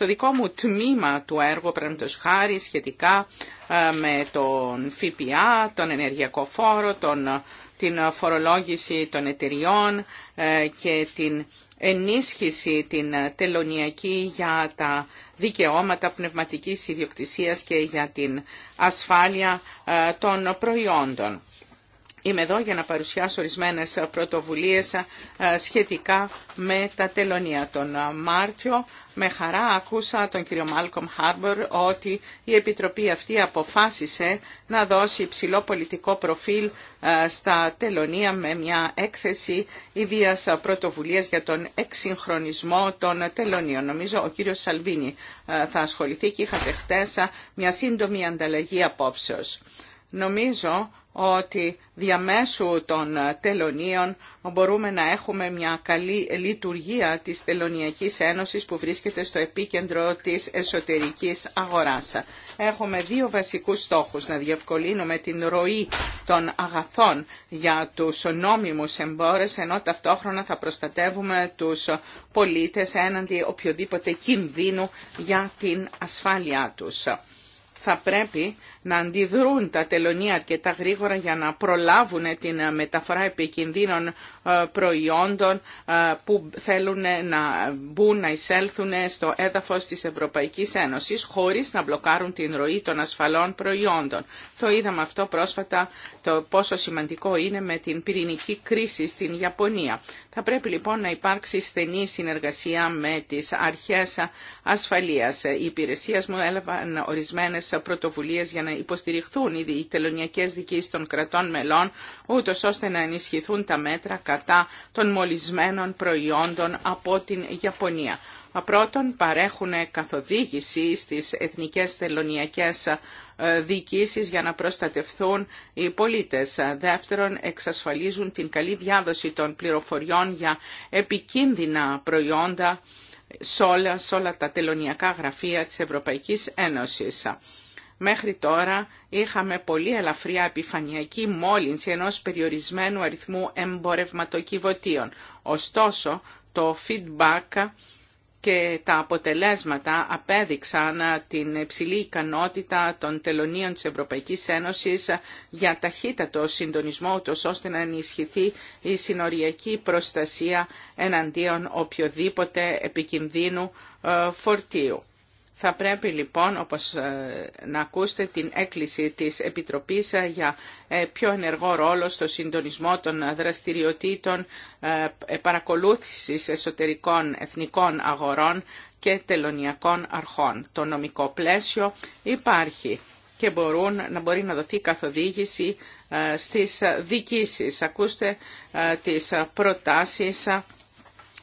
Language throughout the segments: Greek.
στο δικό μου τμήμα του έργου, τους χάρη, σχετικά ε, με τον ΦΠΑ, τον ενεργειακό φόρο, τον, την φορολόγηση των εταιριών ε, και την ενίσχυση την τελωνιακή για τα δικαιώματα πνευματικής ιδιοκτησίας και για την ασφάλεια ε, των προϊόντων. Είμαι εδώ για να παρουσιάσω ορισμένες πρωτοβουλίες σχετικά με τα τελωνία. Τον Μάρτιο με χαρά ακούσα τον κύριο Μάλκομ Χάρμπορ ότι η Επιτροπή αυτή αποφάσισε να δώσει υψηλό πολιτικό προφίλ στα τελωνία με μια έκθεση ιδίας πρωτοβουλίας για τον εξυγχρονισμό των τελωνίων. Νομίζω ο κύριος Σαλβίνη θα ασχοληθεί και είχατε χτες μια σύντομη ανταλλαγή απόψεως. Νομίζω ότι διαμέσου των τελωνίων μπορούμε να έχουμε μια καλή λειτουργία της Τελωνιακής Ένωσης που βρίσκεται στο επίκεντρο της εσωτερικής αγοράς. Έχουμε δύο βασικούς στόχους, να διευκολύνουμε την ροή των αγαθών για τους νόμιμους εμπόρες, ενώ ταυτόχρονα θα προστατεύουμε τους πολίτες έναντι οποιοδήποτε κινδύνου για την ασφάλειά τους. Θα πρέπει να αντιδρούν τα τελωνία αρκετά γρήγορα για να προλάβουν την ε, μεταφορά επικινδύνων ε, προϊόντων ε, που θέλουν να μπουν, να εισέλθουν στο έδαφος της Ευρωπαϊκής Ένωσης χωρίς να μπλοκάρουν την ροή των ασφαλών προϊόντων. Το είδαμε αυτό πρόσφατα το πόσο σημαντικό είναι με την πυρηνική κρίση στην Ιαπωνία. Θα πρέπει λοιπόν να υπάρξει στενή συνεργασία με τις αρχές ασφαλείας. Οι μου έλαβαν ορισμένες πρωτοβουλίες για να υποστηριχθούν οι τελωνιακές διοικησει των κρατών μελών, ούτως ώστε να ενισχυθούν τα μέτρα κατά των μολυσμένων προϊόντων από την Ιαπωνία. Πρώτον, παρέχουν καθοδήγηση στις εθνικές τελωνιακές ε, διοικήσεις για να προστατευθούν οι πολίτες. Δεύτερον, εξασφαλίζουν την καλή διάδοση των πληροφοριών για επικίνδυνα προϊόντα σε όλα, τα τελωνιακά γραφεία της Ευρωπαϊκής Ένωσης. Μέχρι τώρα είχαμε πολύ ελαφριά επιφανειακή μόλυνση ενός περιορισμένου αριθμού εμπορευματοκιβωτίων. Ωστόσο, το feedback και τα αποτελέσματα απέδειξαν την υψηλή ικανότητα των τελωνίων της Ευρωπαϊκής Ένωσης για ταχύτατο συντονισμό τους ώστε να ενισχυθεί η συνοριακή προστασία εναντίον οποιοδήποτε επικινδύνου ε, φορτίου. Θα πρέπει λοιπόν όπως ε, να ακούσετε την έκκληση της Επιτροπής ε, για ε, πιο ενεργό ρόλο στο συντονισμό των δραστηριοτήτων παρακολούθησης εσωτερικών εθνικών αγορών και τελωνιακών αρχών. Το νομικό πλαίσιο υπάρχει και μπορούν, να μπορεί να δοθεί καθοδήγηση στις δικήσεις. Ακούστε τις προτάσεις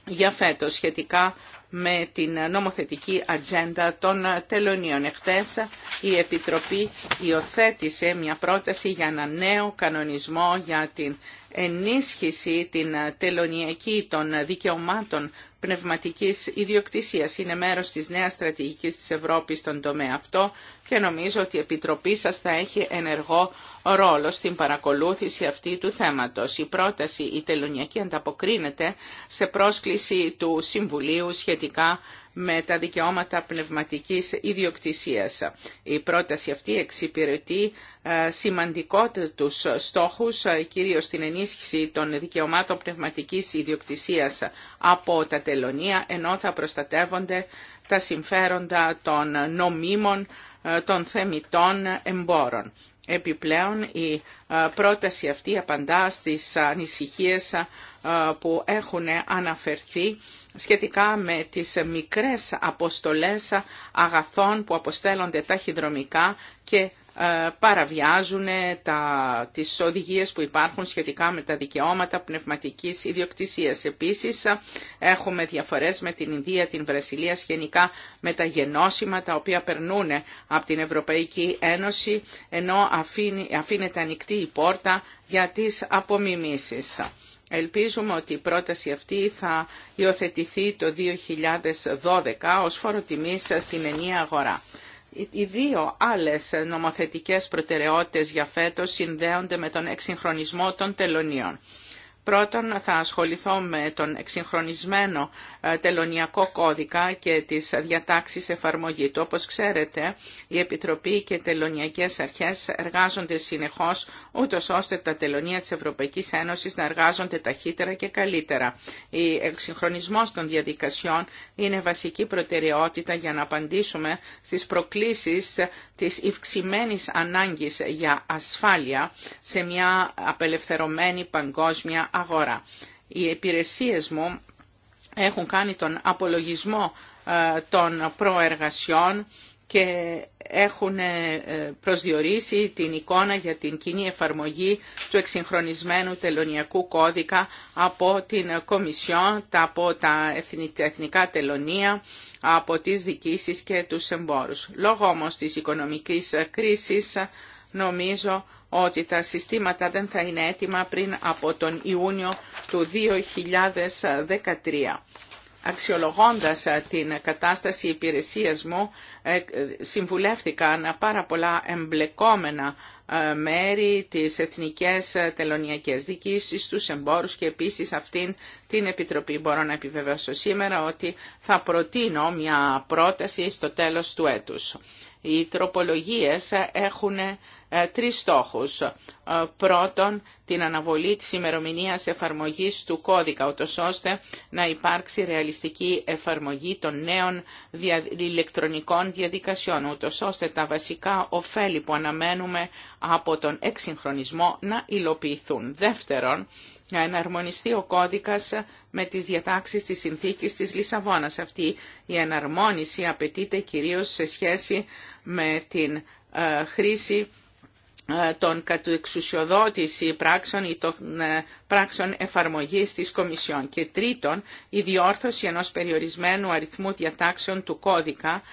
για φέτος σχετικά με την νομοθετική ατζέντα των τελωνίων. Εχθές η Επιτροπή υιοθέτησε μια πρόταση για ένα νέο κανονισμό για την ενίσχυση την τελωνιακή των δικαιωμάτων πνευματικής ιδιοκτησίας. Είναι μέρος της νέας στρατηγικής της Ευρώπης στον τομέα αυτό και νομίζω ότι η Επιτροπή σας θα έχει ενεργό ρόλο στην παρακολούθηση αυτή του θέματος. Η πρόταση η τελωνιακή ανταποκρίνεται σε πρόσκληση του Συμβουλίου σχετικά με τα δικαιώματα πνευματικής ιδιοκτησίας. Η πρόταση αυτή εξυπηρετεί ε, σημαντικότερους στόχους, ε, κυρίως την ενίσχυση των δικαιωμάτων πνευματικής ιδιοκτησίας από τα τελωνία, ενώ θα προστατεύονται τα συμφέροντα των νομίμων ε, των θεμητών εμπόρων. Επιπλέον η ε, πρόταση αυτή απαντά στις ανησυχίες ε, που έχουν αναφερθεί σχετικά με τις μικρές αποστολές αγαθών που αποστέλλονται ταχυδρομικά και ε, παραβιάζουν τα, τις οδηγίες που υπάρχουν σχετικά με τα δικαιώματα πνευματικής ιδιοκτησίας. Επίσης έχουμε διαφορές με την Ινδία, την Βραζιλία, σχετικά με τα γενώσιμα τα οποία περνούν από την Ευρωπαϊκή Ένωση ενώ αφήνεται ανοιχτή η πόρτα για τις απομιμήσεις. Ελπίζουμε ότι η πρόταση αυτή θα υιοθετηθεί το 2012 ως φοροτιμή στην ενία αγορά. Οι δύο άλλες νομοθετικές προτεραιότητες για φέτος συνδέονται με τον εξυγχρονισμό των τελωνίων. Πρώτον, θα ασχοληθώ με τον εξυγχρονισμένο ε, τελωνιακό κώδικα και τις διατάξεις εφαρμογή του. Όπως ξέρετε, η Επιτροπή και οι τελωνιακές αρχές εργάζονται συνεχώς, ούτως ώστε τα τελωνία της Ευρωπαϊκής Ένωσης να εργάζονται ταχύτερα και καλύτερα. Η εξυγχρονισμός των διαδικασιών είναι βασική προτεραιότητα για να απαντήσουμε στις προκλήσεις της ευξημένης ανάγκης για ασφάλεια σε μια απελευθερωμένη παγκόσμια αγορά. Οι υπηρεσίες μου έχουν κάνει τον απολογισμό ε, των προεργασιών και έχουν ε, προσδιορίσει την εικόνα για την κοινή εφαρμογή του εξυγχρονισμένου τελωνιακού κώδικα από την Κομισιόν, από τα εθνικά τελωνία, από τις δικήσεις και τους εμπόρους. Λόγω όμως της οικονομικής ε, κρίσης Νομίζω ότι τα συστήματα δεν θα είναι έτοιμα πριν από τον Ιούνιο του 2013. Αξιολογώντας ε, την κατάσταση υπηρεσίας μου, ε, συμβουλεύτηκαν πάρα πολλά εμπλεκόμενα ε, μέρη, της εθνικές τελωνιακές Διοίκησης, τους εμπόρους και επίσης αυτήν την Επιτροπή. Μπορώ να επιβεβαιώσω σήμερα ότι θα προτείνω μια πρόταση στο τέλος του έτους. Οι τροπολογίες έχουν ε, τρεις στόχους. Ε, πρώτον, την αναβολή της ημερομηνίας εφαρμογής του κώδικα, ούτως ώστε να υπάρξει ρεαλιστική εφαρμογή των νέων ηλεκτρονικών διαδικασιών, ούτως ώστε τα βασικά ωφέλη που αναμένουμε από τον εξυγχρονισμό να υλοποιηθούν. Δεύτερον, να εναρμονιστεί ο κώδικας με τις διατάξεις της συνθήκης της Λισαβόνας. Αυτή η εναρμόνιση απαιτείται κυρίως σε σχέση με την ε, χρήση ε, των κατεξουσιοδότηση πράξεων ή των ε, πράξεων εφαρμογής της Κομισιόν. Και τρίτον, η διόρθωση ενός περιορισμένου αριθμού διατάξεων του κώδικα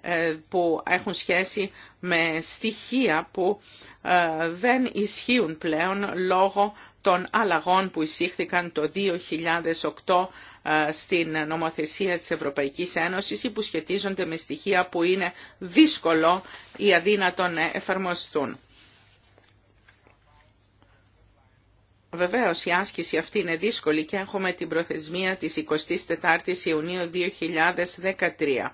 ε, που έχουν σχέση με στοιχεία που δεν ισχύουν πλέον λόγω των αλλαγών που εισήχθηκαν το 2008 στην νομοθεσία της Ευρωπαϊκής Ένωσης ή που σχετίζονται με στοιχεία που είναι δύσκολο ή αδύνατο να εφαρμοστούν. Βεβαίως η άσκηση αυτή είναι δύσκολη και έχουμε την προθεσμία της 24ης Ιουνίου 2013.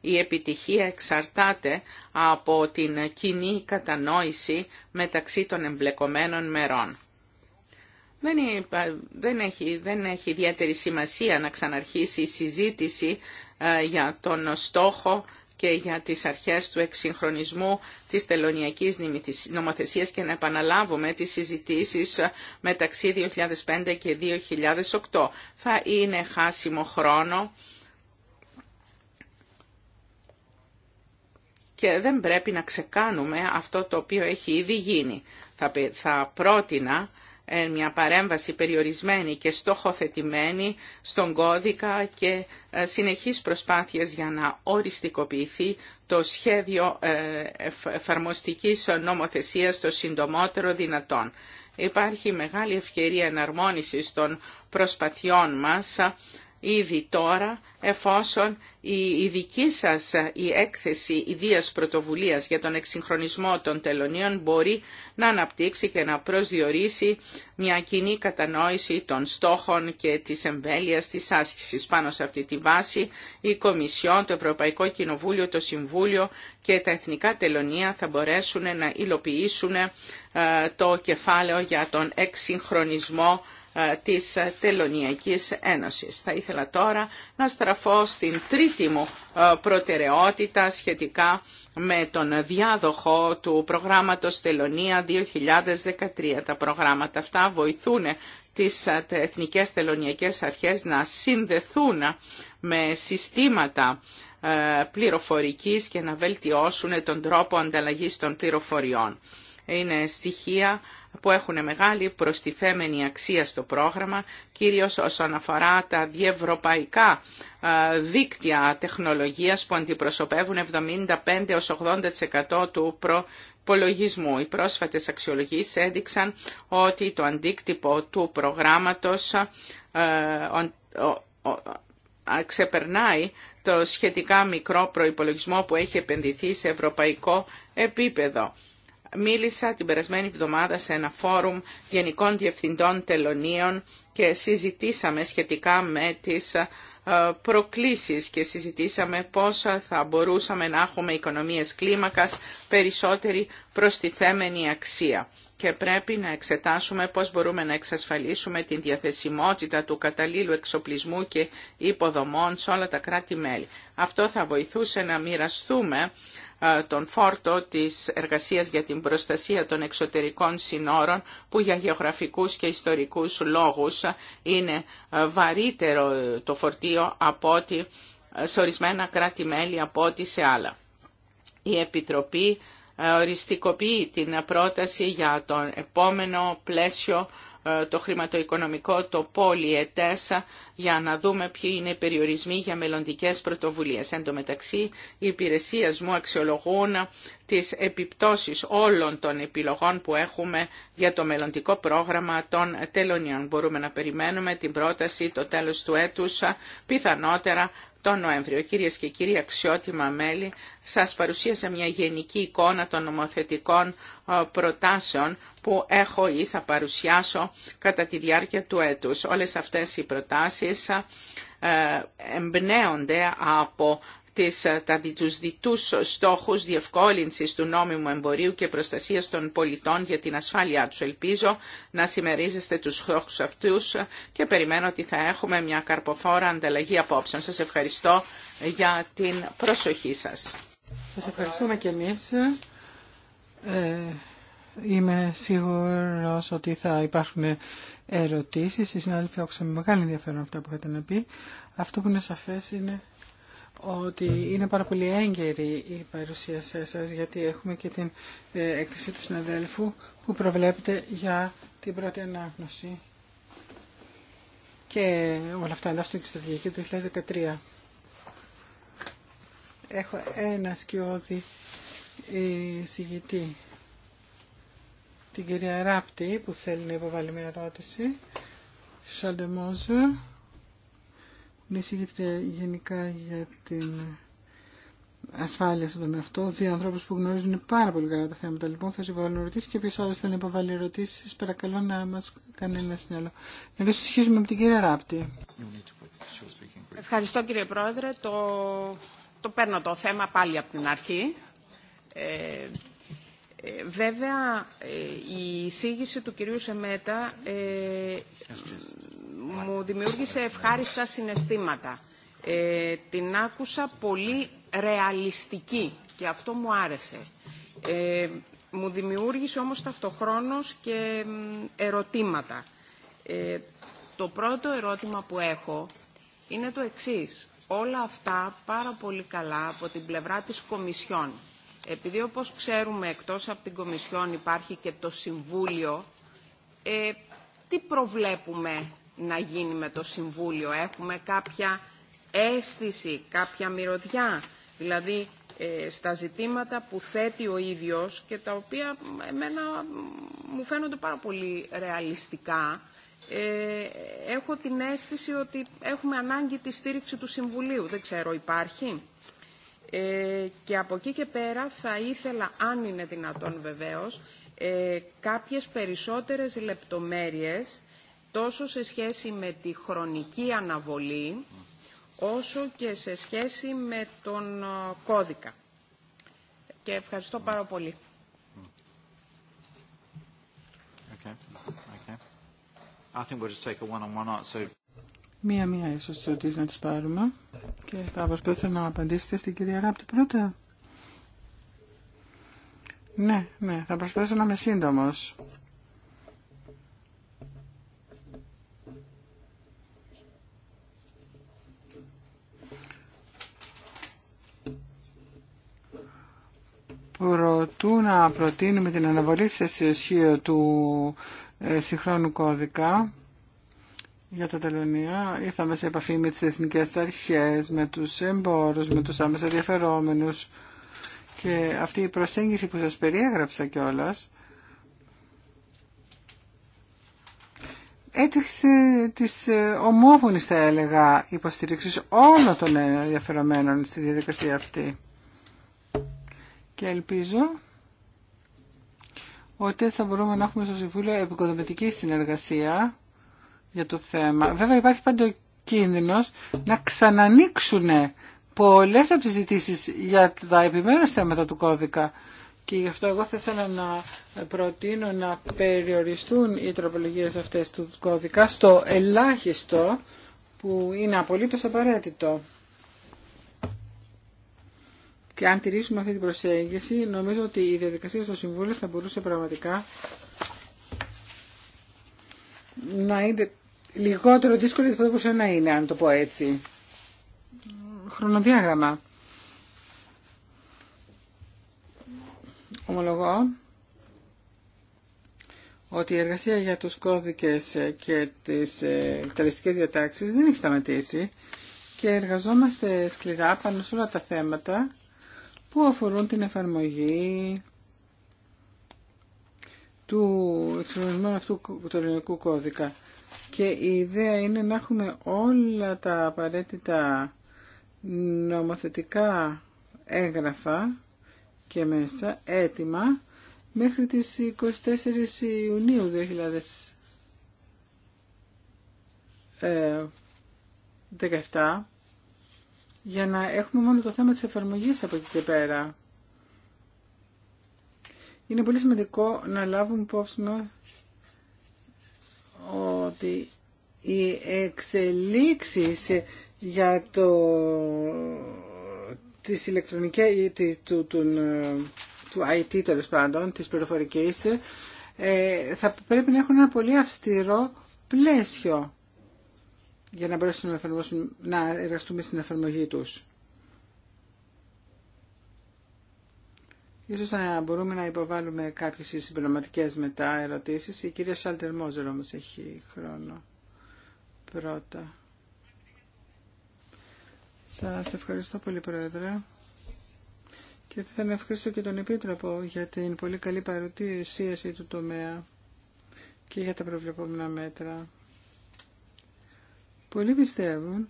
Η επιτυχία εξαρτάται από την κοινή κατανόηση μεταξύ των εμπλεκομένων μερών. Δεν, δεν, έχει, δεν έχει ιδιαίτερη σημασία να ξαναρχίσει η συζήτηση ε, για τον στόχο και για τις αρχές του εξυγχρονισμού της τελωνιακής νομοθεσίας και να επαναλάβουμε τις συζητήσεις μεταξύ 2005 και 2008. Θα είναι χάσιμο χρόνο και δεν πρέπει να ξεκάνουμε αυτό το οποίο έχει ήδη γίνει. Θα πρότεινα μια παρέμβαση περιορισμένη και στοχοθετημένη στον κώδικα και ε, συνεχής προσπάθειες για να οριστικοποιηθεί το σχέδιο ε, εφαρμοστικής νομοθεσίας το συντομότερο δυνατόν. Υπάρχει μεγάλη ευκαιρία εναρμόνισης των προσπαθειών μας ήδη τώρα, εφόσον η, δική σας ε, η έκθεση ιδίας πρωτοβουλίας για τον εξυγχρονισμό των τελωνίων μπορεί να αναπτύξει και να προσδιορίσει μια κοινή κατανόηση των στόχων και της εμβέλειας της άσκησης. Πάνω σε αυτή τη βάση, η Κομισιόν, το Ευρωπαϊκό Κοινοβούλιο, το Συμβούλιο και τα Εθνικά Τελωνία θα μπορέσουν να υλοποιήσουν ε, το κεφάλαιο για τον εξυγχρονισμό ε, της Τελωνιακής Ένωσης. Θα ήθελα τώρα να στραφώ στην τρίτη μου ε, προτεραιότητα σχετικά με τον διάδοχο του προγράμματος Τελωνία 2013. Τα προγράμματα αυτά βοηθούν τις ε, εθνικές τελωνιακές αρχές να συνδεθούν με συστήματα πληροφορικής και να βελτιώσουν τον τρόπο ανταλλαγής των πληροφοριών. Είναι στοιχεία που έχουν μεγάλη προστιθέμενη αξία στο πρόγραμμα, κυρίως όσον αφορά τα διευρωπαϊκά ε, δίκτυα τεχνολογίας που αντιπροσωπεύουν 75-80% του προπολογισμού. Οι πρόσφατες αξιολογήσεις έδειξαν ότι το αντίκτυπο του προγράμματος ε, ξεπερνάει το σχετικά μικρό προϋπολογισμό που έχει επενδυθεί σε ευρωπαϊκό επίπεδο. Μίλησα την περασμένη εβδομάδα σε ένα φόρουμ γενικών διευθυντών τελωνίων και συζητήσαμε σχετικά με τις ε, προκλήσεις και συζητήσαμε πώς θα μπορούσαμε να έχουμε οικονομίες κλίμακας, περισσότερη προστιθέμενη αξία και πρέπει να εξετάσουμε πώς μπορούμε να εξασφαλίσουμε την διαθεσιμότητα του καταλήλου εξοπλισμού και υποδομών σε όλα τα κράτη-μέλη. Αυτό θα βοηθούσε να μοιραστούμε ε, τον φόρτο της εργασίας για την προστασία των εξωτερικών συνόρων που για γεωγραφικούς και ιστορικούς λόγους ε, είναι ε, βαρύτερο το φορτίο από ότι σε ορισμένα κράτη-μέλη από ό,τι σε άλλα. Η Επιτροπή ε, οριστικοποιεί την πρόταση για το επόμενο πλαίσιο ε, το χρηματοοικονομικό, το πολυετές, για να δούμε ποιοι είναι οι περιορισμοί για μελλοντικές πρωτοβουλίες. Εν τω μεταξύ, οι υπηρεσίες μου αξιολογούν τις επιπτώσεις όλων των επιλογών που έχουμε για το μελλοντικό πρόγραμμα των τελωνιών. Μπορούμε να περιμένουμε την πρόταση το τέλος του έτους, πιθανότερα τον Νοέμβριο. Κυρίες και κύριοι αξιότιμα μέλη, σας παρουσίασα μια γενική εικόνα των νομοθετικών προτάσεων που έχω ή θα παρουσιάσω κατά τη διάρκεια του έτους. Όλες αυτές οι προτάσεις ε, εμπνέονται από τις, ε, τα, τους διτούς στόχους διευκόλυνσης του νόμιμου εμπορίου και προστασίας των πολιτών για την ασφάλειά τους. Ελπίζω να συμμερίζεστε τους στόχους αυτούς και περιμένω ότι θα έχουμε μια καρποφόρα ανταλλαγή απόψεων. Σας ευχαριστώ για την προσοχή σας. Σας ευχαριστούμε και εμείς. Ε, είμαι σίγουρος ότι θα υπάρχουν ερωτήσεις. Οι συνάδελφοι άκουσαν με μεγάλη ενδιαφέρον αυτά που είχατε να πει. Αυτό που είναι σαφές είναι ότι είναι πάρα πολύ έγκαιρη η παρουσία σας, γιατί έχουμε και την ε, έκθεση του συναδέλφου που προβλέπεται για την πρώτη ανάγνωση. Και όλα αυτά εντάσσονται και στρατηγική του 2013. Έχω ένα σκιώδη ε, συγητή, την κυρία Ράπτη, που θέλει να υποβάλει μια ερώτηση. Σαλντεμόζου είναι γενικά για την ασφάλεια στον τομέα αυτό. Δύο ανθρώπου που γνωρίζουν πάρα πολύ καλά τα θέματα. Λοιπόν, θα συμβάλλουν ερωτήσει και όποιο άλλο θέλει να υποβάλει ερωτήσει, παρακαλώ να μα κάνει ένα συνέλο. Εμεί συσχίζουμε με την κυρία Ράπτη. Ευχαριστώ κύριε Πρόεδρε. Το, το παίρνω το θέμα πάλι από την αρχή. Ε, ε βέβαια, ε, η εισήγηση του κυρίου Σεμέτα ε, μου δημιούργησε ευχάριστα συναισθήματα. Ε, την άκουσα πολύ ρεαλιστική και αυτό μου άρεσε. Ε, μου δημιούργησε όμως ταυτοχρόνως και ερωτήματα. Ε, το πρώτο ερώτημα που έχω είναι το εξής. Όλα αυτά πάρα πολύ καλά από την πλευρά της Κομισιόν. Επειδή όπως ξέρουμε εκτός από την Κομισιόν υπάρχει και το Συμβούλιο, ε, τι προβλέπουμε να γίνει με το Συμβούλιο. Έχουμε κάποια αίσθηση, κάποια μυρωδιά. Δηλαδή, ε, στα ζητήματα που θέτει ο ίδιος και τα οποία εμένα μου φαίνονται πάρα πολύ ρεαλιστικά, ε, έχω την αίσθηση ότι έχουμε ανάγκη τη στήριξη του Συμβουλίου. Δεν ξέρω, υπάρχει. Ε, και από εκεί και πέρα θα ήθελα, αν είναι δυνατόν βεβαίως, κάποιες περισσότερες λεπτομέρειες τόσο σε σχέση με τη χρονική αναβολή, όσο και σε σχέση με τον ε, κώδικα. Και ευχαριστώ πάρα πολύ. Μία-μία ίσως τις ερωτήσεις να τις πάρουμε και θα προσπαθήσω να απαντήσετε στην κυρία Ράπτη πρώτα. Ναι, ναι, θα προσπαθήσω να είμαι σύντομος. προτού να προτείνουμε την αναβολή της ισχύω του ε, συγχρόνου κώδικα για τα τελωνία, ήρθαμε σε επαφή με τις εθνικές αρχές, με τους εμπόρους, με τους άμεσα διαφερόμενους και αυτή η προσέγγιση που σας περιέγραψα κιόλα. έτυχε της ε, ομόβουνης θα έλεγα υποστήριξης όλων των ενδιαφερομένων στη διαδικασία αυτή και ελπίζω ότι θα μπορούμε να έχουμε στο Συμβούλιο επικοδομητική συνεργασία για το θέμα. Βέβαια υπάρχει πάντα ο κίνδυνος να ξανανοίξουν πολλές από τις ζητήσεις για τα επιμέρους θέματα του κώδικα. Και γι' αυτό εγώ θα ήθελα να προτείνω να περιοριστούν οι τροπολογίες αυτές του κώδικα στο ελάχιστο που είναι απολύτως απαραίτητο. Και αν τηρήσουμε αυτή την προσέγγιση, νομίζω ότι η διαδικασία στο Συμβούλιο θα μπορούσε πραγματικά να είναι λιγότερο δύσκολη από ό,τι μπορούσε να είναι, αν το πω έτσι. Χρονοδιάγραμμα. Ομολογώ ότι η εργασία για τους κώδικες και τις ε, εκτελεστικές διατάξεις δεν έχει σταματήσει και εργαζόμαστε σκληρά πάνω σε όλα τα θέματα που αφορούν την εφαρμογή του εξοργανισμού αυτού του ελληνικού κώδικα. Και η ιδέα είναι να έχουμε όλα τα απαραίτητα νομοθετικά έγγραφα και μέσα έτοιμα μέχρι τις 24 Ιουνίου 2017 για να έχουμε μόνο το θέμα της εφαρμογής από εκεί και πέρα. Είναι πολύ σημαντικό να λάβουμε υπόψη ότι οι εξελίξεις για το της ηλεκτρονικής του, του, του, IT τέλο πάντων, της πληροφορικής ε, θα πρέπει να έχουν ένα πολύ αυστηρό πλαίσιο για να μπορέσουμε να, να εργαστούμε στην εφαρμογή τους. Ίσως να μπορούμε να υποβάλουμε κάποιες συμπληρωματικές μετά ερωτήσεις. Η κυρία Σάλτερ Μόζερ όμως έχει χρόνο πρώτα. Σας ευχαριστώ πολύ Πρόεδρε. Και θα να ευχαριστώ και τον Επίτροπο για την πολύ καλή παρουσίαση του τομέα και για τα προβλεπόμενα μέτρα. Πολλοί πιστεύουν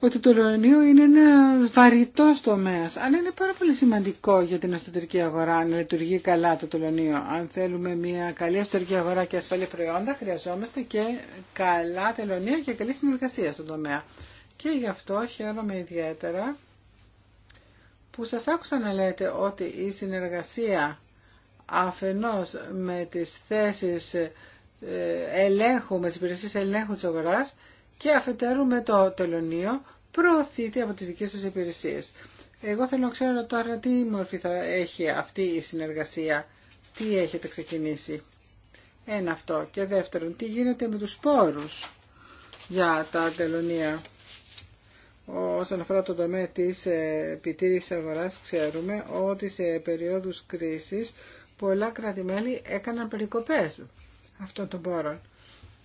ότι το λιονίο είναι ένα βαρυτό τομέα, αλλά είναι πάρα πολύ σημαντικό για την εσωτερική αγορά να λειτουργεί καλά το τολωνίο. Αν θέλουμε μια καλή εσωτερική αγορά και ασφαλή προϊόντα, χρειαζόμαστε και καλά τελωνία και καλή συνεργασία στον τομέα. Και γι' αυτό χαίρομαι ιδιαίτερα που σας άκουσα να λέτε ότι η συνεργασία αφενός με τις θέσεις ε, ελέγχου, με τις υπηρεσίες ελέγχου της αγοράς, και αφετέρου με το τελωνίο προωθείται από τις δικές σας υπηρεσίες. Εγώ θέλω να ξέρω τώρα τι μορφή θα έχει αυτή η συνεργασία, τι έχετε ξεκινήσει. Ένα αυτό. Και δεύτερον, τι γίνεται με τους σπόρους για τα τελωνία. Όσον αφορά το τομέα της ε, επιτήρησης αγοράς, ξέρουμε ότι σε περίοδους κρίσης πολλά κρατημέλη έκαναν περικοπές αυτών των πόρων.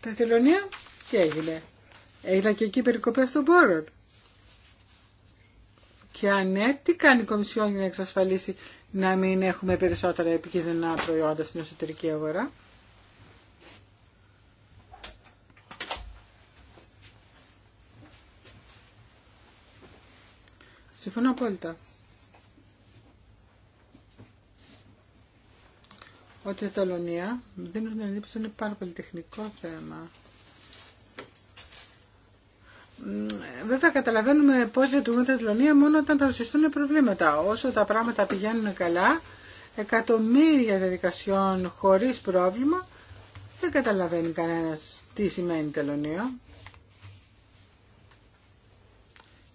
Τα τελωνία τι έγινε. Είδα και εκεί περικοπέ των πόρων. Και αν ναι, τι κάνει η Κομισιόν για να εξασφαλίσει να μην έχουμε περισσότερα επικίνδυνα προϊόντα στην εσωτερική αγορά. Συμφωνώ απόλυτα. Ότι η Ταλωνία δίνουν την εντύπωση είναι πάρα πολύ τεχνικό θέμα. Βέβαια καταλαβαίνουμε πώς λειτουργούν τα τελωνία μόνο όταν παρουσιαστούν προβλήματα. Όσο τα πράγματα πηγαίνουν καλά, εκατομμύρια διαδικασιών χωρίς πρόβλημα, δεν καταλαβαίνει κανένας τι σημαίνει τελωνία.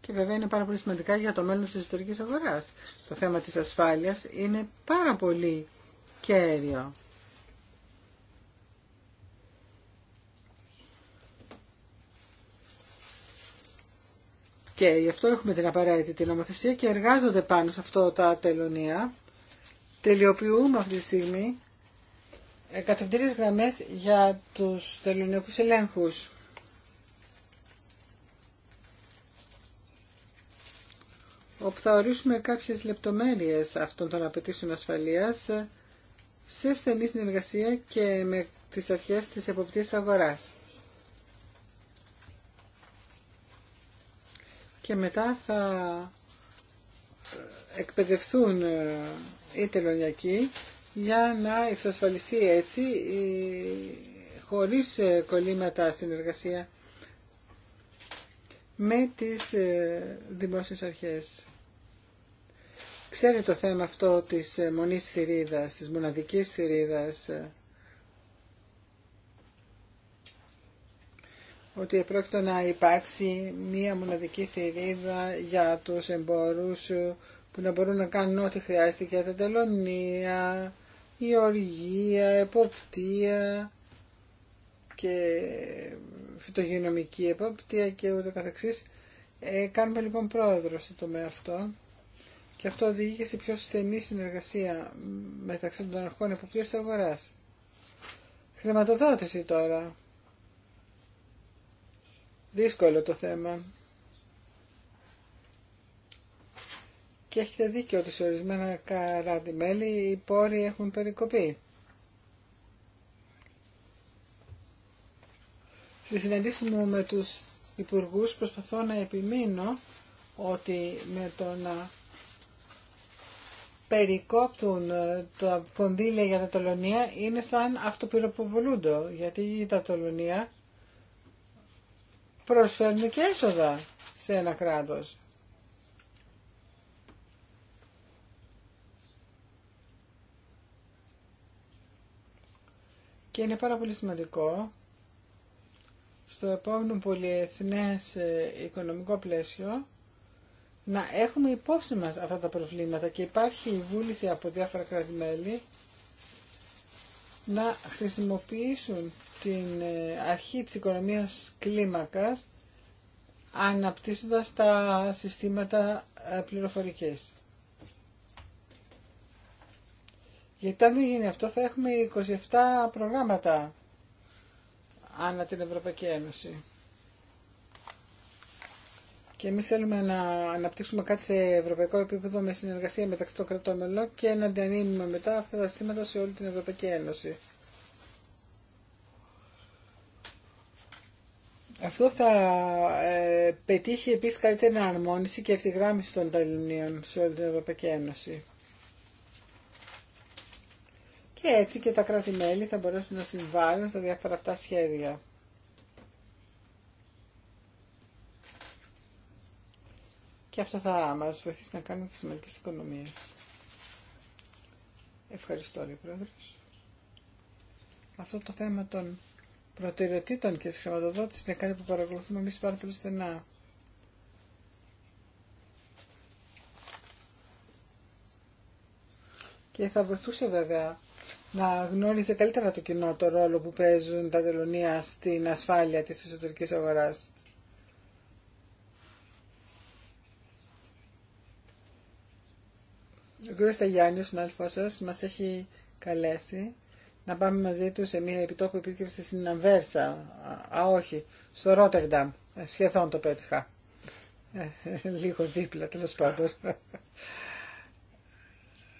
Και βέβαια είναι πάρα πολύ σημαντικά για το μέλλον της ιστορικής αγοράς. Το θέμα της ασφάλειας είναι πάρα πολύ κέριο. Και γι' αυτό έχουμε την απαραίτητη νομοθεσία και εργάζονται πάνω σε αυτό τα τελωνία. Τελειοποιούμε αυτή τη στιγμή κατευθυντήριες γραμμές για τους τελωνιακούς ελέγχους. όπου θα ορίσουμε κάποιες λεπτομέρειες αυτών των απαιτήσεων ασφαλείας σε στενή συνεργασία και με τις αρχές της εποπτείας αγοράς. και μετά θα ε, εκπαιδευτούν ε, οι τελωνιακοί για να εξασφαλιστεί έτσι χωρίς ε, κολλήματα συνεργασία με τις δημόσιες αρχές. Ξέρετε το θέμα αυτό της μονής θηρίδας, της μοναδικής θηρίδας, ότι πρόκειται να υπάρξει μία μοναδική θηρίδα για τους εμπόρους που να μπορούν να κάνουν ό,τι χρειάζεται για τα τελωνία, η οργία, εποπτεία και φυτογενομική εποπτεία και ούτω καθεξής. Ε, κάνουμε λοιπόν πρόεδρο στο τομέα αυτό και αυτό οδηγεί και σε πιο στενή συνεργασία μεταξύ των αρχών εποπτείας αγοράς. Χρηματοδότηση τώρα. Δύσκολο το θέμα. Και έχετε δίκιο ότι σε ορισμενα καράτη κράτη-μέλη οι πόροι έχουν περικοπεί. Στη συναντήση μου με τους υπουργούς προσπαθώ να επιμείνω ότι με το να περικόπτουν τα κονδύλια για τα τολωνία είναι σαν αυτοπυροποβολούντο, γιατί τα τολωνία προσφέρουν και έσοδα σε ένα κράτος. Και είναι πάρα πολύ σημαντικό στο επόμενο πολυεθνές ε, οικονομικό πλαίσιο να έχουμε υπόψη μας αυτά τα προβλήματα και υπάρχει η βούληση από διάφορα κράτη-μέλη να χρησιμοποιήσουν την ε, αρχή της οικονομίας κλίμακας αναπτύσσοντας τα συστήματα ε, πληροφορικής. Γιατί αν δεν γίνει αυτό θα έχουμε 27 προγράμματα ανά την Ευρωπαϊκή Ένωση. Και εμείς θέλουμε να αναπτύξουμε κάτι σε ευρωπαϊκό επίπεδο με συνεργασία μεταξύ των κρατών μελών και να διανύμουμε μετά αυτά τα σύστηματα σε όλη την Ευρωπαϊκή Ένωση. Αυτό θα ε, πετύχει επίσης καλύτερη αρμόνιση και ευθυγράμμιση των Ταλληνίων σε όλη την Ευρωπαϊκή Ένωση. Και έτσι και τα κράτη-μέλη θα μπορέσουν να συμβάλλουν στα διάφορα αυτά σχέδια. Και αυτό θα μας βοηθήσει να κάνουμε τις σημαντικές οικονομίες. Ευχαριστώ, Ρε Πρόεδρος. Αυτό το θέμα των προτεραιοτήτων και της είναι κάτι που παρακολουθούμε εμείς πάρα πολύ στενά. Και θα βοηθούσε βέβαια να γνώριζε καλύτερα το κοινό το ρόλο που παίζουν τα τελωνία στην ασφάλεια της εσωτερικής αγοράς. Ο κ. Σταγιάννη, ο συνάδελφός σας, μας έχει καλέσει να πάμε μαζί του σε μια επιτόπου επίσκεψη στην Αμβέρσα. Α, όχι, στο Ρότερνταμ. Ε, σχεδόν το πέτυχα. Ε, λίγο δίπλα, τέλος πάντων.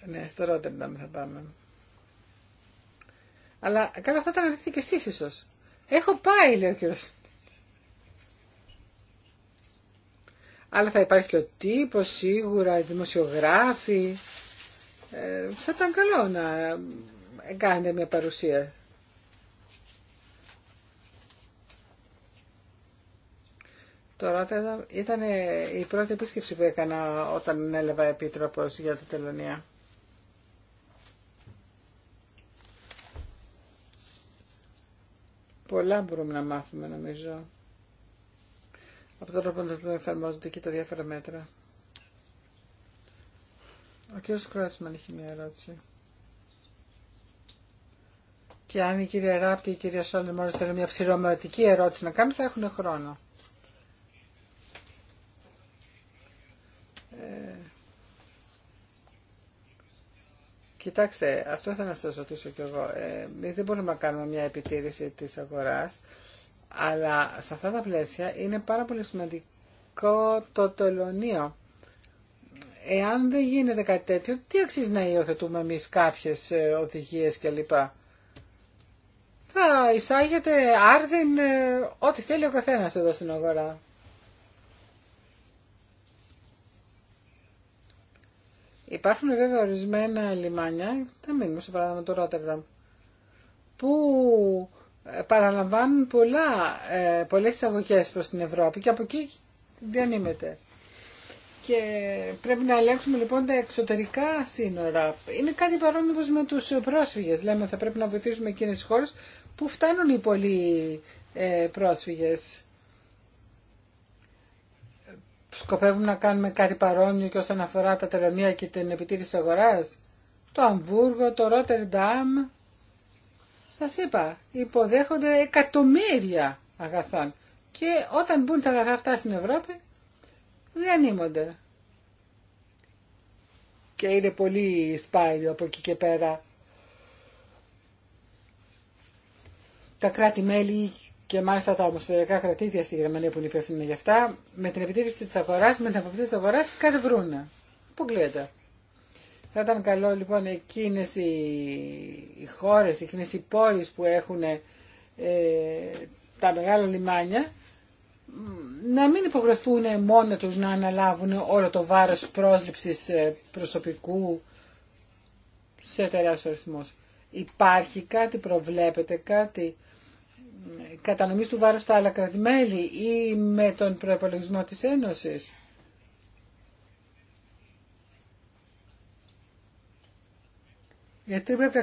ναι, στο Ρότερνταμ θα πάμε. Αλλά καλά θα να ρωτήσετε κι εσείς ίσως. Έχω πάει, λέει ο κύριος. Αλλά θα υπάρχει και ο τύπος σίγουρα, οι δημοσιογράφοι. Ε, θα ήταν καλό να κάνετε μια παρουσία. Τώρα ήταν η πρώτη επίσκεψη που έκανα όταν έλαβα επίτροπος για την Τελωνία. Πολλά μπορούμε να μάθουμε νομίζω. Από τον τρόπο που εφαρμόζονται και τα διάφορα μέτρα. Ο κ. Κρότσμαν έχει μια ερώτηση. Και αν η κυρία Ράπτη ή η κυρία θέλουν μια ψηρωματική ερώτηση να κάνουν, θα έχουν χρόνο. Ε, κοιτάξτε, αυτό θα να σας ρωτήσω κι εγώ. Ε, δεν μπορούμε να κάνουμε μια επιτήρηση της αγοράς, αλλά σε αυτά τα πλαίσια είναι πάρα πολύ σημαντικό το τελωνίο. Εάν δεν γίνεται κάτι τέτοιο, τι αξίζει να υιοθετούμε εμείς κάποιες ε, οδηγίες κλπ θα εισάγεται άρδιν ε, ό,τι θέλει ο καθένας εδώ στην αγορά. Υπάρχουν βέβαια ορισμένα λιμάνια, τα μείνουμε στο παράδειγμα του Ρότερδα, που ε, παραλαμβάνουν πολλά, ε, πολλές εισαγωγές προς την Ευρώπη και από εκεί διανύμεται. Και πρέπει να ελέγξουμε λοιπόν τα εξωτερικά σύνορα. Είναι κάτι παρόμοιο με τους πρόσφυγες. Λέμε θα πρέπει να βοηθήσουμε εκείνες τις χώρες Πού φτάνουν οι πολλοί ε, πρόσφυγες. Σκοπεύουμε να κάνουμε κάτι παρόμοιο και όσον αφορά τα τελωνία και την επιτήρηση αγοράς. Το Αμβούργο, το Ρότερνταμ. Σας είπα, υποδέχονται εκατομμύρια αγαθών. Και όταν μπουν τα αγαθά αυτά στην Ευρώπη, διανύμονται. Και είναι πολύ σπάλιο από εκεί και πέρα τα κράτη-μέλη και μάλιστα τα ομοσπονδιακά κρατήδια στη Γερμανία που είναι υπεύθυνα για αυτά, με την επιτήρηση τη αγορά, με την αποπτήρηση τη αγορά, κάτι βρούνε. Πού κλείεται. Θα ήταν καλό λοιπόν εκείνε οι, οι χώρε, εκείνε οι πόλει που έχουν ε, τα μεγάλα λιμάνια να μην υποχρεωθούν μόνο τους να αναλάβουν όλο το βάρος πρόσληψης ε, προσωπικού σε τεράστιο αριθμό. Υπάρχει κάτι, προβλέπετε κάτι κατανομή του βάρους στα άλλα κρατημέλη ή με τον προπολογισμό της Ένωσης. Γιατί πρέπει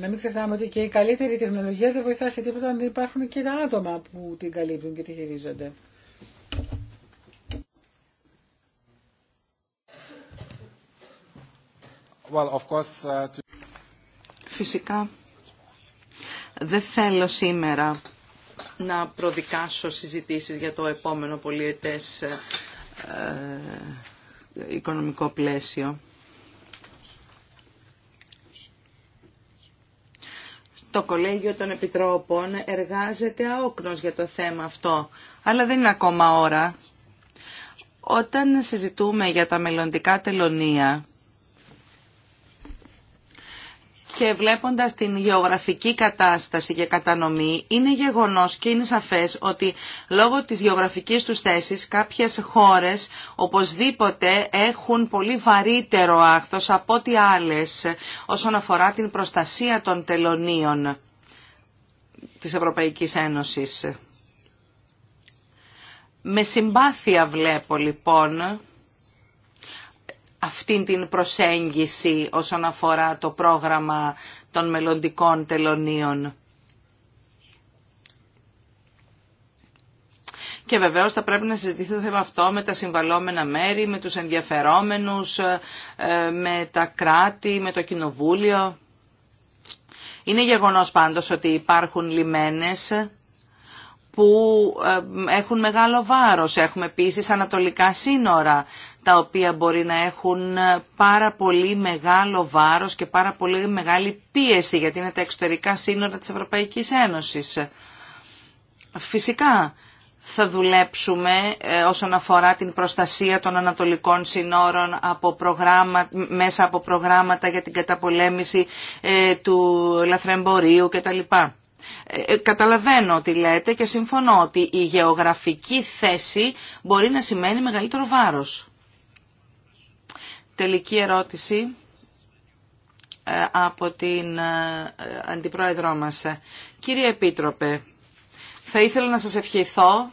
να μην ξεχνάμε ότι και η καλύτερη τεχνολογία δεν βοηθά σε τίποτα αν δεν υπάρχουν και τα άτομα που την καλύπτουν και τη χειρίζονται. Well, of course, uh, Φυσικά δεν θέλω σήμερα να προδικάσω συζητήσεις για το επόμενο πολιετές ε, ε, οικονομικό πλαίσιο. Το Κολέγιο των Επιτρόπων εργάζεται αόκνος για το θέμα αυτό, αλλά δεν είναι ακόμα ώρα. Όταν συζητούμε για τα μελλοντικά τελωνία, και βλέποντας την γεωγραφική κατάσταση και κατανομή είναι γεγονός και είναι σαφές ότι λόγω της γεωγραφικής τους θέσης κάποιες χώρες οπωσδήποτε έχουν πολύ βαρύτερο άκθος από ό,τι άλλες όσον αφορά την προστασία των τελωνίων της Ευρωπαϊκής Ένωσης. Με συμπάθεια βλέπω λοιπόν αυτήν την προσέγγιση όσον αφορά το πρόγραμμα των μελλοντικών τελωνίων. Και βεβαίως θα πρέπει να συζητηθεί το θέμα αυτό με τα συμβαλόμενα μέρη, με τους ενδιαφερόμενους, ε, με τα κράτη, με το κοινοβούλιο. Είναι γεγονός πάντως ότι υπάρχουν λιμένες που ε, έχουν μεγάλο βάρος. Έχουμε επίσης ανατολικά σύνορα τα οποία μπορεί να έχουν πάρα πολύ μεγάλο βάρος και πάρα πολύ μεγάλη πίεση γιατί είναι τα εξωτερικά σύνορα της Ευρωπαϊκής Ένωσης. Φυσικά θα δουλέψουμε ε, όσον αφορά την προστασία των ανατολικών συνόρων από προγράμμα, μέσα από προγράμματα για την καταπολέμηση ε, του λαθρεμπορίου κτλ. Ε, καταλαβαίνω ότι λέτε και συμφωνώ ότι η γεωγραφική θέση μπορεί να σημαίνει μεγαλύτερο βάρος τελική ερώτηση ε, από την ε, Αντιπρόεδρό μας. Κύριε Επίτροπε, θα ήθελα να σας ευχηθώ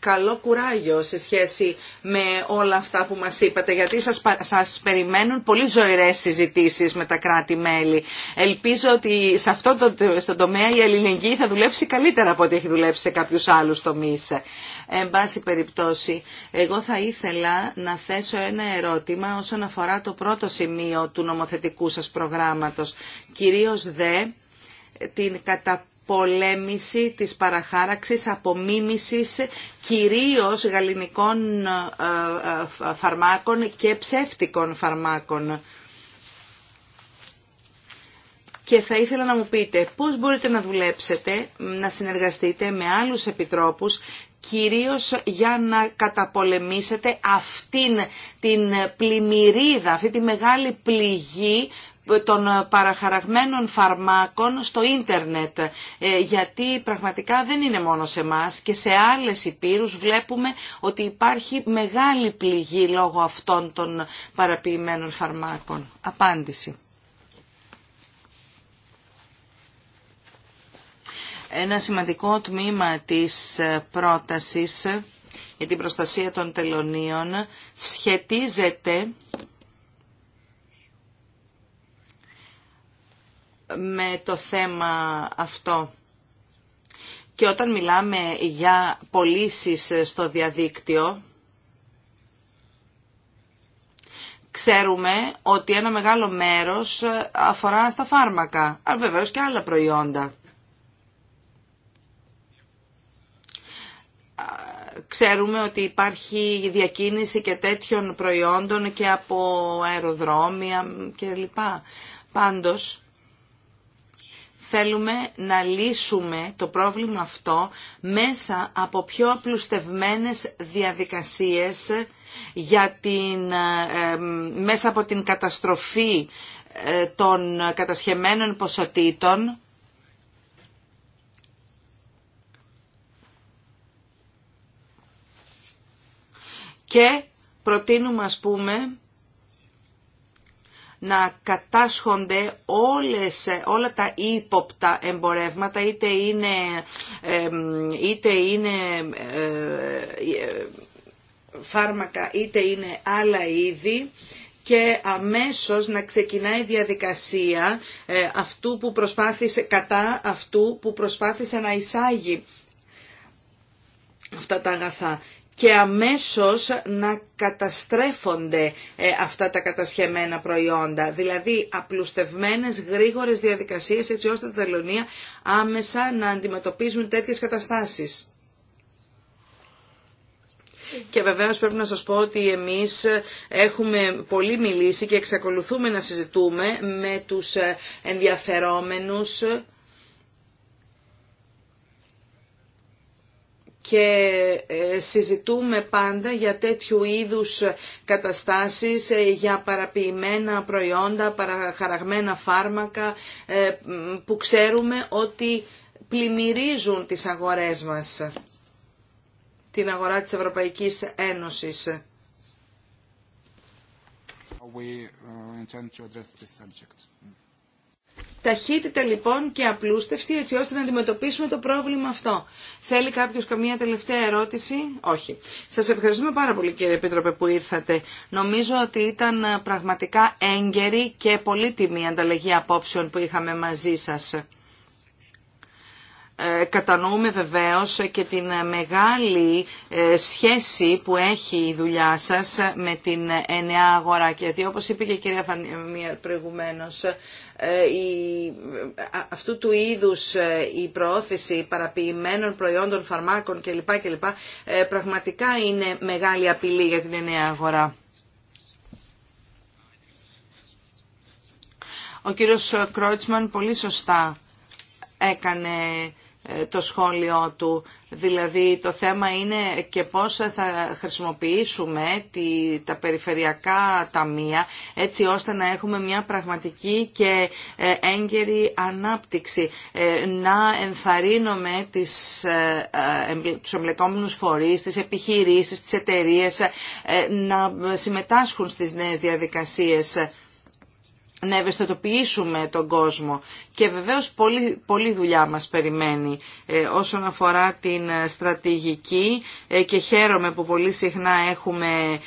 καλό κουράγιο σε σχέση με όλα αυτά που μας είπατε, γιατί σας, σας περιμένουν πολύ ζωηρές συζητήσεις με τα κράτη-μέλη. Ελπίζω ότι σε αυτό το, στον τομέα η ελληνική θα δουλέψει καλύτερα από ό,τι έχει δουλέψει σε κάποιους άλλους τομείς. Ε, εν πάση περιπτώσει, εγώ θα ήθελα να θέσω ένα ερώτημα όσον αφορά το πρώτο σημείο του νομοθετικού σας προγράμματος, κυρίως δε την κατα πολέμηση της παραχάραξης, απομίμησης κυρίως γαλλινικών ε, ε, φαρμάκων και ψεύτικων φαρμάκων. Και θα ήθελα να μου πείτε πώς μπορείτε να δουλέψετε, να συνεργαστείτε με άλλους επιτρόπους, κυρίως για να καταπολεμήσετε αυτήν την πλημμυρίδα, αυτή τη μεγάλη πληγή των παραχαραγμένων φαρμάκων στο ίντερνετ. Ε, γιατί πραγματικά δεν είναι μόνο σε εμά και σε άλλες υπήρους βλέπουμε ότι υπάρχει μεγάλη πληγή λόγω αυτών των παραποιημένων φαρμάκων. Απάντηση. Ένα σημαντικό τμήμα της ε, πρότασης για την προστασία των τελωνίων σχετίζεται με το θέμα αυτό. Και όταν μιλάμε για πωλήσει στο διαδίκτυο, ξέρουμε ότι ένα μεγάλο μέρος αφορά στα φάρμακα, αλλά βεβαίως και άλλα προϊόντα. Ξέρουμε ότι υπάρχει διακίνηση και τέτοιων προϊόντων και από αεροδρόμια και κλπ. Πάντως, θέλουμε να λύσουμε το πρόβλημα αυτό μέσα από πιο απλουστευμένες διαδικασίες για την, ε, μέσα από την καταστροφή ε, των κατασχεμένων ποσοτήτων και προτείνουμε ας πούμε να κατάσχονται όλες, όλα τα ύποπτα εμπορεύματα, είτε είναι, είτε είναι ε, ε, φάρμακα, είτε είναι άλλα είδη, και αμέσως να ξεκινάει η διαδικασία ε, αυτού που προσπάθησε, κατά αυτού που προσπάθησε να εισάγει αυτά τα αγαθά και αμέσως να καταστρέφονται ε, αυτά τα κατασχεμένα προϊόντα. Δηλαδή απλουστευμένες γρήγορες διαδικασίες έτσι ώστε τα τελωνία άμεσα να αντιμετωπίζουν τέτοιες καταστάσεις. Και βεβαίω πρέπει να σας πω ότι εμείς έχουμε πολύ μιλήσει και εξακολουθούμε να συζητούμε με τους ε, ενδιαφερόμενους... και ε, συζητούμε πάντα για τέτοιου είδους καταστάσεις, ε, για παραποιημένα προϊόντα, παραχαραγμένα φάρμακα ε, που ξέρουμε ότι πλημμυρίζουν τις αγορές μας, την αγορά της Ευρωπαϊκής Ένωσης. We uh, intend to address this subject. Ταχύτητα λοιπόν και απλούστευτη έτσι ώστε να αντιμετωπίσουμε το πρόβλημα αυτό. Θέλει κάποιος καμία τελευταία ερώτηση? Όχι. Σας ευχαριστούμε πάρα πολύ κύριε Επίτροπε που ήρθατε. Νομίζω ότι ήταν ε, πραγματικά έγκαιρη και πολύτιμη η ανταλλαγή απόψεων που είχαμε μαζί σας. Ε, κατανοούμε βεβαίως και την μεγάλη ε, σχέση που έχει η δουλειά σας με την εννέα αγορά. Γιατί όπως είπε και η κυρία Φανιμία προηγουμένως, ε, η, αυτού του είδους η προώθηση παραποιημένων προϊόντων, φαρμάκων κλπ. κλπ πραγματικά είναι μεγάλη απειλή για την εννέα αγορά. Ο κύριος Κρότσμαν πολύ σωστά έκανε το σχόλιο του. Δηλαδή το θέμα είναι και πώς θα χρησιμοποιήσουμε τη, τα περιφερειακά ταμεία έτσι ώστε να έχουμε μια πραγματική και ε, έγκαιρη ανάπτυξη. Ε, να ενθαρρύνουμε τις, ε, τους εμπλεκόμενους φορείς, τις επιχειρήσεις, τις εταιρείες να συμμετάσχουν στις νέες διαδικασίες να ευαισθητοποιήσουμε τον κόσμο. Και βεβαίως πολλή, πολλή δουλειά μας περιμένει ε, όσον αφορά την ε, στρατηγική ε, και χαίρομαι που πολύ συχνά έχουμε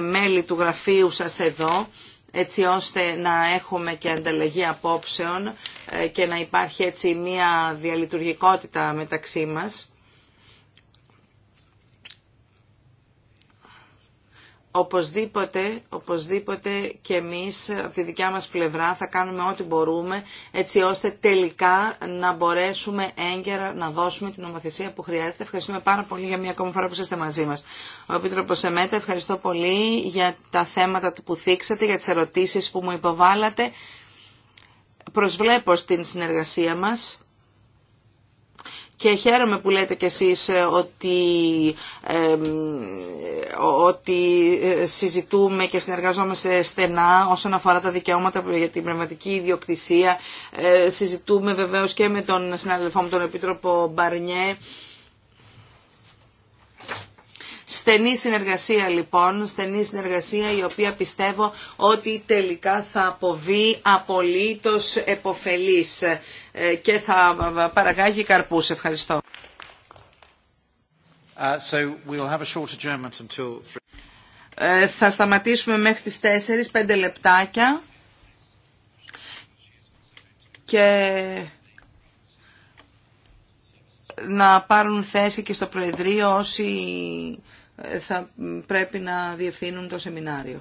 μέλη του γραφείου σας εδώ έτσι ώστε να έχουμε και ανταλλαγή απόψεων και να υπάρχει έτσι μια διαλειτουργικότητα μεταξύ μας. Οπωσδήποτε, οπωσδήποτε και εμείς από τη δικιά μας πλευρά θα κάνουμε ό,τι μπορούμε έτσι ώστε τελικά να μπορέσουμε έγκαιρα να δώσουμε την νομοθεσία που χρειάζεται. Ευχαριστούμε πάρα πολύ για μια ακόμα φορά που είστε μαζί μας. Ο Επίτροπος Σεμέτα, ευχαριστώ πολύ για τα θέματα που θίξατε, για τις ερωτήσεις που μου υποβάλλατε. Προσβλέπω στην συνεργασία μας και χαίρομαι που λέτε κι εσείς ε, ότι, ότι ε, συζητούμε και συνεργαζόμαστε στενά όσον αφορά τα δικαιώματα για την πνευματική ιδιοκτησία. Ε, συζητούμε βεβαίως και με τον συναδελφό μου τον Επίτροπο Μπαρνιέ Στενή συνεργασία λοιπόν, στενή συνεργασία η οποία πιστεύω ότι τελικά θα αποβεί απολύτως εποφελής ε, και θα ε, παραγάγει καρπούς. Ευχαριστώ. Uh, so we'll have a until... Ε, θα σταματήσουμε μέχρι τις 4, 5 λεπτάκια και να πάρουν θέση και στο Προεδρείο όσοι θα πρέπει να διευθύνουν το σεμινάριο.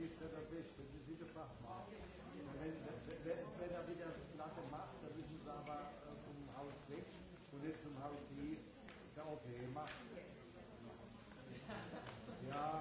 ist er der Beste, Sie ist der Fachmann. Wenn, wenn, wenn er wieder Platte macht, dann müssen Sie aber zum Haus weg und nicht zum Haus hier der machen. Ja,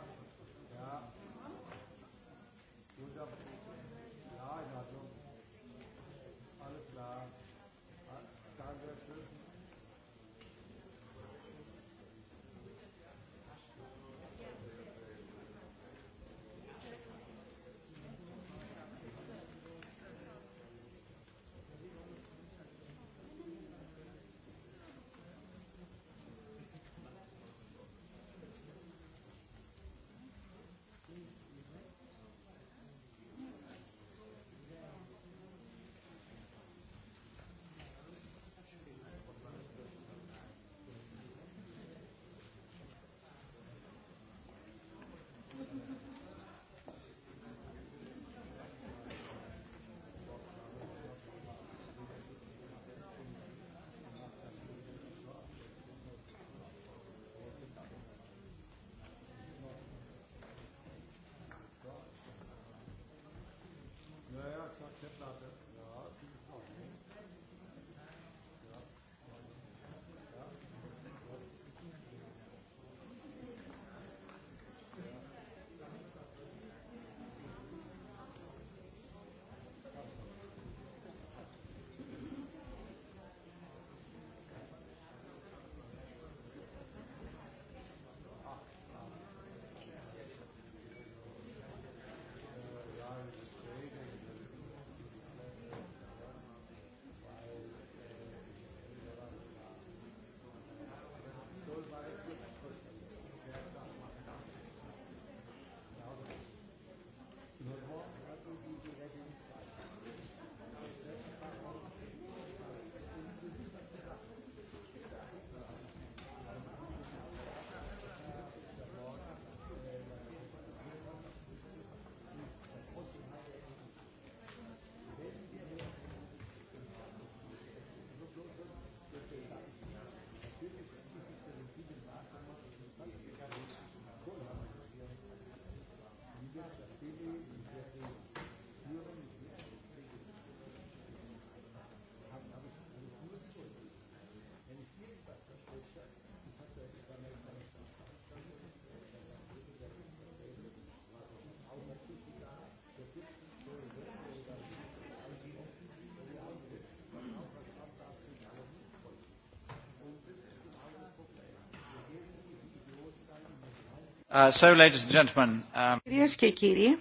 Uh, um, και κύριοι,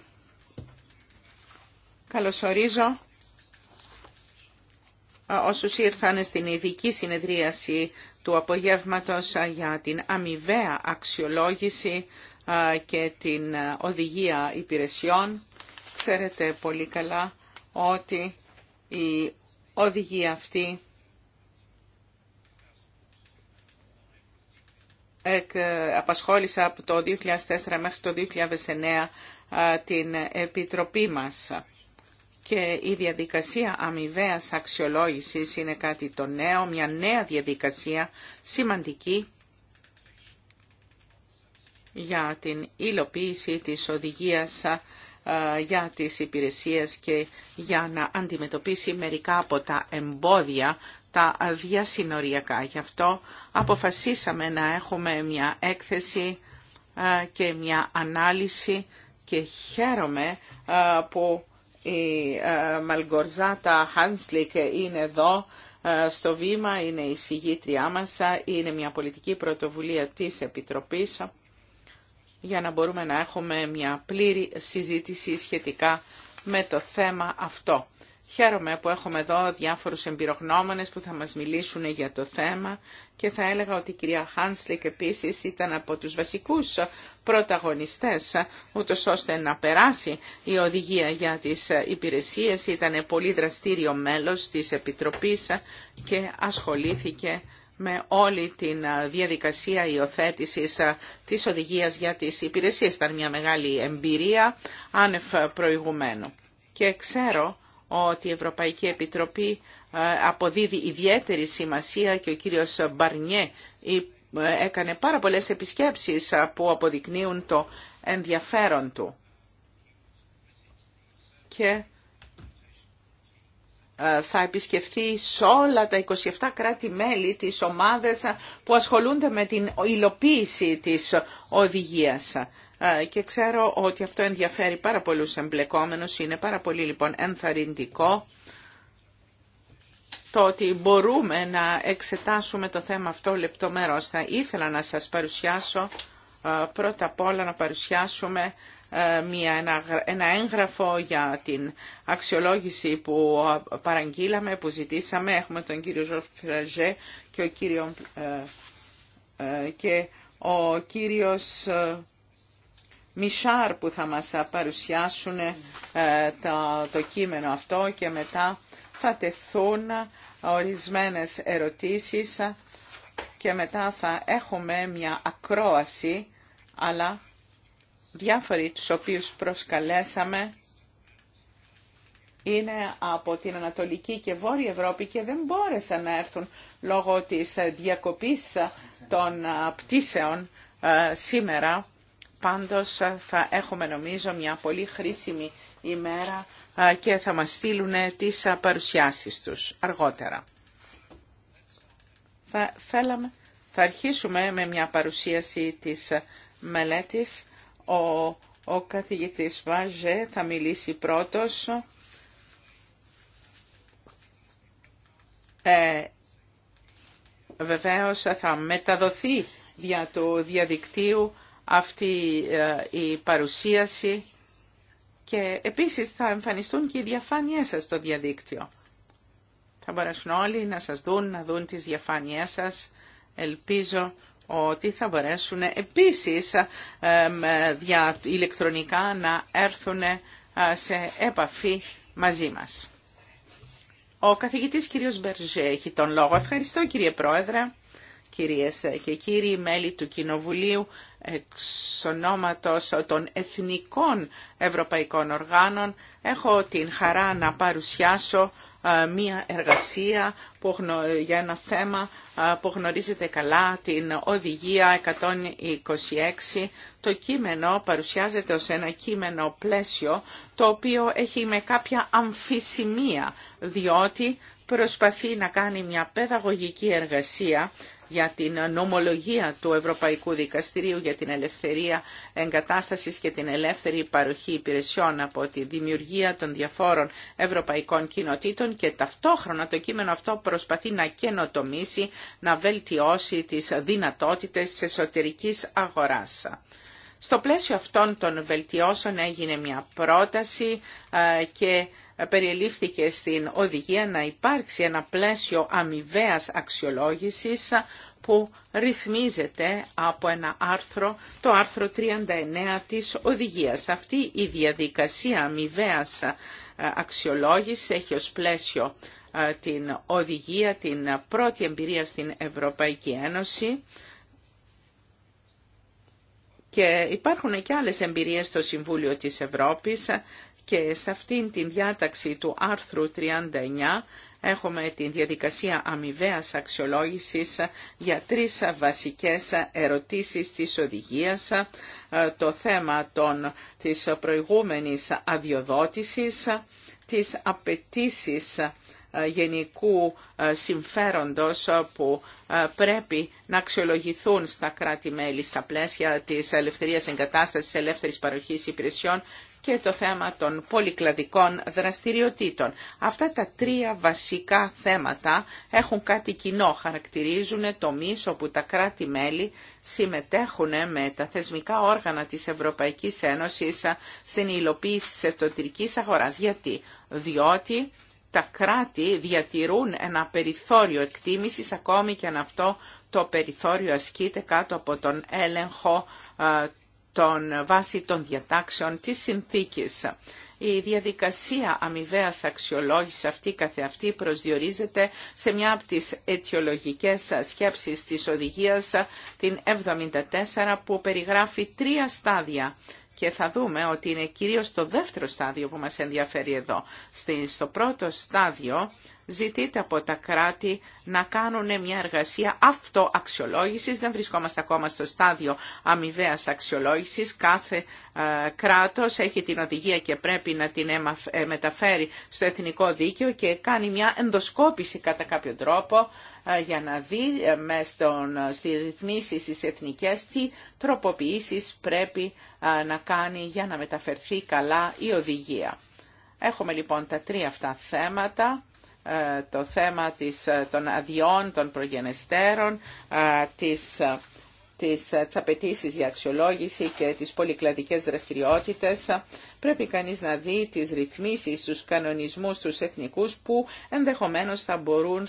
καλωσορίζω uh, όσους ήρθαν στην ειδική συνεδρίαση του απογεύματος uh, για την αμοιβαία αξιολόγηση και την οδηγία υπηρεσιών. Ξέρετε πολύ καλά ότι η οδηγία αυτή Ε, απασχόλησα από το 2004 μέχρι το 2009 την Επιτροπή μας. Και η διαδικασία αμοιβαία αξιολόγησης είναι κάτι το νέο, μια νέα διαδικασία σημαντική για την υλοποίηση της οδηγίας για τις υπηρεσίες και για να αντιμετωπίσει μερικά από τα εμπόδια τα διασυνοριακά. Γι' αυτό αποφασίσαμε να έχουμε μια έκθεση ε, και μια ανάλυση και χαίρομαι ε, που η ε, Μαλγκορζάτα Χάνσλικ είναι εδώ στο βήμα, είναι η συγγήτριά μας, είναι μια πολιτική πρωτοβουλία της Επιτροπής για να μπορούμε να έχουμε μια πλήρη συζήτηση σχετικά με το θέμα αυτό. Χαίρομαι που έχουμε εδώ διάφορους εμπειρογνώμονες που θα μας μιλήσουν για το θέμα και θα έλεγα ότι η κυρία Χάνσλικ επίσης ήταν από τους βασικούς πρωταγωνιστές, ούτω ώστε να περάσει η οδηγία για τις υπηρεσίες. Ήταν πολύ δραστήριο μέλος της Επιτροπής και ασχολήθηκε με όλη την διαδικασία υιοθέτηση της οδηγίας για τις υπηρεσίες. Ήταν μια μεγάλη εμπειρία άνευ προηγουμένου. Και ξέρω ότι η Ευρωπαϊκή Επιτροπή ε, αποδίδει ιδιαίτερη σημασία και ο κύριος Μπαρνιέ ε, έκανε πάρα πολλές επισκέψεις ε, που αποδεικνύουν το ενδιαφέρον του. Και θα επισκεφθεί σε όλα τα 27 κράτη-μέλη τις ομάδες που ασχολούνται με την υλοποίηση της οδηγίας. Ε, και ξέρω ότι αυτό ενδιαφέρει πάρα πολλούς εμπλεκόμενους, είναι πάρα πολύ λοιπόν ενθαρρυντικό το ότι μπορούμε να εξετάσουμε το θέμα αυτό λεπτομέρως. Θα ήθελα να σας παρουσιάσω, ε, πρώτα απ' όλα να παρουσιάσουμε ε, μια, ένα, έγγραφο για την αξιολόγηση που παραγγείλαμε, που ζητήσαμε. Έχουμε τον κύριο Ζωφραζέ και ο κύριο, και ο κύριος Μισάρ που θα μας παρουσιάσουν ε, το κείμενο αυτό και μετά θα τεθούν ορισμένες ερωτήσεις και μετά θα έχουμε μια ακρόαση, αλλά διάφοροι τους οποίους προσκαλέσαμε είναι από την Ανατολική και Βόρεια Ευρώπη και δεν μπόρεσαν να έρθουν λόγω της διακοπής των ε, πτήσεων ε, σήμερα Πάντως ε, θα έχουμε νομίζω μια πολύ χρήσιμη ημέρα ε, και θα μας στείλουν ε, τις παρουσιάσεις τους αργότερα. Θα, θέλαμε, θα αρχίσουμε με μια παρουσίαση της μελέτης. Ο, ο καθηγητής Βάζε θα μιλήσει πρώτος. Ε, βεβαίως θα μεταδοθεί για του διαδικτύου αυτή ε, η παρουσίαση και επίσης θα εμφανιστούν και οι διαφάνειές σας στο διαδίκτυο. Θα μπορέσουν όλοι να σας δουν, να δουν τις διαφάνειές σας. Ελπίζω ότι θα μπορέσουν επίσης ε, ε, δια, ηλεκτρονικά να έρθουν σε επαφή μαζί μας. Ο καθηγητής κ. Μπερζέ έχει τον λόγο. Ευχαριστώ κύριε Πρόεδρε, κυρίες και κύριοι μέλη του Κοινοβουλίου εξ ονόματος των εθνικών ευρωπαϊκών οργάνων έχω την χαρά να παρουσιάσω μία εργασία για ένα θέμα που γνωρίζετε καλά, την Οδηγία 126. Το κείμενο παρουσιάζεται ως ένα κείμενο πλαίσιο, το οποίο έχει με κάποια αμφισημία, διότι προσπαθεί να κάνει μια παιδαγωγική εργασία για την νομολογία του Ευρωπαϊκού Δικαστηρίου για την ελευθερία εγκατάστασης και την ελεύθερη παροχή υπηρεσιών από τη δημιουργία των διαφόρων ευρωπαϊκών κοινοτήτων και ταυτόχρονα το κείμενο αυτό προσπαθεί να καινοτομήσει, να βελτιώσει τις δυνατότητες της εσωτερικής αγοράς. Στο πλαίσιο αυτών των βελτιώσεων έγινε μια πρόταση ε, και περιελήφθηκε στην οδηγία να υπάρξει ένα πλαίσιο αμοιβαία αξιολόγησης που ρυθμίζεται από ένα άρθρο, το άρθρο 39 της οδηγίας. Αυτή η διαδικασία αμοιβαία ε, αξιολόγησης έχει ως πλαίσιο ε, την οδηγία, την πρώτη εμπειρία στην Ευρωπαϊκή Ένωση και υπάρχουν και άλλες εμπειρίες στο Συμβούλιο της Ευρώπης και σε αυτήν την διάταξη του άρθρου 39 έχουμε την διαδικασία αμοιβαία αξιολόγησης για τρεις βασικές ερωτήσεις της οδηγίας, το θέμα των, της προηγούμενης αδειοδότησης, τις απαιτήσει ε, γενικού ε, συμφέροντος ε, που πρέπει να αξιολογηθούν στα κράτη-μέλη στα πλαίσια της ελευθερίας εγκατάστασης, ελεύθερης παροχής υπηρεσιών και το θέμα των πολυκλαδικών δραστηριοτήτων. Αυτά τα τρία βασικά θέματα έχουν κάτι κοινό, χαρακτηρίζουν τομείς όπου τα κράτη-μέλη συμμετέχουν με τα θεσμικά όργανα της Ευρωπαϊκής Ένωσης στην υλοποίηση της εσωτερικής αγοράς. Γιατί? Διότι τα κράτη διατηρούν ένα περιθώριο εκτίμησης, ακόμη και αν αυτό το περιθώριο ασκείται κάτω από τον έλεγχο των, βάσει των διατάξεων της συνθήκης. Η διαδικασία αμοιβαία αξιολόγηση αυτή καθεαυτή προσδιορίζεται σε μια από τις αιτιολογικές σκέψεις της οδηγίας την 74 που περιγράφει τρία στάδια και θα δούμε ότι είναι κυρίως το δεύτερο στάδιο που μας ενδιαφέρει εδώ. Στο πρώτο στάδιο ζητείται από τα κράτη να κάνουν μια εργασία αυτοαξιολόγησης. Δεν βρισκόμαστε ακόμα στο στάδιο αμοιβαία αξιολόγησης. Κάθε ε, κράτος έχει την οδηγία και πρέπει να την ε, μεταφέρει στο εθνικό δίκαιο και κάνει μια ενδοσκόπηση κατά κάποιο τρόπο ε, για να δει με στον, στις ρυθμίσεις τις εθνικές τι τροποποιήσεις πρέπει να κάνει για να μεταφερθεί καλά η οδηγία. Έχουμε λοιπόν τα τρία αυτά θέματα ε, το θέμα της, ε, των αδειών, των προγενεστέρων, ε, της της απαιτήσει για αξιολόγηση και τις πολυκλαδικές δραστηριότητες, πρέπει κανείς να δει τις ρυθμίσεις, τους κανονισμούς, τους εθνικούς που ενδεχομένως θα μπορούν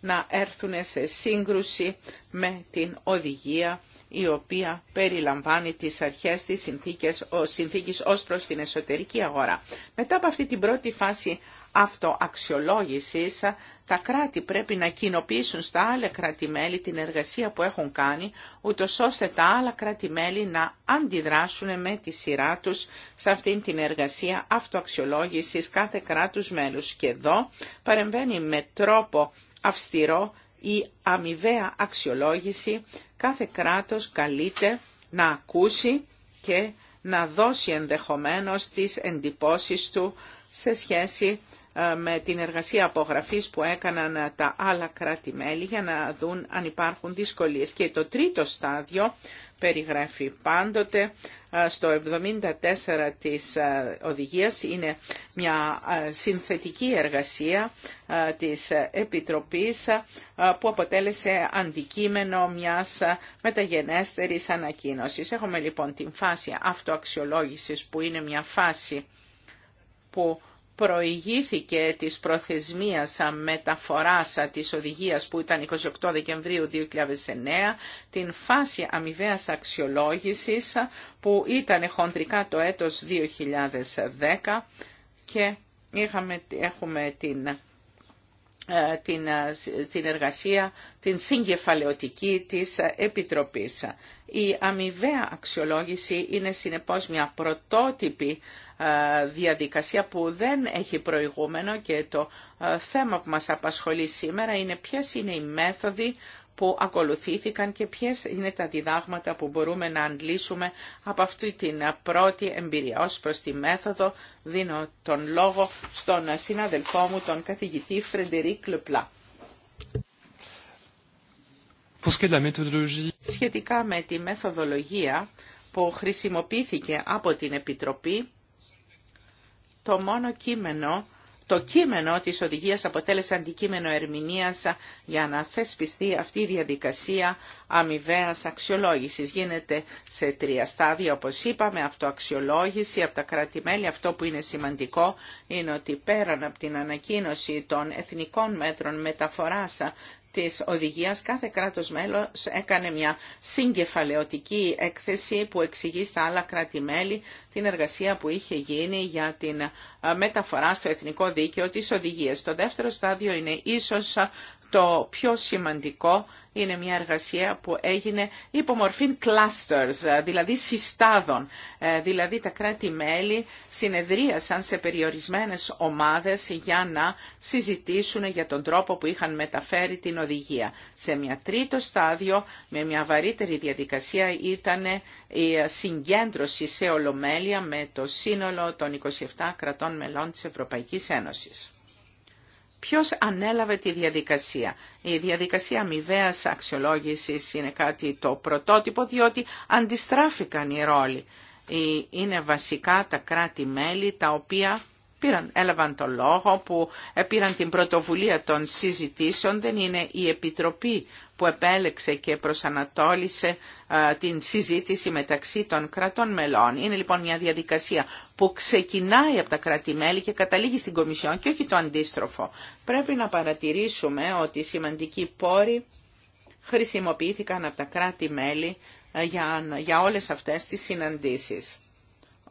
να έρθουν σε σύγκρουση με την οδηγία η οποία περιλαμβάνει τις αρχές της συνθήκης, συνθήκης ως προς την εσωτερική αγορά. Μετά από αυτή την πρώτη φάση αυτοαξιολόγησης, τα κράτη πρέπει να κοινοποιήσουν στα άλλα κράτη-μέλη την εργασία που έχουν κάνει, ούτω ώστε τα άλλα κράτη-μέλη να αντιδράσουν με τη σειρά τους σε αυτήν την εργασία αυτοαξιολόγησης κάθε κράτους μέλους. Και εδώ παρεμβαίνει με τρόπο αυστηρό η αμοιβαία αξιολόγηση. Κάθε κράτος καλείται να ακούσει και να δώσει ενδεχομένως τις εντυπώσεις του σε σχέση με την εργασία απογραφής που έκαναν τα άλλα κράτη-μέλη για να δουν αν υπάρχουν δυσκολίες. Και το τρίτο στάδιο περιγράφει πάντοτε ε, στο 74 της ε, οδηγίας είναι μια ε, συνθετική εργασία της Επιτροπής που αποτέλεσε αντικείμενο μιας μεταγενέστερης ανακοίνωσης. Έχουμε λοιπόν την φάση αυτοαξιολόγησης που είναι μια φάση που προηγήθηκε της προθεσμίας μεταφοράς της οδηγίας που ήταν 28 Δεκεμβρίου 2009, την φάση αμοιβαία αξιολόγησης που ήταν χοντρικά το έτος 2010 και είχαμε, έχουμε την ε, την ε, εργασία, την συγκεφαλαιοτική της Επιτροπής. Η αμοιβαία αξιολόγηση είναι συνεπώς μια πρωτότυπη ε, διαδικασία που δεν έχει προηγούμενο και το ε, θέμα που μας απασχολεί σήμερα είναι ποιες είναι οι μέθοδοι που ακολουθήθηκαν και ποιες είναι τα διδάγματα που μπορούμε να αντλήσουμε από αυτή την πρώτη εμπειρία. Ως προς τη μέθοδο δίνω τον λόγο στον συναδελφό μου, τον καθηγητή Φρεντερίκ Λεπλά. Σχετικά με τη μεθοδολογία που χρησιμοποιήθηκε από την Επιτροπή, το μόνο κείμενο το κείμενο της οδηγίας αποτέλεσε αντικείμενο ερμηνείας για να θεσπιστεί αυτή η διαδικασία αμοιβαία αξιολόγησης. Γίνεται σε τρία στάδια, όπως είπαμε, αυτοαξιολόγηση από τα κράτη-μέλη. Αυτό που είναι σημαντικό είναι ότι πέραν από την ανακοίνωση των εθνικών μέτρων μεταφοράς της οδηγίας κάθε κράτος μέλος έκανε μια συγκεφαλαιωτική έκθεση που εξηγεί στα άλλα κράτη-μέλη την εργασία που είχε γίνει για την ε, μεταφορά στο εθνικό δίκαιο της οδηγίας. Το δεύτερο στάδιο είναι ίσως ε, το πιο σημαντικό είναι μια εργασία που έγινε υπό clusters, δηλαδή συστάδων. Ε, δηλαδή τα κράτη-μέλη συνεδρίασαν σε περιορισμένες ομάδες για να συζητήσουν για τον τρόπο που είχαν μεταφέρει την οδηγία. Σε μια τρίτο στάδιο, με μια βαρύτερη διαδικασία, ήταν η συγκέντρωση σε ολομέλεια με το σύνολο των 27 κρατών μελών της Ευρωπαϊκής Ένωσης. Ποιος ανέλαβε τη διαδικασία. Η διαδικασία αμοιβαία αξιολόγησης είναι κάτι το πρωτότυπο διότι αντιστράφηκαν οι ρόλοι. Είναι βασικά τα κράτη-μέλη τα οποία πήραν, έλαβαν το λόγο, που πήραν την πρωτοβουλία των συζητήσεων. Δεν είναι η Επιτροπή που επέλεξε και προσανατόλισε την συζήτηση μεταξύ των κρατών μελών. Είναι λοιπόν μια διαδικασία που ξεκινάει από τα κράτη-μέλη και καταλήγει στην Κομισιόν και όχι το αντίστροφο. Πρέπει να παρατηρήσουμε ότι οι σημαντικοί πόροι χρησιμοποιήθηκαν από τα κράτη-μέλη ε, για, για όλες αυτές τις συναντήσεις.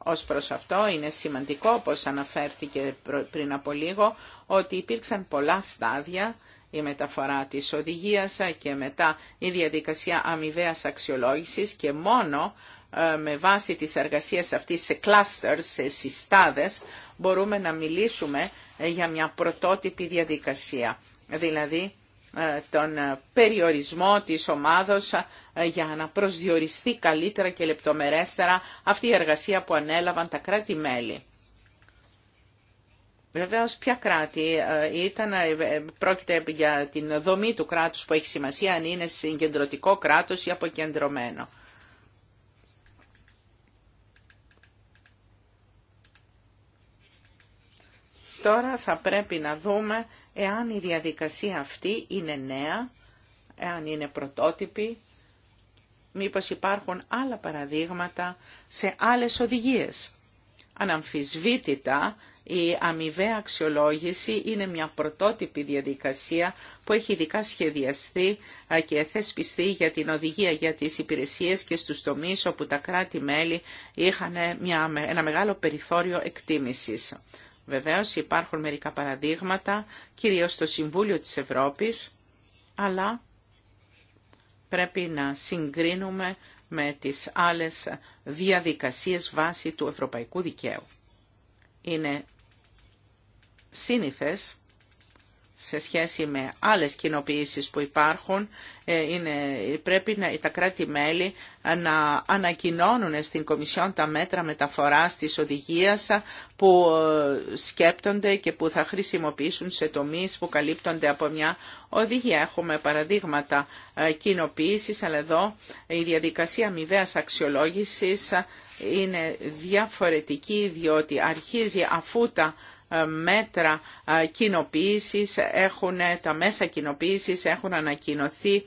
Ως προς αυτό είναι σημαντικό, όπως αναφέρθηκε πριν από λίγο, ότι υπήρξαν πολλά στάδια η μεταφορά της οδηγίας και μετά η διαδικασία αμοιβαία αξιολόγησης και μόνο ε, με βάση της εργασίας αυτής σε κλάστερ, σε συστάδες, μπορούμε να μιλήσουμε ε, για μια πρωτότυπη διαδικασία. Δηλαδή, ε, τον ε, περιορισμό της ομάδος ε, για να προσδιοριστεί καλύτερα και λεπτομερέστερα αυτή η εργασία που ανέλαβαν τα κράτη-μέλη. Βεβαίω, ποια κράτη ήταν, πρόκειται για την δομή του κράτους που έχει σημασία, αν είναι συγκεντρωτικό κράτος ή αποκεντρωμένο. Τώρα θα πρέπει να δούμε εάν η διαδικασία αυτή είναι νέα, εάν είναι πρωτότυπη, μήπως υπάρχουν άλλα παραδείγματα σε άλλες οδηγίες. Αναμφισβήτητα, η αμοιβαία αξιολόγηση είναι μια πρωτότυπη διαδικασία που έχει ειδικά σχεδιαστεί και θεσπιστεί για την οδηγία για τις υπηρεσίες και στους τομείς όπου τα κράτη-μέλη είχαν ε, ένα μεγάλο περιθώριο εκτίμησης. Βεβαίως υπάρχουν μερικά παραδείγματα, κυρίως στο Συμβούλιο της Ευρώπης, αλλά πρέπει να συγκρίνουμε με τις άλλες διαδικασίες βάση του ευρωπαϊκού δικαίου. Είναι σύνηθες σε σχέση με άλλες κοινοποιήσεις που υπάρχουν, ε, είναι, πρέπει να, τα κράτη-μέλη να ανακοινώνουν στην Κομισιόν τα μέτρα μεταφοράς της οδηγίας που ε, σκέπτονται και που θα χρησιμοποιήσουν σε τομείς που καλύπτονται από μια οδηγία. Έχουμε παραδείγματα ε, κοινοποίησης, αλλά εδώ η διαδικασία αμοιβαίας αξιολόγησης είναι διαφορετική, διότι αρχίζει αφού τα ε, μέτρα ε, κοινοποίησης, έχουν, ε, τα μέσα κοινοποίησης έχουν ανακοινωθεί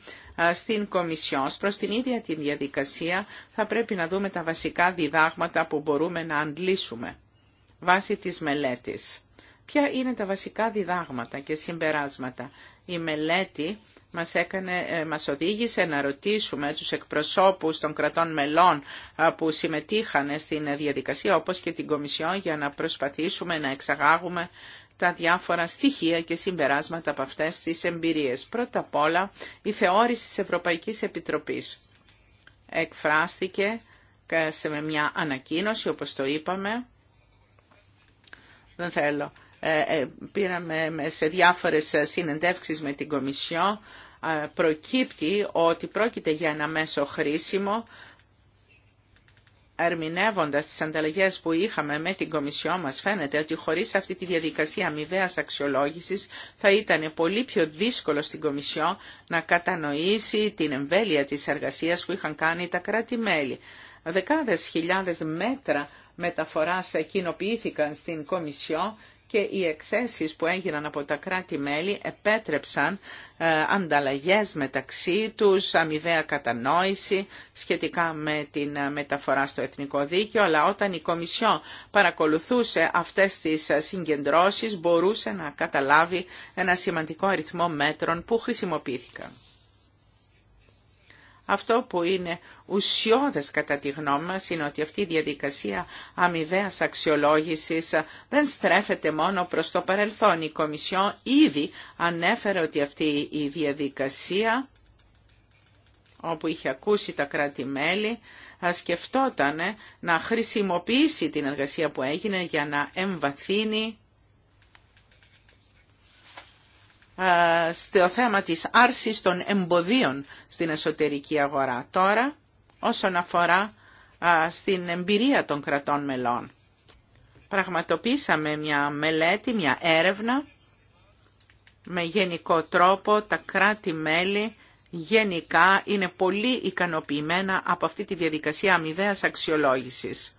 στην Κομισιόν. Προς την ίδια τη διαδικασία θα πρέπει να δούμε τα βασικά διδάγματα που μπορούμε να αντλήσουμε βάσει της μελέτης. Ποια είναι τα βασικά διδάγματα και συμπεράσματα. Η μελέτη ε, μας, οδήγησε να ρωτήσουμε τους εκπροσώπους των κρατών μελών ε, που συμμετείχαν στην ε, διαδικασία, όπως και την Κομισιόν, για να προσπαθήσουμε να εξαγάγουμε τα διάφορα στοιχεία και συμπεράσματα από αυτές τις εμπειρίες. Πρώτα απ' όλα, η θεώρηση της Ευρωπαϊκής Επιτροπής εκφράστηκε σε μια ανακοίνωση, όπως το είπαμε. Δεν θέλω. πήραμε σε διάφορες συνεντεύξεις με την Κομισιό προκύπτει ότι πρόκειται για ένα μέσο χρήσιμο, Ερμηνεύοντας τις ανταλλαγές που είχαμε με την Κομισιό, μας, φαίνεται ότι χωρίς αυτή τη διαδικασία αμοιβαίας αξιολόγησης θα ήταν πολύ πιο δύσκολο στην Κομισιό να κατανοήσει την εμβέλεια της εργασίας που είχαν κάνει τα κράτη-μέλη. Δεκάδε χιλιάδε μέτρα μεταφορά κοινοποιήθηκαν στην Κομισιό και οι εκθέσεις που έγιναν από τα κράτη-μέλη επέτρεψαν ε, ανταλλαγές μεταξύ τους, αμοιβαία κατανόηση σχετικά με την ε, μεταφορά στο εθνικό δίκαιο, αλλά όταν η Κομισιό παρακολουθούσε αυτές τις ε, συγκεντρώσεις μπορούσε να καταλάβει ένα σημαντικό αριθμό μέτρων που χρησιμοποιήθηκαν. Αυτό που είναι ουσιώδες κατά τη γνώμη μας είναι ότι αυτή η διαδικασία αμοιβαία αξιολόγησης δεν στρέφεται μόνο προς το παρελθόν. Η Κομισιόν ήδη ανέφερε ότι αυτή η διαδικασία όπου είχε ακούσει τα κράτη-μέλη, σκεφτόταν να χρησιμοποιήσει την εργασία που έγινε για να εμβαθύνει Ε, στο θέμα της άρσης των εμποδίων στην εσωτερική αγορά. Τώρα, όσον αφορά ε, στην εμπειρία των κρατών μελών. Πραγματοποίησαμε μια μελέτη, μια έρευνα με γενικό τρόπο τα κράτη-μέλη γενικά είναι πολύ ικανοποιημένα από αυτή τη διαδικασία αμοιβαίας αξιολόγησης.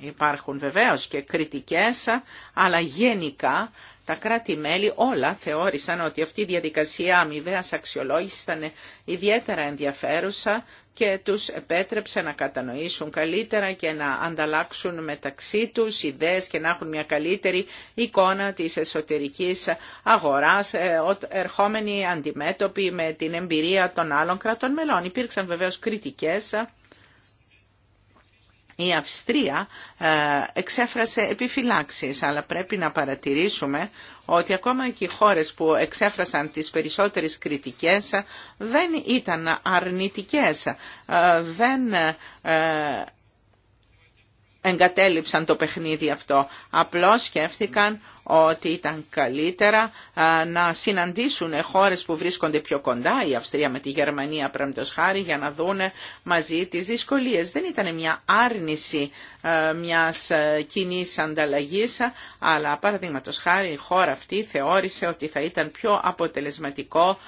Υπάρχουν βεβαίως και κριτικές, αλλά γενικά τα κράτη-μέλη όλα θεώρησαν ότι αυτή η διαδικασία αμοιβαία αξιολόγηση ήταν ιδιαίτερα ενδιαφέρουσα και τους επέτρεψε να κατανοήσουν καλύτερα και να ανταλλάξουν μεταξύ τους ιδέες και να έχουν μια καλύτερη εικόνα της εσωτερικής αγοράς ε, ερχόμενοι αντιμέτωποι με την εμπειρία των άλλων κρατών μελών. Υπήρξαν βεβαίως κριτικές η Αυστρία ε, εξέφρασε επιφυλάξεις, αλλά πρέπει να παρατηρήσουμε ότι ακόμα και οι χώρες που εξέφρασαν τις περισσότερες κριτικές δεν ήταν αρνητικές, ε, δεν ε, εγκατέλειψαν το παιχνίδι αυτό. Απλώς σκέφτηκαν ότι ήταν καλύτερα να συναντήσουν χώρες που βρίσκονται πιο κοντά, η Αυστρία με τη Γερμανία το χάρη, για να δουν μαζί τις δυσκολίες. Δεν ήταν μια άρνηση μιας κοινή ανταλλαγής, αλλά παραδείγματος χάρη η χώρα αυτή θεώρησε ότι θα ήταν πιο αποτελεσματικό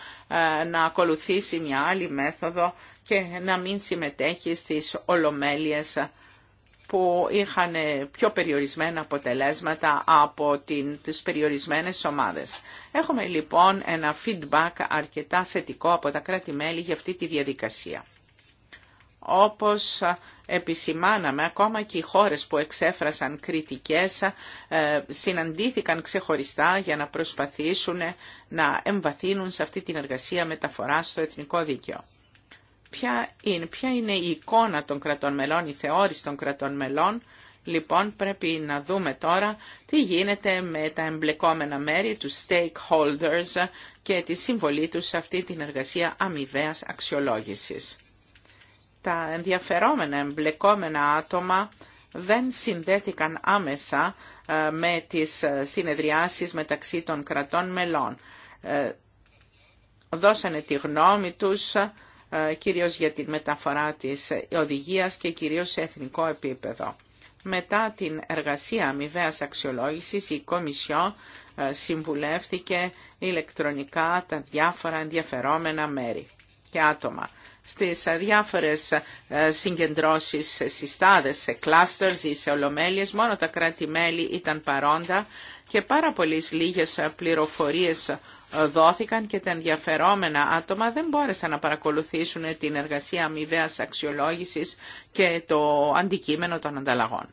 να ακολουθήσει μια άλλη μέθοδο και να μην συμμετέχει στις ολομέλειες που είχαν πιο περιορισμένα αποτελέσματα από την, τις περιορισμένες ομάδες. Έχουμε λοιπόν ένα feedback αρκετά θετικό από τα κράτη-μέλη για αυτή τη διαδικασία. Όπως επισημάναμε, ακόμα και οι χώρες που εξέφρασαν κριτικές ε, συναντήθηκαν ξεχωριστά για να προσπαθήσουν να εμβαθύνουν σε αυτή την εργασία μεταφοράς στο εθνικό δίκαιο ποια είναι, ποια είναι η εικόνα των κρατών μελών, η θεώρηση των κρατών μελών. Λοιπόν, πρέπει να δούμε τώρα τι γίνεται με τα εμπλεκόμενα μέρη, του stakeholders και τη συμβολή τους σε αυτή την εργασία αμοιβαία αξιολόγησης. Τα ενδιαφερόμενα εμπλεκόμενα άτομα δεν συνδέθηκαν άμεσα ε, με τις ε, συνεδριάσεις μεταξύ των κρατών μελών. Ε, δώσανε τη γνώμη τους ε, κυρίως για την μεταφορά της οδηγίας και κυρίως σε εθνικό επίπεδο. Μετά την εργασία αμοιβαία αξιολόγησης, η Κομισιό ε, συμβουλεύτηκε ηλεκτρονικά τα διάφορα ενδιαφερόμενα μέρη και άτομα. Στις διάφορες ε, συγκεντρώσεις συστάδες, σε κλάστερς ή σε ολομέλειες, μόνο τα κράτη-μέλη ήταν παρόντα και πάρα πολλέ λίγες πληροφορίες δόθηκαν και τα ενδιαφερόμενα άτομα δεν μπόρεσαν να παρακολουθήσουν την εργασία αμοιβαία αξιολόγηση και το αντικείμενο των ανταλλαγών.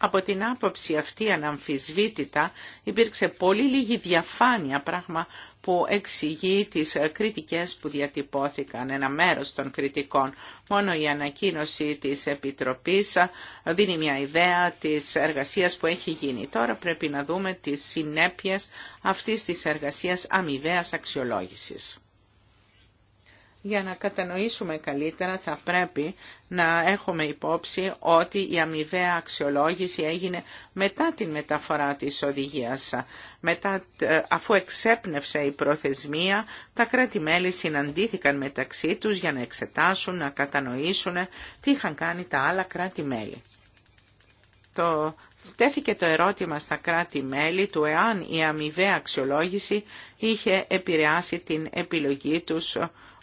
Από την άποψη αυτή αναμφισβήτητα υπήρξε πολύ λίγη διαφάνεια, πράγμα που εξηγεί τις κριτικές που διατυπώθηκαν, ένα μέρος των κριτικών. Μόνο η ανακοίνωση της Επιτροπής δίνει μια ιδέα της εργασίας που έχει γίνει. Τώρα πρέπει να δούμε τις συνέπειες αυτής της εργασίας αμοιβαίας αξιολόγησης. Για να κατανοήσουμε καλύτερα θα πρέπει να έχουμε υπόψη ότι η αμοιβαία αξιολόγηση έγινε μετά την μεταφορά της οδηγίας. Μετά, ε, αφού εξέπνευσε η προθεσμία, τα κράτη-μέλη συναντήθηκαν μεταξύ τους για να εξετάσουν, να κατανοήσουν τι είχαν κάνει τα άλλα κράτη-μέλη. Το... Τέθηκε το ερώτημα στα κράτη-μέλη του εάν η αμοιβαία αξιολόγηση είχε επηρεάσει την επιλογή τους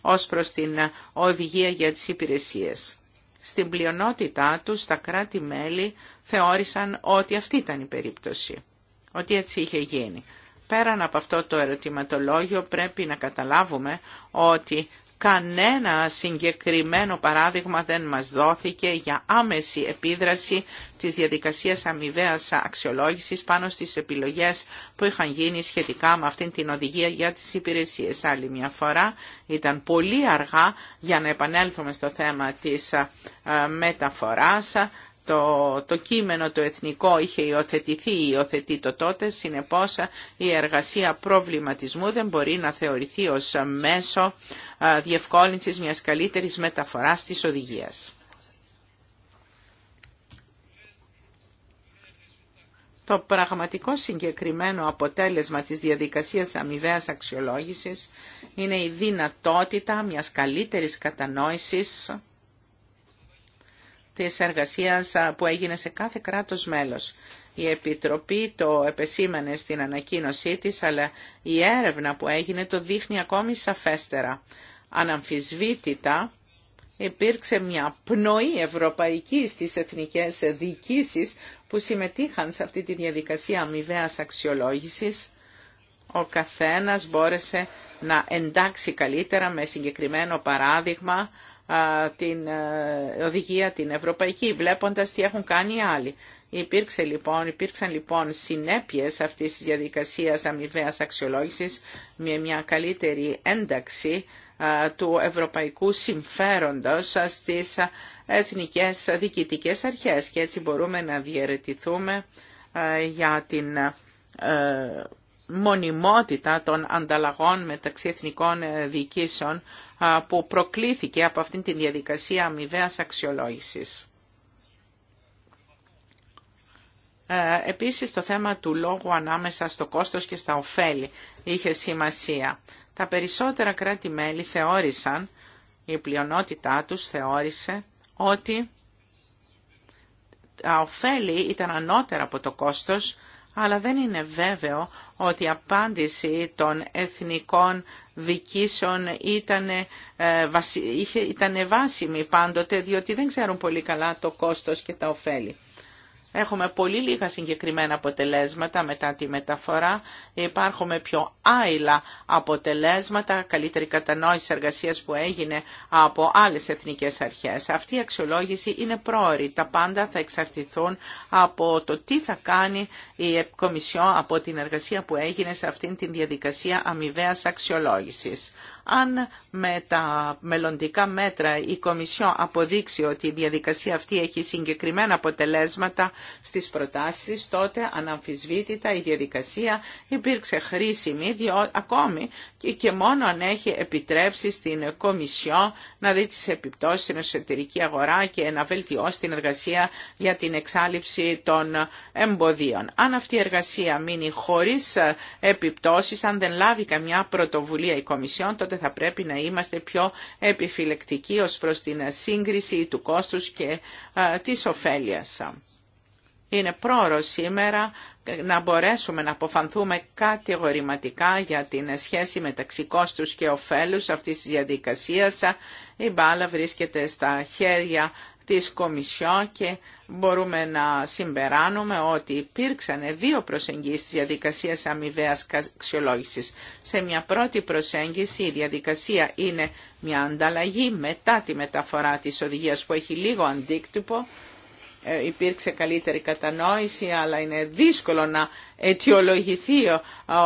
ως προς την οδηγία για τις υπηρεσίες. Στην πλειονότητά τους τα κράτη-μέλη θεώρησαν ότι αυτή ήταν η περίπτωση, ότι έτσι είχε γίνει. Πέραν από αυτό το ερωτηματολόγιο πρέπει να καταλάβουμε ότι κανένα συγκεκριμένο παράδειγμα δεν μας δόθηκε για άμεση επίδραση της διαδικασίας αμοιβαίας αξιολόγησης πάνω στις επιλογές που είχαν γίνει σχετικά με αυτήν την οδηγία για τις υπηρεσίες. Άλλη μια φορά ήταν πολύ αργά για να επανέλθουμε στο θέμα της ε, μεταφοράς το, το κείμενο το εθνικό είχε υιοθετηθεί ή υιοθετεί το τότε, συνεπώς η εργασία προβληματισμού δεν μπορεί να θεωρηθεί ως μέσο διευκόλυνσης μιας καλύτερης μεταφοράς της οδηγίας. Το πραγματικό συγκεκριμένο αποτέλεσμα της διαδικασίας αμοιβαίας αξιολόγησης είναι η δυνατότητα μιας καλύτερης κατανόησης της εργασίας που έγινε σε κάθε κράτος μέλος. Η Επιτροπή το επεσήμανε στην ανακοίνωσή της, αλλά η έρευνα που έγινε το δείχνει ακόμη σαφέστερα. Αναμφισβήτητα υπήρξε μια πνοή ευρωπαϊκή στις εθνικές διοικήσεις που συμμετείχαν σε αυτή τη διαδικασία αμοιβαία αξιολόγησης. Ο καθένας μπόρεσε να εντάξει καλύτερα με συγκεκριμένο παράδειγμα την οδηγία την ευρωπαϊκή, βλέποντας τι έχουν κάνει οι άλλοι. Υπήρξε, λοιπόν, υπήρξαν λοιπόν συνέπειες αυτής της διαδικασίας αμοιβαίας αξιολόγησης με μια καλύτερη ένταξη του ευρωπαϊκού συμφέροντος στις εθνικές διοικητικές αρχές και έτσι μπορούμε να διαιρετηθούμε για την μονιμότητα των ανταλλαγών μεταξύ εθνικών ε, διοικήσεων που προκλήθηκε από αυτήν τη διαδικασία αμοιβαία αξιολόγησης. Ε, επίσης το θέμα του λόγου ανάμεσα στο κόστος και στα ωφέλη είχε σημασία. Τα περισσότερα κράτη-μέλη θεώρησαν, η πλειονότητά τους θεώρησε ότι τα ωφέλη ήταν ανώτερα από το κόστος αλλά δεν είναι βέβαιο ότι η απάντηση των εθνικών δικήσεων ήταν, ε, ήταν βάσιμη πάντοτε, διότι δεν ξέρουν πολύ καλά το κόστος και τα ωφέλη. Έχουμε πολύ λίγα συγκεκριμένα αποτελέσματα μετά τη μεταφορά. Υπάρχουν πιο άειλα αποτελέσματα, καλύτερη κατανόηση εργασίας που έγινε από άλλες εθνικές αρχές. Αυτή η αξιολόγηση είναι πρόορη. Τα πάντα θα εξαρτηθούν από το τι θα κάνει η Κομισιό από την εργασία που έγινε σε αυτήν την διαδικασία αμοιβαία αξιολόγηση. Αν με τα μελλοντικά μέτρα η Κομισιό αποδείξει ότι η διαδικασία αυτή έχει συγκεκριμένα αποτελέσματα στις προτάσεις, τότε αναμφισβήτητα η διαδικασία υπήρξε χρήσιμη ακόμη και μόνο αν έχει επιτρέψει στην Κομισιό να δει τις επιπτώσεις στην εσωτερική αγορά και να βελτιώσει την εργασία για την εξάλληψη των εμποδίων. Αν αυτή η εργασία μείνει χωρίς επιπτώσεις, αν δεν λάβει καμιά πρωτοβουλία η Κομισιόν, θα πρέπει να είμαστε πιο επιφυλεκτικοί ως προς την σύγκριση του κόστους και της ωφέλειας. Είναι πρόωρο σήμερα να μπορέσουμε να αποφανθούμε κατηγορηματικά για την σχέση μεταξύ κόστους και ωφέλους αυτής της διαδικασίας. Η μπάλα βρίσκεται στα χέρια της Κομισιό και μπορούμε να συμπεράνουμε ότι υπήρξαν δύο προσεγγίσεις της διαδικασίας αμοιβαία αξιολόγησης. Σε μια πρώτη προσέγγιση η διαδικασία είναι μια ανταλλαγή μετά τη μεταφορά της οδηγίας που έχει λίγο αντίκτυπο ε, υπήρξε καλύτερη κατανόηση, αλλά είναι δύσκολο να αιτιολογηθεί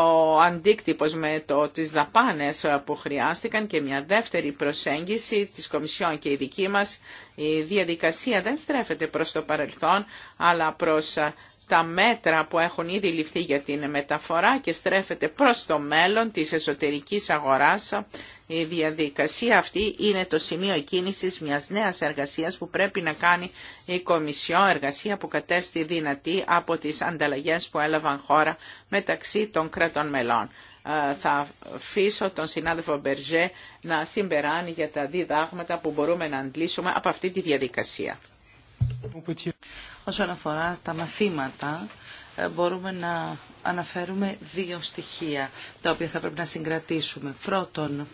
ο αντίκτυπος με το, τις δαπάνες που χρειάστηκαν και μια δεύτερη προσέγγιση της Κομισιόν και η δική μας. Η διαδικασία δεν στρέφεται προς το παρελθόν, αλλά προς ε, τα μέτρα που έχουν ήδη ληφθεί για την μεταφορά και στρέφεται προς το μέλλον της εσωτερικής αγοράς. Η διαδικασία αυτή είναι το σημείο κίνησης μιας νέας εργασίας που πρέπει να κάνει η Κομισιό, εργασία που κατέστη δυνατή από τις ανταλλαγές που έλαβαν χώρα μεταξύ των κρατών μελών. Ε, θα αφήσω τον συνάδελφο Μπερζέ να συμπεράνει για τα διδάγματα που μπορούμε να αντλήσουμε από αυτή τη διαδικασία. Όσον αφορά τα μαθήματα, ε, μπορούμε να αναφέρουμε δύο στοιχεία, τα οποία θα πρέπει να συγκρατήσουμε. Πρώτον,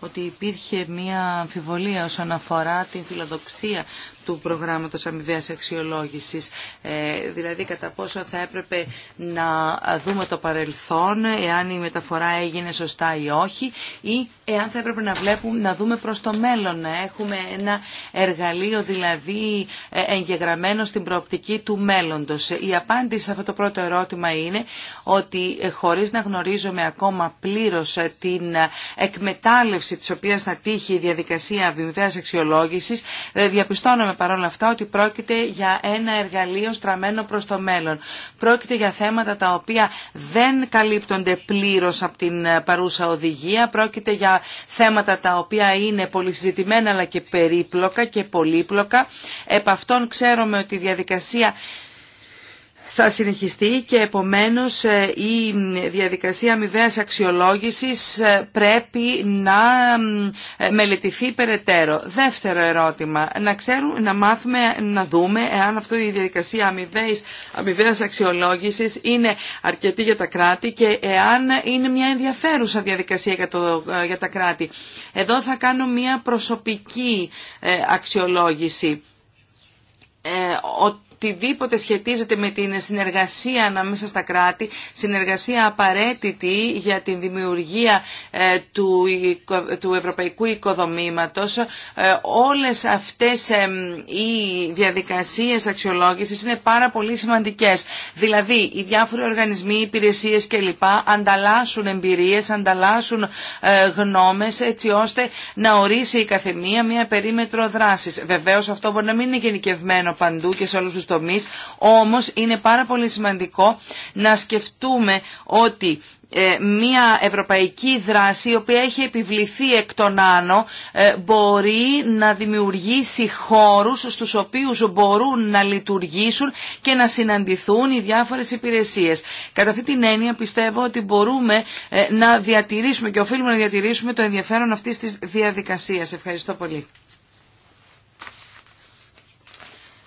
ότι υπήρχε μία αμφιβολία όσον αφορά την φιλοδοξία του προγράμματος αμοιβαίας αξιολόγησης. Ε, δηλαδή κατά πόσο θα έπρεπε να δούμε το παρελθόν, εάν η μεταφορά έγινε σωστά ή όχι, ή εάν θα έπρεπε να βλέπουμε, να δούμε προς το μέλλον, να έχουμε ένα εργαλείο δηλαδή ε, εγγεγραμμένο στην προοπτική του μέλλοντος. Η απάντηση σε αυτό το πρώτο ερώτημα είναι ότι ε, χωρίς να γνωρίζουμε ακόμα πλήρως ε, την εκμετάλλευση της οποίας θα τύχει η διαδικασία αμοιβαίας αξιολόγησης, διαπιστώνουμε παρόλα αυτά ότι πρόκειται για ένα εργαλείο στραμμένο προς το μέλλον. Πρόκειται για θέματα τα οποία δεν καλύπτονται πλήρως από την παρούσα οδηγία, πρόκειται για θέματα τα οποία είναι συζητημένα, αλλά και περίπλοκα και πολύπλοκα. Επ' αυτών ξέρουμε ότι η διαδικασία θα συνεχιστεί και επομένως ε, η διαδικασία αμοιβαίας αξιολόγησης ε, πρέπει να ε, μελετηθεί περαιτέρω. Δεύτερο ερώτημα, να, ξέρουμε, να μάθουμε, να δούμε εάν αυτή η διαδικασία αμοιβαίας, αξιολόγηση αξιολόγησης είναι αρκετή για τα κράτη και εάν είναι μια ενδιαφέρουσα διαδικασία για, το, για τα κράτη. Εδώ θα κάνω μια προσωπική αξιολόγηση οτιδήποτε σχετίζεται με την συνεργασία ανάμεσα στα κράτη, συνεργασία απαραίτητη για την δημιουργία ε, του, του ευρωπαϊκού οικοδομήματος. Ε, όλες αυτές ε, οι διαδικασίες αξιολόγησης είναι πάρα πολύ σημαντικές. Δηλαδή, οι διάφοροι οργανισμοί, υπηρεσίες κλπ. ανταλλάσσουν εμπειρίες, ανταλλάσσουν γνώμες έτσι ώστε να ορίσει η καθεμία μία περίμετρο δράσης. Βεβαίως αυτό μπορεί να μην είναι γενικευμένο παντού και σε όλους τους όμως είναι πάρα πολύ σημαντικό να σκεφτούμε ότι ε, μια ευρωπαϊκή δράση η οποία έχει επιβληθεί εκ των άνω ε, μπορεί να δημιουργήσει χώρους στους οποίους μπορούν να λειτουργήσουν και να συναντηθούν οι διάφορες υπηρεσίες. Κατά αυτή την έννοια πιστεύω ότι μπορούμε ε, να διατηρήσουμε και οφείλουμε να διατηρήσουμε το ενδιαφέρον αυτής της διαδικασίας. Ευχαριστώ πολύ.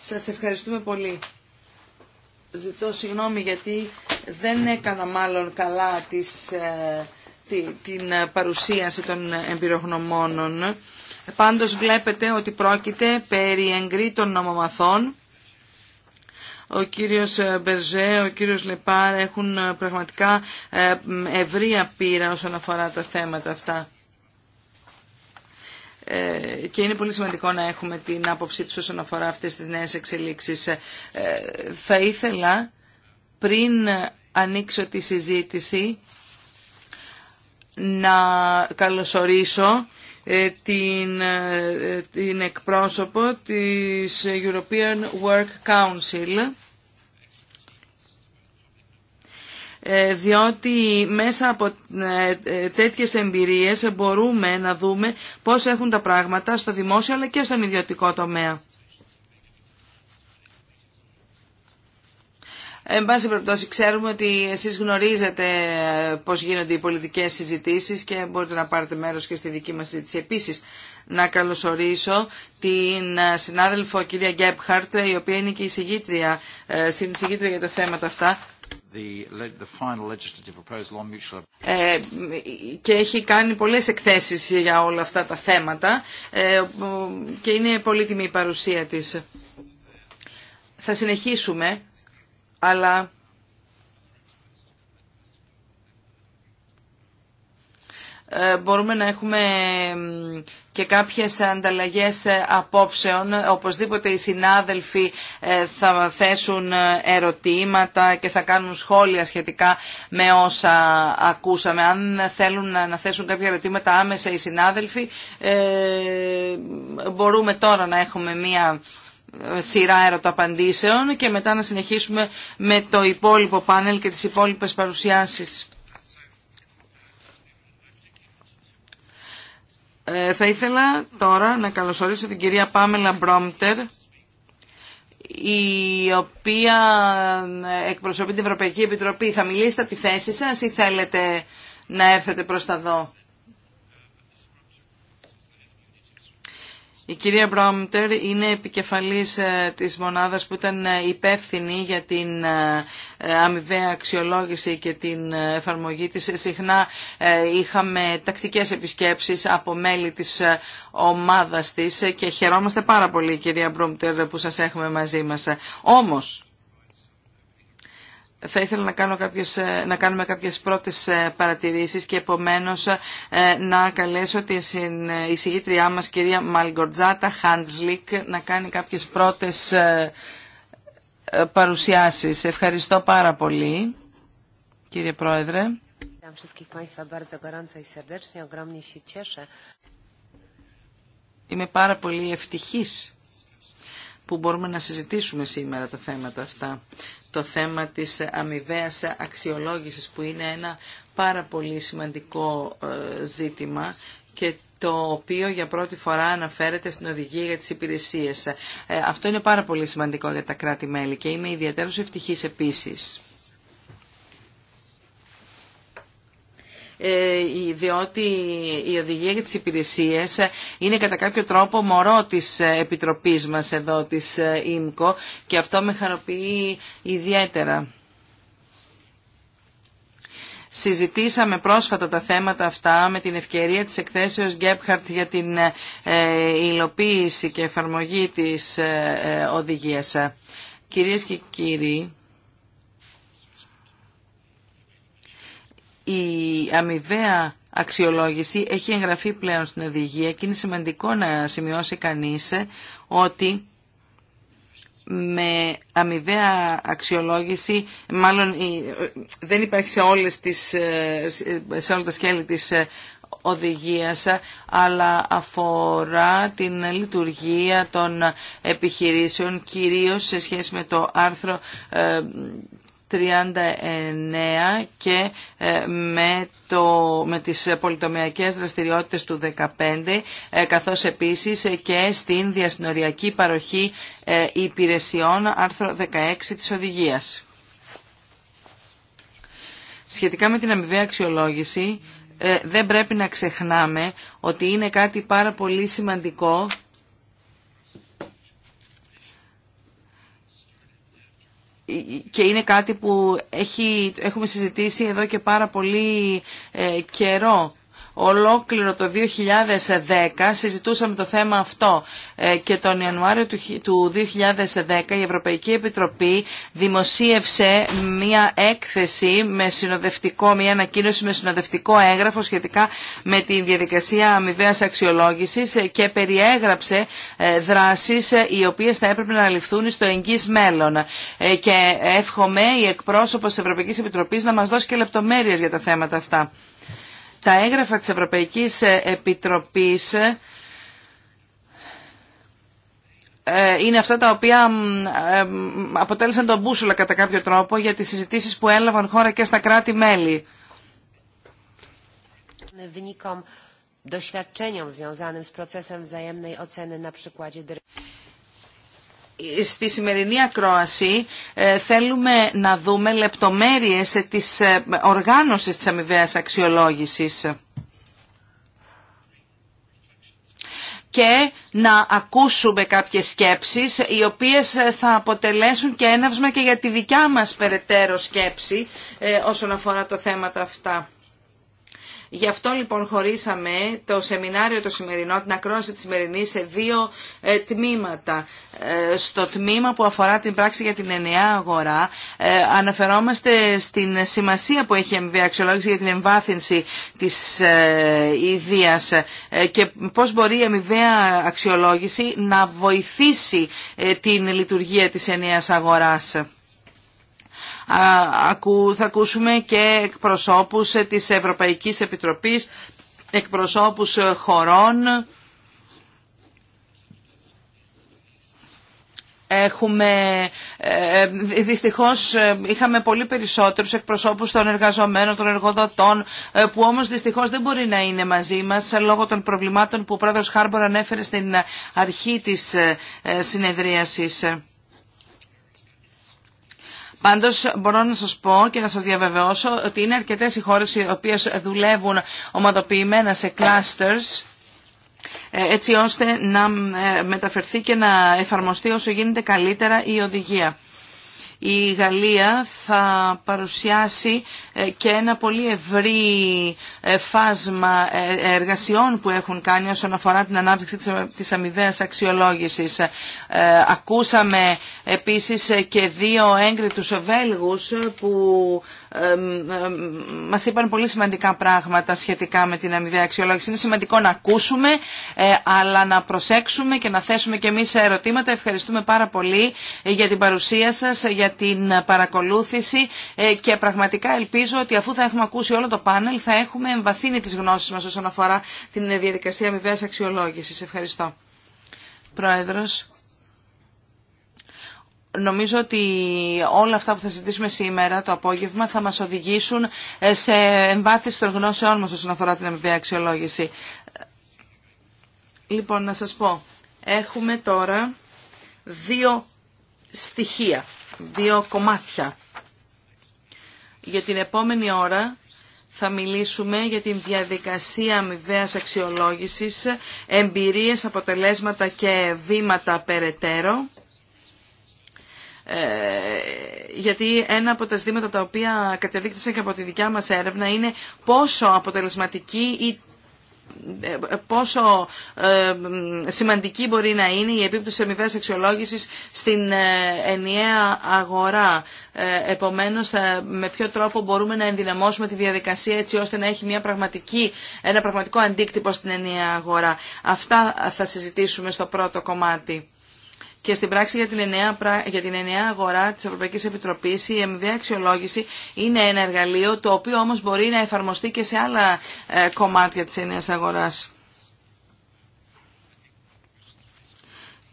Σας ευχαριστούμε πολύ. Ζητώ συγγνώμη γιατί δεν έκανα μάλλον καλά τις, ε, την παρουσίαση των εμπειρογνωμόνων. Πάντως βλέπετε ότι πρόκειται περί των νομομαθών. Ο κύριος Μπερζέ, ο κύριος Λεπάρ έχουν ε, πραγματικά ε, ευρία πείρα όσον αφορά τα θέματα αυτά. Ε, και είναι πολύ σημαντικό να έχουμε την άποψή τους όσον αφορά αυτές τις νέες εξελίξεις. Ε, θα ήθελα πριν ανοίξω τη συζήτηση να καλωσορίσω ε, την, την εκπρόσωπο της European Work Council Ε, διότι μέσα από ε, ε, τέτοιες εμπειρίες μπορούμε να δούμε πώς έχουν τα πράγματα στο δημόσιο αλλά και στον ιδιωτικό τομέα. Εν πάση περιπτώσει, ξέρουμε ότι εσείς γνωρίζετε πώς γίνονται οι πολιτικές συζητήσεις και μπορείτε να πάρετε μέρος και στη δική μας συζήτηση. Επίσης, να καλωσορίσω την συνάδελφο κυρία Γκέπχαρτ, η οποία είναι και η συγγήτρια, για τα θέματα αυτά και έχει κάνει πολλές εκθέσεις για όλα αυτά τα θέματα ε, και είναι πολύτιμη η παρουσία της. Θα συνεχίσουμε, αλλά Ε, μπορούμε να έχουμε και κάποιες ανταλλαγές ε, απόψεων. Οπωσδήποτε οι συνάδελφοι ε, θα θέσουν ερωτήματα και θα κάνουν σχόλια σχετικά με όσα ακούσαμε. Αν θέλουν να θέσουν κάποια ερωτήματα άμεσα οι συνάδελφοι, μπορούμε τώρα να έχουμε μία σειρά ερωταπαντήσεων και μετά να συνεχίσουμε με το υπόλοιπο πάνελ και τις υπόλοιπες παρουσιάσεις. Ε, θα ήθελα τώρα να καλωσορίσω την κυρία Πάμελα Μπρόμτερ, η οποία ε, εκπροσωπεί την Ευρωπαϊκή Επιτροπή. Θα μιλήσετε από τη θέση σας ή θέλετε να έρθετε προς τα δω. Η κυρία Μπρόμτερ είναι επικεφαλής ε, της μονάδας που ήταν ε, υπεύθυνη για την ε, αμοιβαία αξιολόγηση και την εφαρμογή της. Συχνά είχαμε τακτικές επισκέψεις από μέλη της ομάδας της και χαιρόμαστε πάρα πολύ κυρία Μπρόμτερ που σας έχουμε μαζί μας. Όμως, θα ήθελα να, κάνω κάποιες, ε, να κάνουμε κάποιες πρώτες ε, παρατηρήσεις και επομένως ε, να καλέσω την εισηγήτριά μας κυρία Μαλγκορτζάτα Χάντζλικ να κάνει κάποιες πρώτες παρουσιάσεις. Ευχαριστώ πάρα πολύ κύριε Πρόεδρε. Είμαι πάρα πολύ ευτυχής που μπορούμε να συζητήσουμε σήμερα τα θέματα αυτά το θέμα της αμοιβαία αξιολόγησης που είναι ένα πάρα πολύ σημαντικό ε, ζήτημα και το οποίο για πρώτη φορά αναφέρεται στην οδηγία για τις υπηρεσίες. Ε, αυτό είναι πάρα πολύ σημαντικό για τα κράτη-μέλη και είμαι ιδιαίτερως ευτυχής επίσης. Ε, διότι η οδηγία για τις υπηρεσίες είναι κατά κάποιο τρόπο μωρό της Επιτροπής μας εδώ, της ε, ΙΜΚΟ και αυτό με χαροποιεί ιδιαίτερα. Συζητήσαμε πρόσφατα τα θέματα αυτά με την ευκαιρία της εκθέσεως Γκέπχαρτ για την ε, υλοποίηση και εφαρμογή της οδηγίας. Κυρίες και κύριοι, η αμοιβαία αξιολόγηση έχει εγγραφεί πλέον στην οδηγία και είναι σημαντικό να σημειώσει κανείς ε, ότι με αμοιβαία αξιολόγηση, μάλλον ε, δεν υπάρχει σε, όλες τις, ε, σε όλα τα της οδηγίας, αλλά αφορά την λειτουργία των επιχειρήσεων, κυρίως σε σχέση με το άρθρο 39 και ε, με, το, με τις πολυτομιακές δραστηριότητες του 15 ε, καθώς επίσης ε, και στην διασυνοριακή παροχή υπηρεσιών άρθρο 16 της οδηγίας. Σχετικά με την αμοιβαία αξιολόγηση δεν πρέπει να ξεχνάμε ότι είναι κάτι πάρα πολύ σημαντικό και είναι κάτι που έχει, έχουμε συζητήσει εδώ και πάρα πολύ ε, καιρό. Ολόκληρο το 2010 συζητούσαμε το θέμα αυτό ε, και τον Ιανουάριο του 2010 η Ευρωπαϊκή Επιτροπή δημοσίευσε μία έκθεση με συνοδευτικό, μία ανακοίνωση με συνοδευτικό έγγραφο σχετικά με τη διαδικασία αμοιβαίας αξιολόγησης ε, και περιέγραψε ε, δράσεις οι οποίες θα έπρεπε να ληφθούν στο εγγύς μέλλον. Και εύχομαι η εκπρόσωπος της Ευρωπαϊκής Επιτροπής να μας δώσει και λεπτομέρειες για τα θέματα αυτά τα έγγραφα της Ευρωπαϊκής Επιτροπής ε, είναι αυτά τα οποία ε, αποτέλεσαν τον μπούσουλα κατά κάποιο τρόπο για τις συζητήσεις που έλαβαν χώρα και στα κράτη-μέλη στη σημερινή ακρόαση ε, θέλουμε να δούμε λεπτομέρειες της ε, οργάνωσης της αμοιβαίας αξιολόγησης. και να ακούσουμε κάποιες σκέψεις οι οποίες ε, θα αποτελέσουν και έναυσμα και για τη δικιά μας περαιτέρω σκέψη όσον αφορά τα θέματα αυτά. Γι' αυτό λοιπόν χωρίσαμε το σεμινάριο το σημερινό, την ακρόαση τη σημερινή σε δύο ε, τμήματα. Ε, στο τμήμα που αφορά την πράξη για την ενιαία αγορά ε, αναφερόμαστε στην σημασία που έχει η αμοιβή αξιολόγηση για την εμβάθυνση της ιδείας και πώς μπορεί η αμοιβαία αξιολόγηση να βοηθήσει την λειτουργία της ενιαίας αγοράς. Θα ακούσουμε και εκπροσώπους της Ευρωπαϊκής Επιτροπής, εκπροσώπους χωρών. Έχουμε, ε, ε, δυστυχώς ε, είχαμε πολύ περισσότερους εκπροσώπους των εργαζομένων, των εργοδοτών, που όμως δυστυχώς δεν μπορεί να είναι μαζί μας λόγω των προβλημάτων που ο πρόεδρος Χάρμπορ ανέφερε στην αρχή της συνεδρίασης. Πάντως μπορώ να σας πω και να σας διαβεβαιώσω ότι είναι αρκετέ οι χώρε οι οποίες δουλεύουν ομαδοποιημένα σε clusters ε, έτσι ώστε να ε, μεταφερθεί και να εφαρμοστεί όσο γίνεται καλύτερα η οδηγία. Η Γαλλία θα παρουσιάσει ε, και ένα πολύ ευρύ ε, φάσμα ε, εργασιών που έχουν κάνει όσον αφορά την ανάπτυξη της αμοιβαίας αξιολόγησης. Ακούσαμε επίσης και δύο έγκριτους Βέλγους που μας είπαν πολύ σημαντικά πράγματα σχετικά με την αμοιβαία αξιολόγηση. Είναι σημαντικό να ακούσουμε, ε, αλλά να προσέξουμε και να θέσουμε και εμείς ερωτήματα. Ευχαριστούμε πάρα πολύ ε, για την παρουσία σας, για την παρακολούθηση ε, και πραγματικά ελπίζω ότι αφού θα έχουμε ακούσει όλο το πάνελ θα έχουμε εμβαθύνει τις γνώσεις μας όσον αφορά την διαδικασία αμοιβή αξιολόγηση. Ευχαριστώ. Πρόεδρος. Νομίζω ότι όλα αυτά που θα συζητήσουμε σήμερα το απόγευμα θα μας οδηγήσουν ε, σε εμβάθυνση των γνώσεών μας όσον αφορά την αμοιβαία αξιολόγηση. Λοιπόν, να σας πω. Έχουμε τώρα δύο στοιχεία, δύο κομμάτια. Για την επόμενη ώρα θα μιλήσουμε για την διαδικασία αμοιβαίας αξιολόγησης, εμπειρίες, αποτελέσματα και βήματα περαιτέρω. Ε, γιατί ένα από τα ζητήματα τα οποία κατεδείχθησαν και από τη δικιά μας έρευνα είναι πόσο αποτελεσματική ή ε, πόσο ε, σημαντική μπορεί να είναι η επίπτωση αμοιβαίας αξιολόγησης στην ενιαία αγορά. Επομένως, με ποιο τρόπο μπορούμε να ενδυναμώσουμε τη διαδικασία έτσι ώστε να έχει μια πραγματική, ένα πραγματικό αντίκτυπο στην ενιαία αγορά. Αυτά θα συζητήσουμε στο πρώτο κομμάτι. Και στην πράξη για την ενιαία, για αγορά τη Ευρωπαϊκή Επιτροπή, η εμβία αξιολόγηση είναι ένα εργαλείο το οποίο όμω μπορεί να εφαρμοστεί και σε άλλα ε, κομμάτια τη ενιαίας αγορά.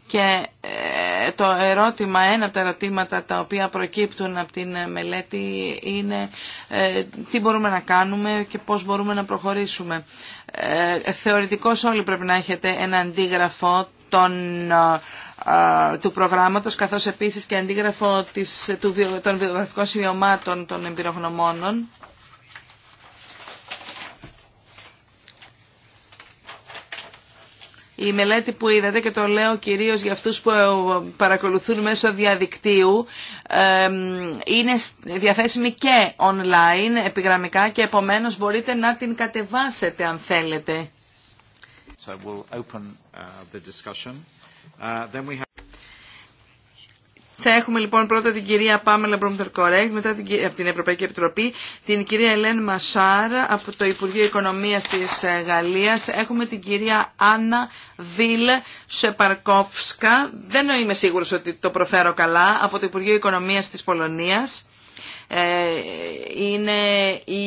Και ε, το ερώτημα, ένα από τα ερωτήματα τα οποία προκύπτουν από την μελέτη είναι ε, τι μπορούμε να κάνουμε και πώς μπορούμε να προχωρήσουμε. Θεωρητικώς όλοι πρέπει να έχετε ένα αντίγραφο των του προγράμματος, καθώς επίσης και αντίγραφο της, του, των βιογραφικών σημειωμάτων των εμπειρογνωμόνων. Η μελέτη που είδατε και το λέω κυρίως για αυτούς που ε, παρακολουθούν μέσω διαδικτύου είναι διαθέσιμη και online επιγραμμικά και επομένως μπορείτε να την κατεβάσετε αν θέλετε. So uh, Uh, Θα έχουμε λοιπόν πρώτα την κυρία Πάμελα Μπρόμπτερ Κορέκτ μετά την, από την Ευρωπαϊκή Επιτροπή, την κυρία Ελέν Μασάρ από το Υπουργείο Οικονομίας της ε, Γαλλίας. Έχουμε την κυρία Άννα Βίλ Σεπαρκόφσκα, δεν είμαι σίγουρος ότι το προφέρω καλά, από το Υπουργείο Οικονομίας της Πολωνίας. Ε, είναι η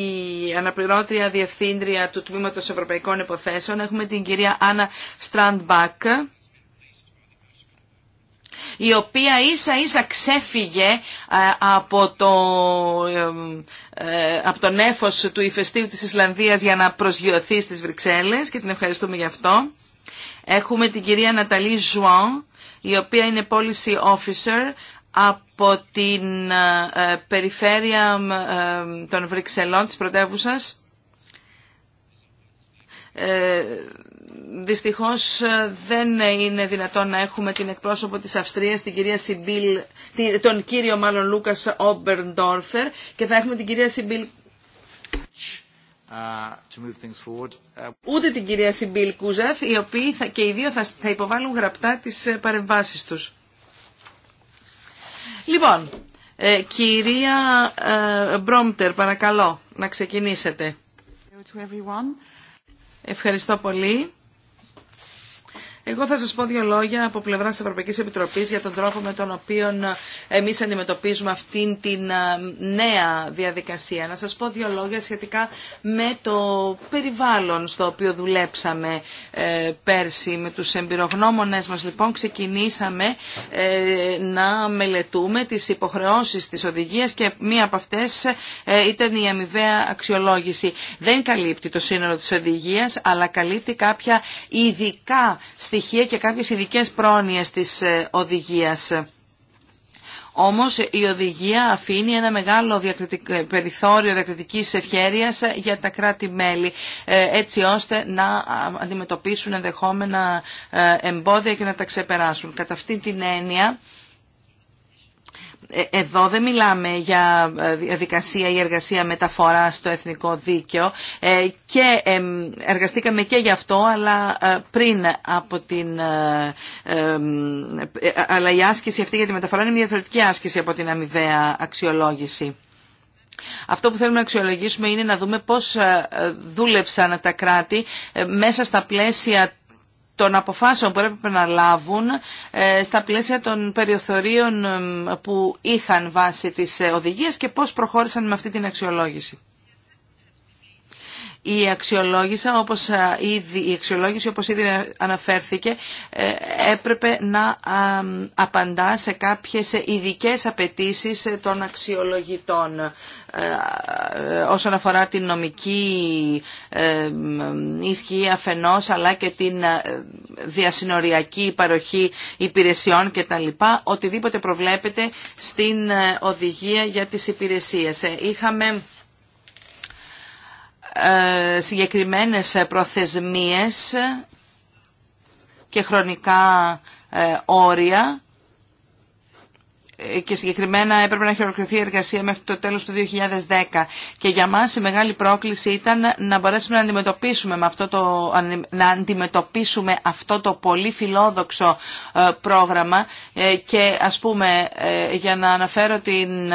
αναπληρώτρια διευθύντρια του Τμήματος Ευρωπαϊκών Υποθέσεων. Έχουμε την κυρία Άννα Στραντμπακ η οποία ίσα ίσα ξέφυγε ε, από το, ε, ε, από τον του ηφαιστείου της Ισλανδίας για να προσγειωθεί στις Βρυξέλλες και την ευχαριστούμε γι' αυτό. Έχουμε την κυρία Ναταλή Ζουάν, η οποία είναι policy officer από την περιφέρεια των Βρυξελών, της πρωτεύουσας δυστυχώς ε, δεν είναι δυνατόν να έχουμε την εκπρόσωπο της Αυστρίας, την κυρία Σιμπίλ, τον κύριο μάλλον Λούκας Όμπερντόρφερ και θα έχουμε την κυρία Σιμπίλ uh, To uh, Ούτε την κυρία Σιμπίλ Κούζαθ, οι οποίοι θα, και οι δύο θα, θα υποβάλουν γραπτά τις ε, παρεμβάσεις τους. Λοιπόν, ε, κυρία Μπρόμτερ, παρακαλώ να ξεκινήσετε. Ευχαριστώ πολύ. Εγώ θα σας πω δύο λόγια από πλευρά της Ευρωπαϊκής Επιτροπής για τον τρόπο με τον οποίο ε, εμείς αντιμετωπίζουμε αυτήν την ε, νέα διαδικασία. Να σας πω δύο λόγια σχετικά με το περιβάλλον στο οποίο δουλέψαμε ε, πέρσι με τους εμπειρογνώμονές μας. Λοιπόν, ξεκινήσαμε να μελετούμε τις υποχρεώσεις της οδηγίας και μία από αυτές ήταν η αμοιβαία αξιολόγηση. Δεν καλύπτει το σύνολο της οδηγίας, αλλά καλύπτει κάποια ειδικά στοιχεία και κάποιες ειδικέ πρόνοιες της ε, οδηγίας. Όμως η οδηγία αφήνει ένα μεγάλο ε, περιθώριο διακριτικής ευχέρειας ε, για τα κράτη-μέλη έτσι ώστε να αντιμετωπίσουν ενδεχόμενα εμπόδια και να τα ξεπεράσουν. Κατά αυτή την έννοια ε, εδώ δεν μιλάμε για ε, διαδικασία ή εργασία μεταφορά στο εθνικό δίκαιο ε, και εργαστήκαμε και γι' αυτό, αλλά πριν από την... Αλλά η άσκηση αυτή για τη μεταφορά είναι μια διαφορετική άσκηση από την αμοιβαία αξιολόγηση. Αυτό που θέλουμε να αξιολογήσουμε είναι να δούμε πώς δούλεψαν τα κράτη μέσα στα πλαίσια των αποφάσεων που έπρεπε να λάβουν ε, στα πλαίσια των περιοθωρίων που είχαν βάσει τις ε, οδηγίες και πώς προχώρησαν με αυτή την αξιολόγηση. Η, αξιολόγηση, όπως ήδη, η αξιολόγηση όπως ήδη αναφέρθηκε ε, έπρεπε να απαντά σε κάποιες ειδικέ απαιτήσει των αξιολογητών ε, όσον αφορά την νομική ε, ισχύ αφενός αλλά και την διασυνοριακή παροχή υπηρεσιών κτλ. Οτιδήποτε προβλέπεται στην οδηγία για τις υπηρεσίες. Είχαμε ε, συγκεκριμένες προθεσμίες και χρονικά ε, όρια ε, και συγκεκριμένα έπρεπε να έχει ολοκληρωθεί η εργασία μέχρι το τέλος του 2010. Και για μας η μεγάλη πρόκληση ήταν να μπορέσουμε να αντιμετωπίσουμε, με αυτό το, να αντιμετωπίσουμε αυτό το πολύ φιλόδοξο πρόγραμμα και ας πούμε για να αναφέρω την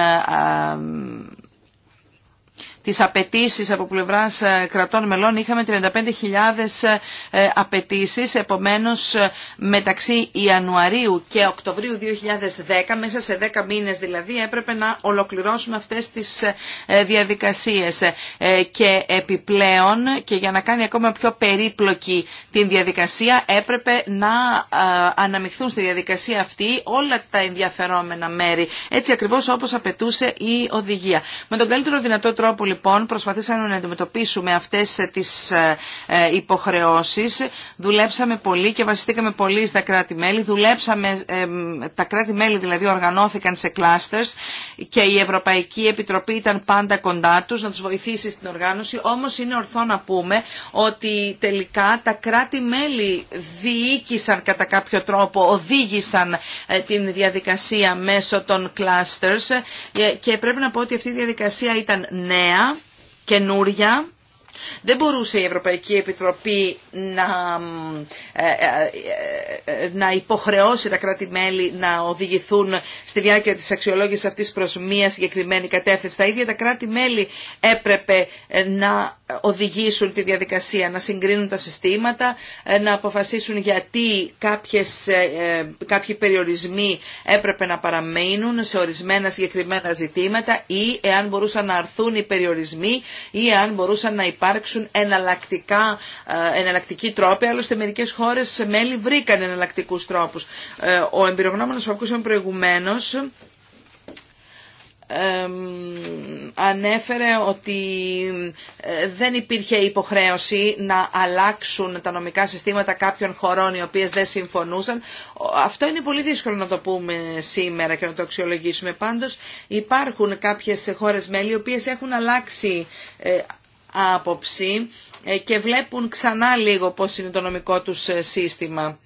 τι απαιτήσει από πλευρά ε, κρατών μελών είχαμε 35.000 ε, ε, απαιτήσει, επομένως μεταξύ Ιανουαρίου και Οκτωβρίου 2010 μέσα σε 10 μήνες δηλαδή έπρεπε να ολοκληρώσουμε αυτές τις διαδικασίες και επιπλέον και για να κάνει ακόμα πιο περίπλοκη την διαδικασία έπρεπε να αναμειχθούν στη διαδικασία αυτή όλα τα ενδιαφερόμενα μέρη έτσι ακριβώ όπω απαιτούσε η οδηγία. Με τον καλύτερο δυνατό τρόπο λοιπόν προσπαθήσαμε να αντιμετωπίσουμε αυτές τις ε, ε, υποχρεώσεις. Δουλέψαμε πολύ και βασιστήκαμε πολύ στα κράτη-μέλη. Δουλέψαμε, τα κράτη-μέλη δηλαδή οργανώθηκαν σε κλάστερ και η Ευρωπαϊκή Επιτροπή ήταν πάντα κοντά τους να τους βοηθήσει στην οργάνωση. Όμως είναι ορθό να πούμε ότι τελικά τα κράτη-μέλη διοίκησαν κατά κάποιο τρόπο, οδήγησαν ε, την διαδικασία μέσω των clusters και πρέπει να πω ότι αυτή η διαδικασία ήταν νέα, καινούρια. Δεν μπορούσε η Ευρωπαϊκή Επιτροπή να, ε, ε, ε, να υποχρεώσει τα κράτη-μέλη να οδηγηθούν στη διάρκεια της αξιολόγησης αυτής προς μία συγκεκριμένη κατεύθυνση. Τα ίδια τα κράτη-μέλη έπρεπε να οδηγήσουν τη διαδικασία, να συγκρίνουν τα συστήματα, ε, να αποφασίσουν γιατί κάποιες, ε, ε, κάποιοι περιορισμοί έπρεπε να παραμείνουν σε ορισμένα συγκεκριμένα ζητήματα ή εάν μπορούσαν να αρθούν οι περιορισμοί ή εάν μπορούσαν να υπάρξουν εναλλακτικά, εναλλακτικοί τρόποι. Άλλωστε μερικές χώρες μέλη βρήκαν εναλλακτικούς τρόπους. Ο εμπειρογνώμονας που ακούσαμε προηγουμένως ανέφερε ότι ε, δεν υπήρχε υποχρέωση να αλλάξουν τα νομικά συστήματα κάποιων χωρών οι οποίες δεν συμφωνούσαν. Αυτό είναι πολύ δύσκολο να το πούμε σήμερα και να το αξιολογήσουμε. Πάντως υπάρχουν κάποιες χώρες μέλη οι οποίες έχουν αλλάξει ε, άποψη ε, και βλέπουν ξανά λίγο πώς είναι το νομικό τους σύστημα.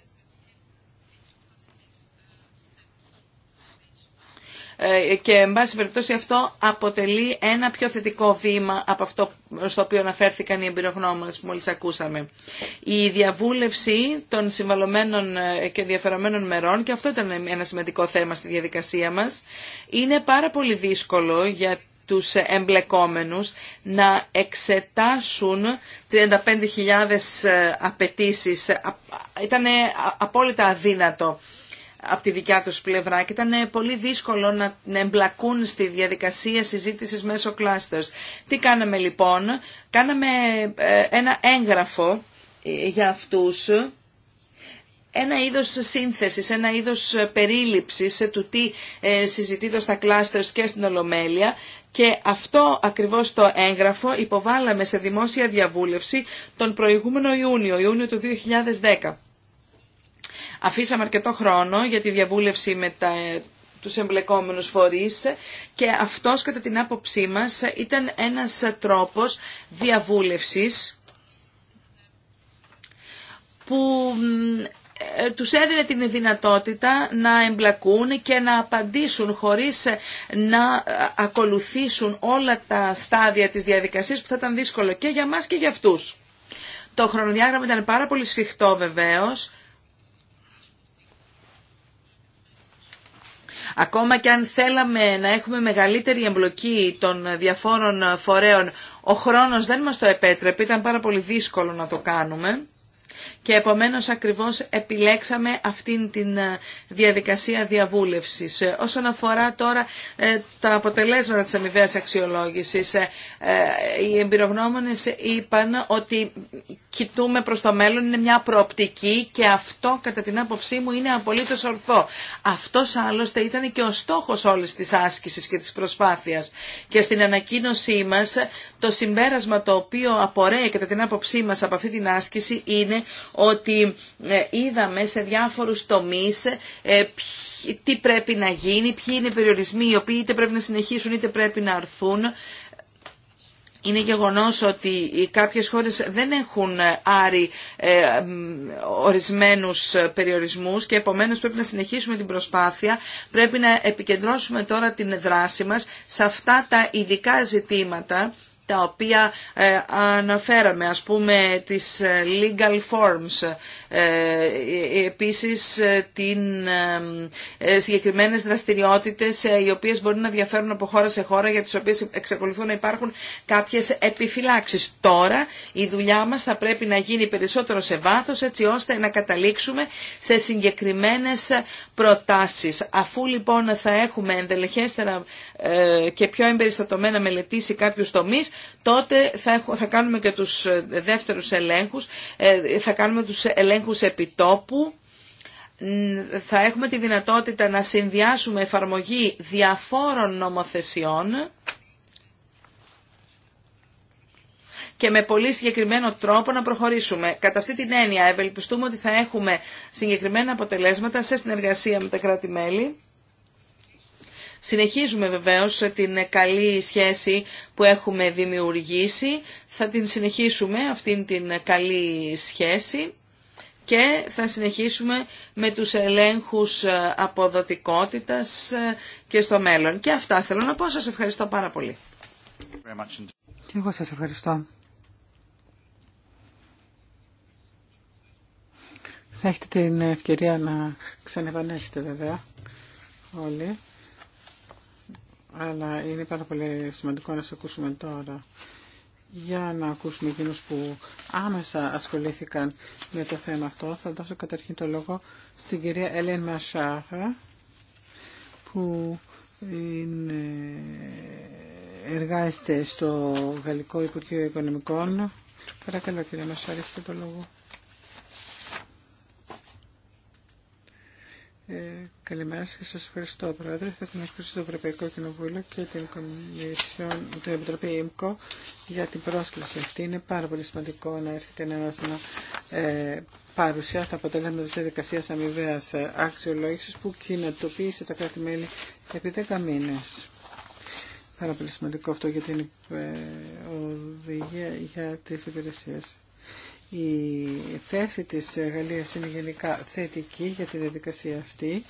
Ε, και εν πάση περιπτώσει αυτό αποτελεί ένα πιο θετικό βήμα από αυτό στο οποίο αναφέρθηκαν οι εμπειρογνώμονες που μόλις ακούσαμε. Η διαβούλευση των συμβαλωμένων ε, και ενδιαφερομένων μερών, και αυτό ήταν ένα σημαντικό θέμα στη διαδικασία μας, είναι πάρα πολύ δύσκολο για τους εμπλεκόμενους να εξετάσουν 35.000 ε, απαιτήσει. Ήταν απόλυτα αδύνατο από τη δικιά τους πλευρά και ήταν ε, πολύ δύσκολο να, να εμπλακούν στη διαδικασία συζήτησης μέσω κλάστερς. Τι κάναμε λοιπόν, κάναμε ε, ένα έγγραφο ε, για αυτούς, ένα είδος σύνθεσης, ένα είδος περίληψης του τι συζητείται στα κλάστερς και στην Ολομέλεια και αυτό ακριβώς το έγγραφο υποβάλαμε σε δημόσια διαβούλευση τον προηγούμενο Ιούνιο, Ιούνιο του 2010. Αφήσαμε αρκετό χρόνο για τη διαβούλευση με τα, τους εμπλεκόμενους φορείς και αυτός κατά την άποψή μας ήταν ένας τρόπος διαβούλευσης που ε, τους έδινε την δυνατότητα να εμπλακούν και να απαντήσουν χωρίς να ε, ακολουθήσουν όλα τα στάδια της διαδικασίας που θα ήταν δύσκολο και για μας και για αυτούς. Το χρονοδιάγραμμα ήταν πάρα πολύ σφιχτό βεβαίως Ακόμα και αν θέλαμε να έχουμε μεγαλύτερη εμπλοκή των διαφόρων φορέων, ο χρόνος δεν μας το επέτρεπε, ήταν πάρα πολύ δύσκολο να το κάνουμε και επομένως ακριβώς επιλέξαμε αυτήν την ε, διαδικασία διαβούλευσης. Ε, όσον αφορά τώρα ε, τα αποτελέσματα της αμοιβαίας αξιολόγησης, οι εμπειρογνώμονες είπαν ότι κοιτούμε προς το μέλλον, είναι μια προοπτική και αυτό κατά την άποψή μου είναι απολύτως ορθό. Αυτός άλλωστε ήταν και ο στόχος όλης της άσκησης και της προσπάθειας. Και στην ανακοίνωσή μας το συμπέρασμα το οποίο απορρέει κατά την άποψή μας από αυτή την άσκηση είναι ότι ε, είδαμε σε διάφορους τομείς ε, τι πρέπει να γίνει, ποιοι είναι οι περιορισμοί οι οποίοι είτε πρέπει να συνεχίσουν είτε πρέπει να αρθούν. Είναι γεγονός ότι ε, κάποιες χώρες δεν έχουν άρει ορισμένους περιορισμούς και επομένως πρέπει να συνεχίσουμε την προσπάθεια. Πρέπει να επικεντρώσουμε τώρα την δράση μας σε αυτά τα ειδικά ζητήματα τα οποία ε, αναφέραμε, ας πούμε τις ε, legal forms, ε, επίσης την συγκεκριμένες δραστηριότητες οι οποίες μπορεί να διαφέρουν από χώρα σε χώρα για τις οποίες εξακολουθούν να υπάρχουν κάποιες επιφυλάξεις. Τώρα η δουλειά μας θα πρέπει να γίνει περισσότερο σε βάθος έτσι ώστε να καταλήξουμε σε συγκεκριμένες προτάσεις. Αφού λοιπόν θα έχουμε ενδελεχέστερα και πιο εμπεριστατωμένα μελετήσει κάποιους τομείς τότε θα κάνουμε και τους ε, δεύτερους ελέγχους, ε, θα κάνουμε τους ελέγχους επιτόπου, θα έχουμε τη δυνατότητα να συνδυάσουμε εφαρμογή διαφόρων νομοθεσιών και με πολύ συγκεκριμένο τρόπο να προχωρήσουμε. Κατά αυτή την έννοια ευελπιστούμε ότι θα έχουμε συγκεκριμένα αποτελέσματα σε συνεργασία με τα κράτη-μέλη Συνεχίζουμε βεβαίως την καλή σχέση που έχουμε δημιουργήσει. Θα την συνεχίσουμε αυτήν την καλή σχέση και θα συνεχίσουμε με τους ελέγχους αποδοτικότητας και στο μέλλον. Και αυτά θέλω να πω. Σας ευχαριστώ πάρα πολύ. Και εγώ σας ευχαριστώ. Θα έχετε την ευκαιρία να ξανεβανέσετε βέβαια όλοι αλλά είναι πάρα πολύ σημαντικό να σε ακούσουμε τώρα για να ακούσουμε εκείνους που άμεσα ασχολήθηκαν με το θέμα αυτό. Θα δώσω καταρχήν το λόγο στην κυρία Έλεν Μασάχα, που είναι, εργάζεται στο Γαλλικό Υπουργείο Οικονομικών. Παρακαλώ κυρία Μασάχα, έχετε το λόγο. Ε, καλημέρα σας και σας ευχαριστώ Πρόεδρε. Θα την ευχαριστήσω το Ευρωπαϊκό Κοινοβούλιο και την, Κομισιόν, την Επιτροπή ΕΜΚΟ για την πρόσκληση αυτή. Είναι πάρα πολύ σημαντικό να έρχεται ένα να ε, παρουσιάσει τα αποτελέσματα της διαδικασίας αμοιβαίας ε, αξιολόγησης που κοινοτοποίησε τα κράτη-μέλη επί 10 μήνες. Πάρα πολύ σημαντικό αυτό για την ε, οδηγία για τις υπηρεσίες. Η θέση της Γαλλίας είναι γενικά θετική για τη διαδικασία αυτή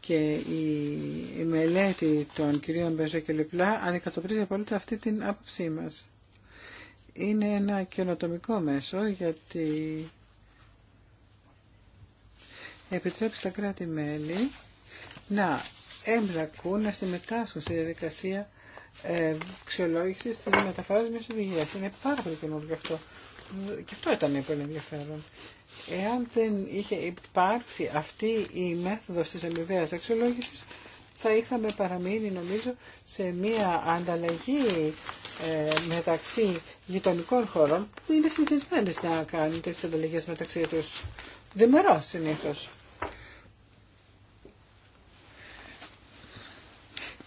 και η, μελέτη των κυρίων Μπεζό και Λεπλά ανεκατοπρίζει απόλυτα αυτή την άποψή μας. Είναι ένα καινοτομικό μέσο γιατί επιτρέπει στα κράτη-μέλη να εμπλακούν, να συμμετάσχουν στη διαδικασία ε, της τη μεταφορά μια οδηγία. Είναι πάρα πολύ καινούργιο αυτό και αυτό ήταν πολύ ενδιαφέρον. Εάν δεν είχε υπάρξει αυτή η μέθοδος της αμοιβαίας αξιολόγησης, θα είχαμε παραμείνει νομίζω σε μια ανταλλαγή ε, μεταξύ γειτονικών χωρών που είναι συνηθισμένες να κάνουν τέτοιες ανταλλαγές μεταξύ τους διμερώς συνήθω.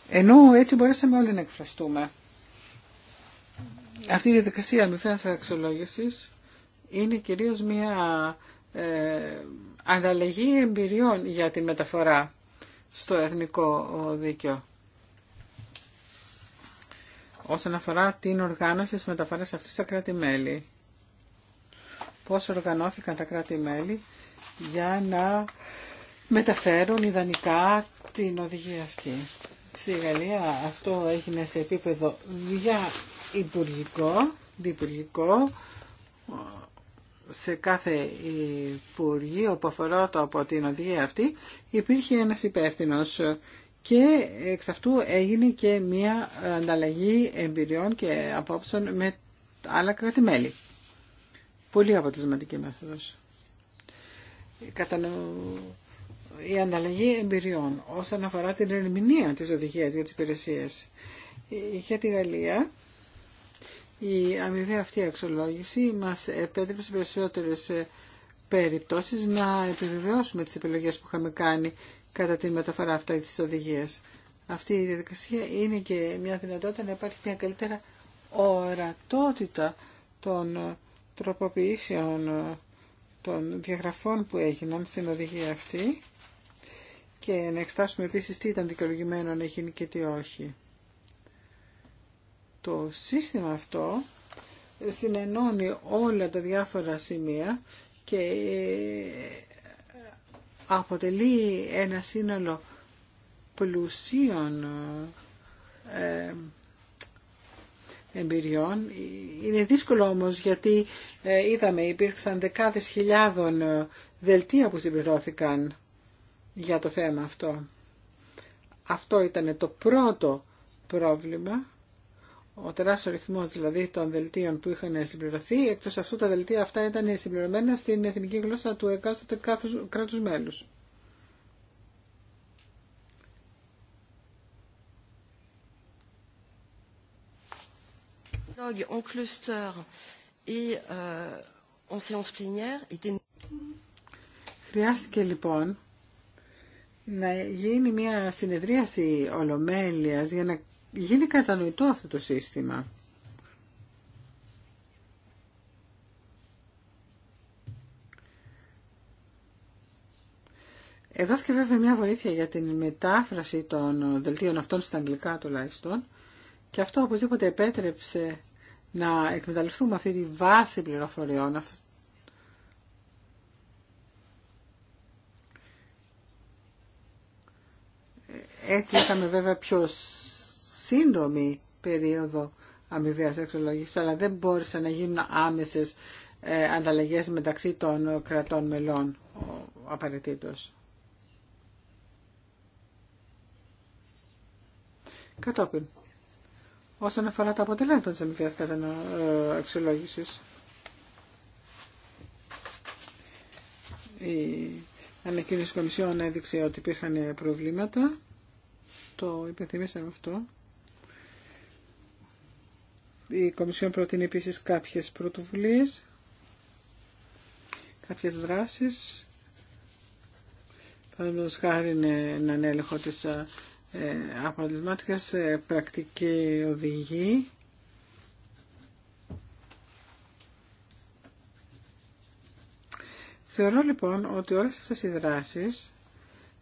Ενώ έτσι μπορέσαμε όλοι να εκφραστούμε αυτή η διαδικασία αμοιφέας αξιολόγησης είναι κυρίως μια ε, ανταλλαγή εμπειριών για τη μεταφορά στο εθνικό δίκαιο. Όσον αφορά την οργάνωση της μεταφοράς αυτής στα κράτη-μέλη. Πώς οργανώθηκαν τα κράτη-μέλη για να μεταφέρουν ιδανικά την οδηγία αυτή. Στη Γαλλία αυτό έγινε σε επίπεδο δια υπουργικό, διπουργικό, σε κάθε υπουργείο που αφορά το από την οδηγία αυτή υπήρχε ένας υπεύθυνο και εξ αυτού έγινε και μία ανταλλαγή εμπειριών και απόψεων με άλλα κράτη-μέλη. Πολύ αποτελεσματική μέθοδος. Η ανταλλαγή εμπειριών όσον αφορά την ερμηνεία της οδηγίας για τις υπηρεσίες. Είχε τη Γαλλία η αμοιβή αυτή αξιολόγηση μας επέτρεψε σε περισσότερες ε, περιπτώσεις να επιβεβαιώσουμε τις επιλογές που είχαμε κάνει κατά τη μεταφορά αυτά της οδηγίας. Αυτή η διαδικασία είναι και μια δυνατότητα να υπάρχει μια καλύτερα ορατότητα των ε, τροποποιήσεων ε, των διαγραφών που έγιναν στην οδηγία αυτή και να εξτάσουμε επίσης τι ήταν δικαιολογημένο να γίνει και τι όχι. Το σύστημα αυτό συνενώνει όλα τα διάφορα σημεία και ε, αποτελεί ένα σύνολο πλουσίων ε, εμπειριών. Είναι δύσκολο όμως γιατί ε, είδαμε υπήρξαν δεκάδες χιλιάδων δελτία που συμπληρώθηκαν για το θέμα αυτό. Αυτό ήταν το πρώτο πρόβλημα ο τεράστιο αριθμός δηλαδή των δελτίων που είχαν συμπληρωθεί, Εκτό αυτού τα δελτία αυτά ήταν συμπληρωμένα στην εθνική γλώσσα του εκάστοτε κράτου μέλους. en euh, Χρειάστηκε λοιπόν να γίνει μια συνεδρίαση ολομέλειας για να γίνει κατανοητό αυτό το σύστημα. Εδώ και βέβαια μια βοήθεια για την μετάφραση των δελτίων αυτών στα αγγλικά τουλάχιστον και αυτό οπωσδήποτε επέτρεψε να εκμεταλλευτούμε αυτή τη βάση πληροφοριών έτσι είχαμε βέβαια πιο σύντομη περίοδο αμοιβαία αξιολόγηση, αλλά δεν μπόρεσαν να γίνουν άμεσε ανταλλαγέ μεταξύ των κρατών μελών απαραίτητο. Κατόπιν, όσον αφορά τα αποτελέσματα της αμοιβαίας ε, αξιολόγησης, η ανακοίνωση Κομισιόν έδειξε ότι υπήρχαν προβλήματα, το υπενθυμίσαμε αυτό, η Κομισιόν προτείνει επίσης κάποιες πρωτοβουλίες, κάποιες δράσεις. Παραδείγματο χάρη είναι έναν έλεγχο της ε, ε, πρακτική οδηγή. Θεωρώ λοιπόν ότι όλες αυτές οι δράσεις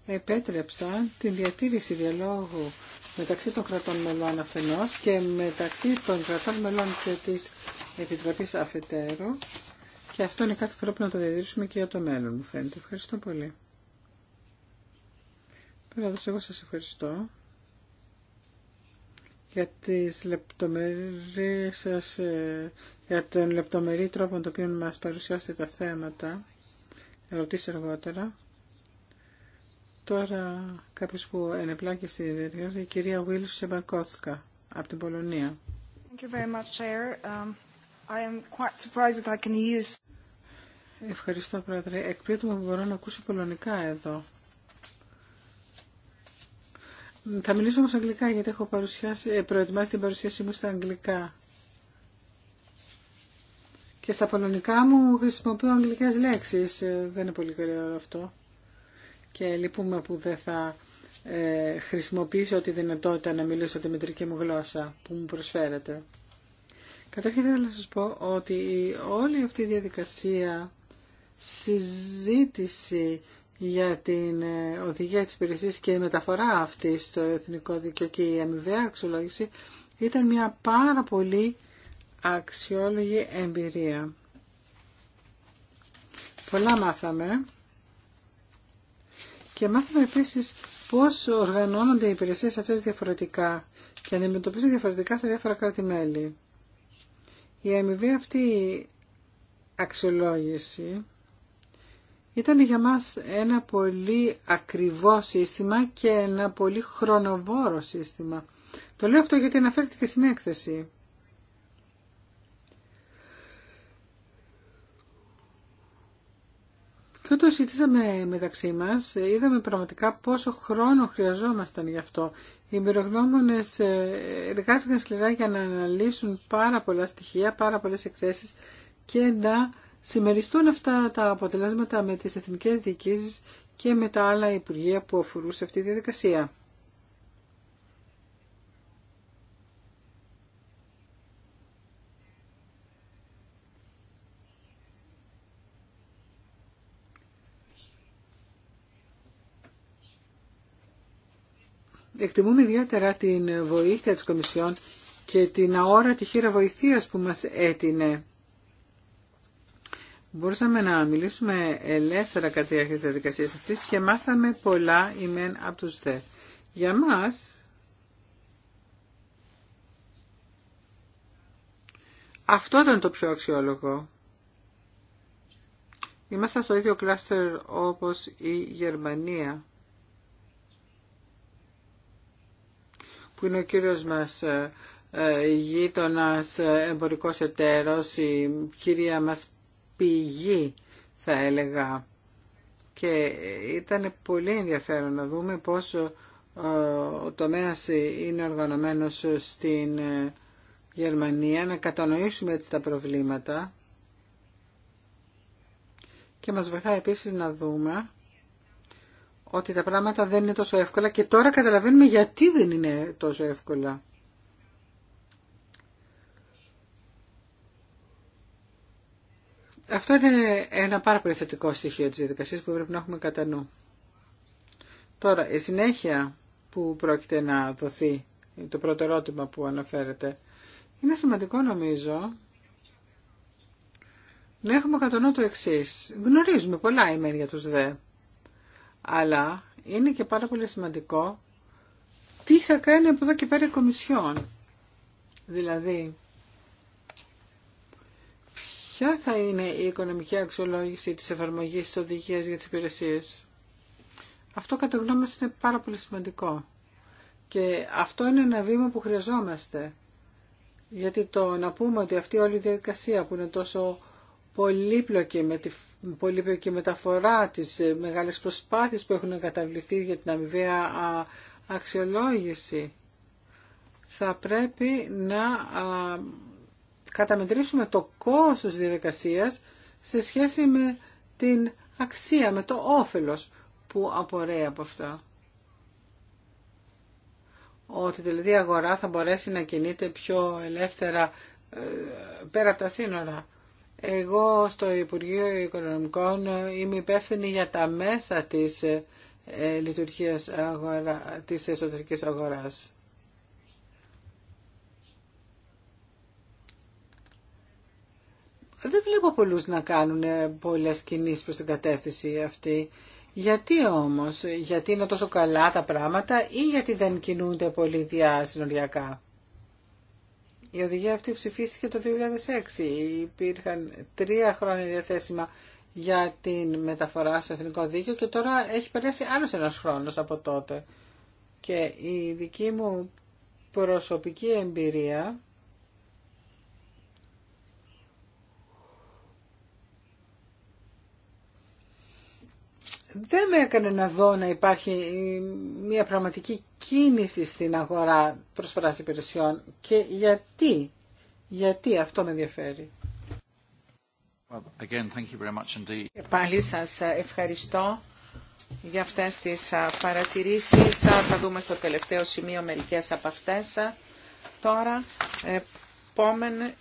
επέτρεψαν την διατήρηση διαλόγου μεταξύ των κρατών μελών αφενός και μεταξύ των κρατών μελών και της Επιτροπής Αφετέρου και αυτό είναι κάτι που πρέπει να το διατηρήσουμε και για το μέλλον μου φαίνεται. Ευχαριστώ πολύ. Πρόεδρος, εγώ σας ευχαριστώ για τις ε, για τον λεπτομερή τρόπο με τον οποίο μας παρουσιάσετε τα θέματα. Ερωτήσεις αργότερα. Τώρα κάποιο που ενεπλάκει στη διαδικασία, η κυρία Βίλ Σεμπαρκότσκα από την Πολωνία. Ευχαριστώ, Πρόεδρε. Εκπλήττω που μπορώ να ακούσω πολωνικά εδώ. Θα μιλήσω όμως αγγλικά, γιατί έχω παρουσιάσει, ε, προετοιμάσει την παρουσίασή μου στα αγγλικά. Και στα πολωνικά μου χρησιμοποιώ αγγλικές λέξεις. Ε, δεν είναι πολύ καλό αυτό και λυπούμε που δεν θα ε, χρησιμοποιήσω τη δυνατότητα να μιλήσω τη μητρική μου γλώσσα που μου προσφέρετε. Καταρχήν θέλω να σας πω ότι όλη αυτή η διαδικασία συζήτηση για την ε, οδηγία της υπηρεσία και η μεταφορά αυτή στο εθνικό δίκαιο και η αμοιβαία αξιολόγηση ήταν μια πάρα πολύ αξιόλογη εμπειρία. Πολλά μάθαμε και μάθαμε επίσης πώς οργανώνονται οι υπηρεσίες αυτές διαφορετικά και αντιμετωπίζονται διαφορετικά σε διάφορα κράτη-μέλη. Η αμοιβή αυτή αξιολόγηση ήταν για μας ένα πολύ ακριβό σύστημα και ένα πολύ χρονοβόρο σύστημα. Το λέω αυτό γιατί αναφέρεται και στην έκθεση. Και το συζητήσαμε μεταξύ μας, είδαμε πραγματικά πόσο χρόνο χρειαζόμασταν γι' αυτό. Οι εμπειρογνώμονες ε, εργάστηκαν σκληρά για να αναλύσουν πάρα πολλά στοιχεία, πάρα πολλές εκθέσεις και να συμμεριστούν αυτά τα αποτελέσματα με τις εθνικές διοικήσεις και με τα άλλα υπουργεία που αφορούσε αυτή τη διαδικασία. Εκτιμούμε ιδιαίτερα την βοήθεια της Κομισιόν και την αόρατη χείρα βοηθείας που μας έτεινε. Μπορούσαμε να μιλήσουμε ελεύθερα κατά τη διάρκεια της διαδικασίας αυτής και μάθαμε πολλά ημέν από τους δε. Για μας, αυτό ήταν το πιο αξιόλογο. Είμαστε στο ίδιο κλάστερ όπως η Γερμανία. που είναι ο κύριος μας ε, ε, γείτονας ε, εμπορικός εταίρος, η κυρία μας πηγή θα έλεγα. Και ήταν πολύ ενδιαφέρον να δούμε πόσο ο τομέας είναι οργανωμένος στην Γερμανία, να κατανοήσουμε έτσι τα προβλήματα και μας βοηθάει επίσης να δούμε ότι τα πράγματα δεν είναι τόσο εύκολα και τώρα καταλαβαίνουμε γιατί δεν είναι τόσο εύκολα. Αυτό είναι ένα πάρα πολύ θετικό στοιχείο της διαδικασίας που πρέπει να έχουμε κατά νου. Τώρα, η συνέχεια που πρόκειται να δοθεί, το πρώτο ερώτημα που αναφέρεται, είναι σημαντικό νομίζω να έχουμε κατά νου το εξή. Γνωρίζουμε πολλά ημέρια τους ΔΕ αλλά είναι και πάρα πολύ σημαντικό τι θα κάνει από εδώ και πέρα η Κομισιόν. Δηλαδή, ποια θα είναι η οικονομική αξιολόγηση της εφαρμογής της οδηγίας για τις υπηρεσίες. Αυτό κατά γνώμη μας είναι πάρα πολύ σημαντικό. Και αυτό είναι ένα βήμα που χρειαζόμαστε. Γιατί το να πούμε ότι αυτή όλη η διαδικασία που είναι τόσο πολύπλοκη, με τη, πολύπλοκη μεταφορά, της ε, μεγάλες προσπάθειας που έχουν καταβληθεί για την αμοιβαία αξιολόγηση. Θα πρέπει να καταμετρήσουμε το κόστος της διαδικασίας σε σχέση με την αξία, με το όφελος που απορρέει από αυτά. Ότι δηλαδή η αγορά θα μπορέσει να κινείται πιο ελεύθερα ε, πέρα από τα σύνορα. Εγώ στο Υπουργείο Οικονομικών είμαι υπεύθυνη για τα μέσα της ε, λειτουργίας αγορά, της εσωτερικής αγοράς. Δεν βλέπω πολλούς να κάνουν ε, πολλές κινήσεις προς την κατεύθυνση αυτή. Γιατί όμως, γιατί είναι τόσο καλά τα πράγματα ή γιατί δεν κινούνται πολύ διασυνοριακά. Η οδηγία αυτή ψηφίστηκε το 2006. Υπήρχαν τρία χρόνια διαθέσιμα για την μεταφορά στο εθνικό δίκαιο και τώρα έχει περάσει άλλος ένας χρόνος από τότε. Και η δική μου προσωπική εμπειρία δεν με έκανε να δω να υπάρχει μια πραγματική κίνηση στην αγορά προσφοράς υπηρεσιών και γιατί, γιατί αυτό με ενδιαφέρει. πάλι σας ευχαριστώ για αυτές τις παρατηρήσεις. Θα δούμε στο τελευταίο σημείο μερικές από αυτές. Τώρα, επόμενη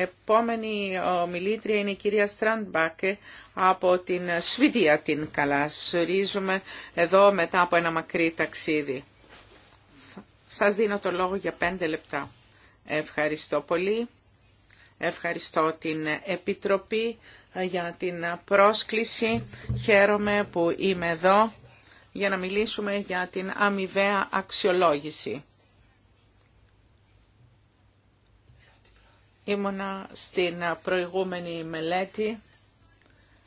Επόμενη ομιλήτρια είναι η κυρία Στραντμπάκε από την Σουηδία την καλά. Σωρίζουμε εδώ μετά από ένα μακρύ ταξίδι. Σας δίνω το λόγο για πέντε λεπτά. Ευχαριστώ πολύ. Ευχαριστώ την Επιτροπή ε, για την πρόσκληση. Χαίρομαι που είμαι εδώ για να μιλήσουμε για την αμοιβαία αξιολόγηση. Ήμουνα στην προηγούμενη μελέτη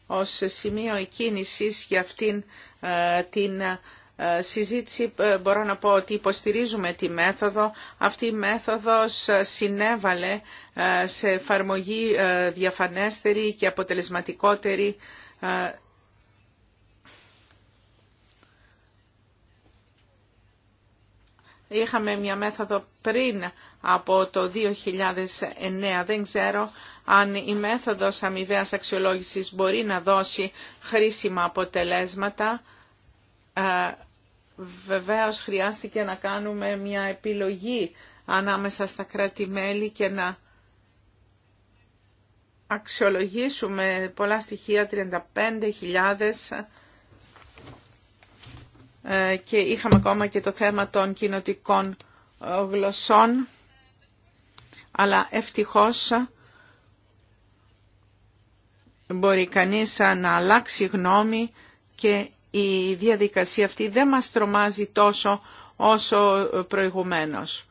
ως σημείο εκκίνησης για αυτήν ε, την ε, συζήτηση ε, μπορώ να πω ότι υποστηρίζουμε τη μέθοδο. Αυτή η μέθοδος συνέβαλε σε εφαρμογή διαφανέστερη και αποτελεσματικότερη Είχαμε μια μέθοδο πριν από το 2009. Δεν ξέρω αν η μέθοδος αμοιβαίας αξιολόγησης μπορεί να δώσει χρήσιμα αποτελέσματα. Ε, βεβαίως χρειάστηκε να κάνουμε μια επιλογή ανάμεσα στα κράτη-μέλη και να αξιολογήσουμε πολλά στοιχεία, 35.000 ε, και είχαμε ακόμα και το θέμα των κοινοτικών ε, γλωσσών, αλλά ευτυχώς ε, μπορεί κανείς να αλλάξει γνώμη και η διαδικασία αυτή δεν μας τρομάζει τόσο όσο προηγουμένως.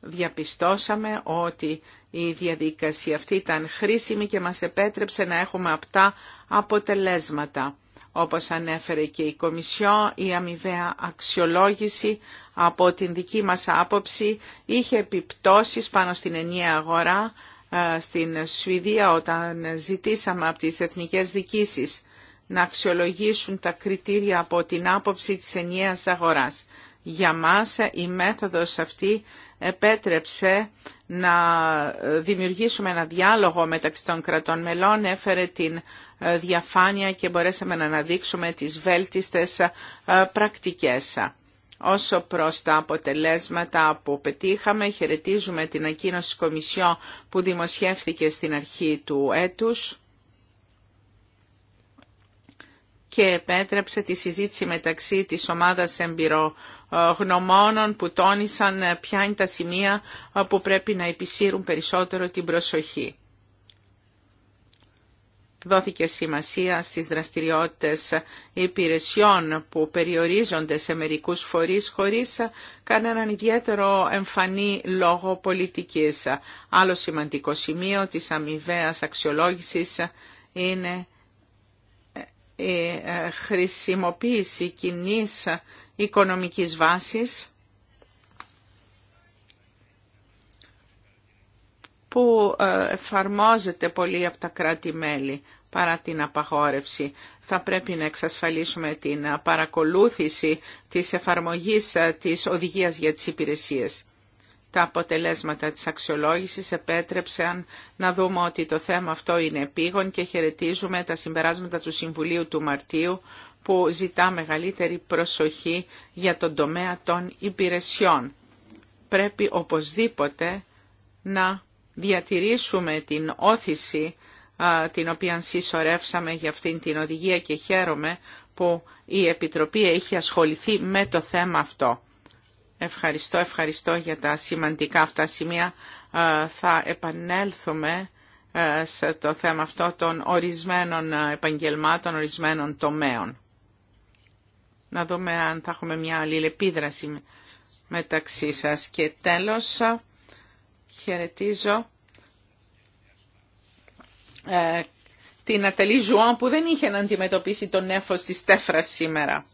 Διαπιστώσαμε ότι η διαδικασία αυτή ήταν χρήσιμη και μας επέτρεψε να έχουμε απτά αποτελέσματα. Όπως ανέφερε και η Κομισιό, η αμοιβαία αξιολόγηση από την δική μας άποψη είχε επιπτώσεις πάνω στην ενιαία αγορά ε, στην Σουηδία όταν ζητήσαμε από τις εθνικές δικήσεις να αξιολογήσουν τα κριτήρια από την άποψη της ενιαίας αγοράς. Για μας ε, η μέθοδος αυτή επέτρεψε να ε, δημιουργήσουμε ένα διάλογο μεταξύ των κρατών μελών, έφερε την διαφάνεια και μπορέσαμε να αναδείξουμε τις βέλτιστες πρακτικές. Όσο προς τα αποτελέσματα που πετύχαμε, χαιρετίζουμε την ακοίνωση Κομισιό που δημοσιεύθηκε στην αρχή του έτους και επέτρεψε τη συζήτηση μεταξύ της ομάδας εμπειρογνωμόνων που τόνισαν ποια είναι τα σημεία που πρέπει να επισύρουν περισσότερο την προσοχή δόθηκε σημασία στις δραστηριότητες υπηρεσιών που περιορίζονται σε μερικούς φορείς χωρίς κανέναν ιδιαίτερο εμφανή λόγο πολιτικής. Άλλο σημαντικό σημείο της αμοιβαία αξιολόγησης είναι η ε, χρησιμοποίηση κοινή οικονομικής βάσης που ε, εφαρμόζεται πολύ από τα κράτη-μέλη παρά την απαγόρευση. Θα πρέπει να εξασφαλίσουμε την ε, παρακολούθηση της εφαρμογής ε, της οδηγίας για τις υπηρεσίες. Τα αποτελέσματα της αξιολόγησης επέτρεψαν να δούμε ότι το θέμα αυτό είναι επίγον και χαιρετίζουμε τα συμπεράσματα του Συμβουλίου του Μαρτίου που ζητά μεγαλύτερη προσοχή για τον τομέα των υπηρεσιών. Πρέπει οπωσδήποτε να διατηρήσουμε την όθηση την οποία συσσωρεύσαμε για αυτήν την οδηγία και χαίρομαι που η Επιτροπή έχει ασχοληθεί με το θέμα αυτό. Ευχαριστώ, ευχαριστώ για τα σημαντικά αυτά σημεία. Θα επανέλθουμε σε το θέμα αυτό των ορισμένων επαγγελμάτων, ορισμένων τομέων. Να δούμε αν θα έχουμε μια αλληλεπίδραση μεταξύ σας. Και τέλος, Χαιρετίζω ε, την Ατελή Ζουάν που δεν είχε να αντιμετωπίσει τον νέφος της τέφρα σήμερα.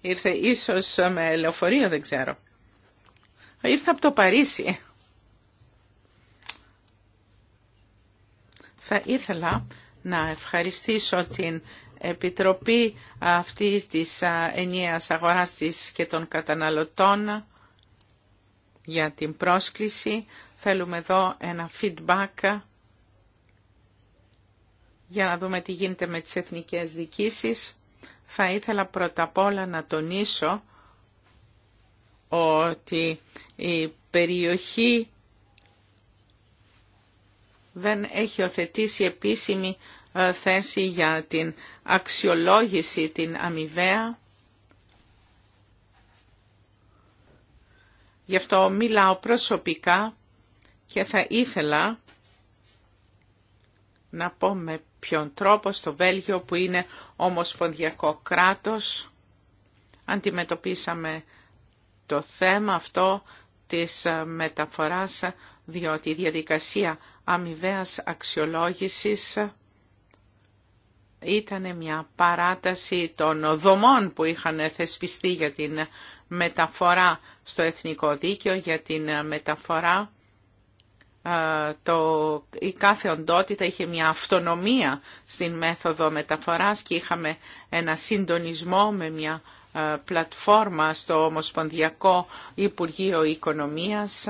Ήρθε ίσως με λεωφορείο, δεν ξέρω. Ήρθε από το Παρίσι. Θα ήθελα να ευχαριστήσω την Επιτροπή αυτή της ενιαίας αγοράς της και των καταναλωτών για την πρόσκληση. Θέλουμε εδώ ένα feedback για να δούμε τι γίνεται με τις εθνικές δικήσεις. Θα ήθελα πρώτα απ' όλα να τονίσω ότι η περιοχή δεν έχει οθετήσει επίσημη ε, θέση για την αξιολόγηση την αμοιβαία. Γι' αυτό μιλάω προσωπικά και θα ήθελα να πω με ποιον τρόπο στο Βέλγιο που είναι ομοσπονδιακό κράτος αντιμετωπίσαμε το θέμα αυτό της μεταφοράς διότι η διαδικασία αμοιβαία αξιολόγησης ήταν μια παράταση των δομών που είχαν θεσπιστεί για την μεταφορά στο εθνικό δίκαιο, για την μεταφορά το, η κάθε οντότητα είχε μια αυτονομία στην μέθοδο μεταφοράς και είχαμε ένα συντονισμό με μια πλατφόρμα στο Ομοσπονδιακό Υπουργείο Οικονομίας.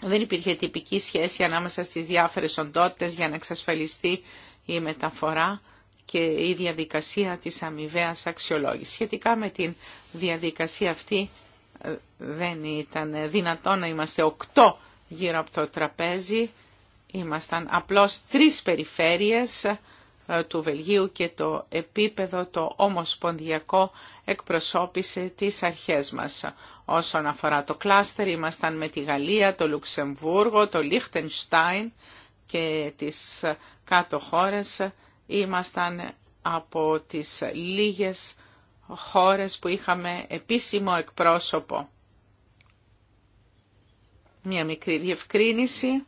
Δεν υπήρχε τυπική σχέση ανάμεσα στις διάφορες οντότητες για να εξασφαλιστεί η μεταφορά και η διαδικασία της αμοιβαία αξιολόγησης. Σχετικά με την διαδικασία αυτή ε, δεν ήταν δυνατό να είμαστε οκτώ γύρω από το τραπέζι. Ήμασταν απλώς τρεις περιφέρειες ε, του Βελγίου και το επίπεδο το ομοσπονδιακό εκπροσώπησε τις αρχές μας. Όσον αφορά το κλάστερ, ήμασταν με τη Γαλλία, το Λουξεμβούργο, το Λίχτενστάιν και τις ε, κάτω χώρες. Ήμασταν από τις λίγες χώρες που είχαμε επίσημο εκπρόσωπο μια μικρή διευκρίνηση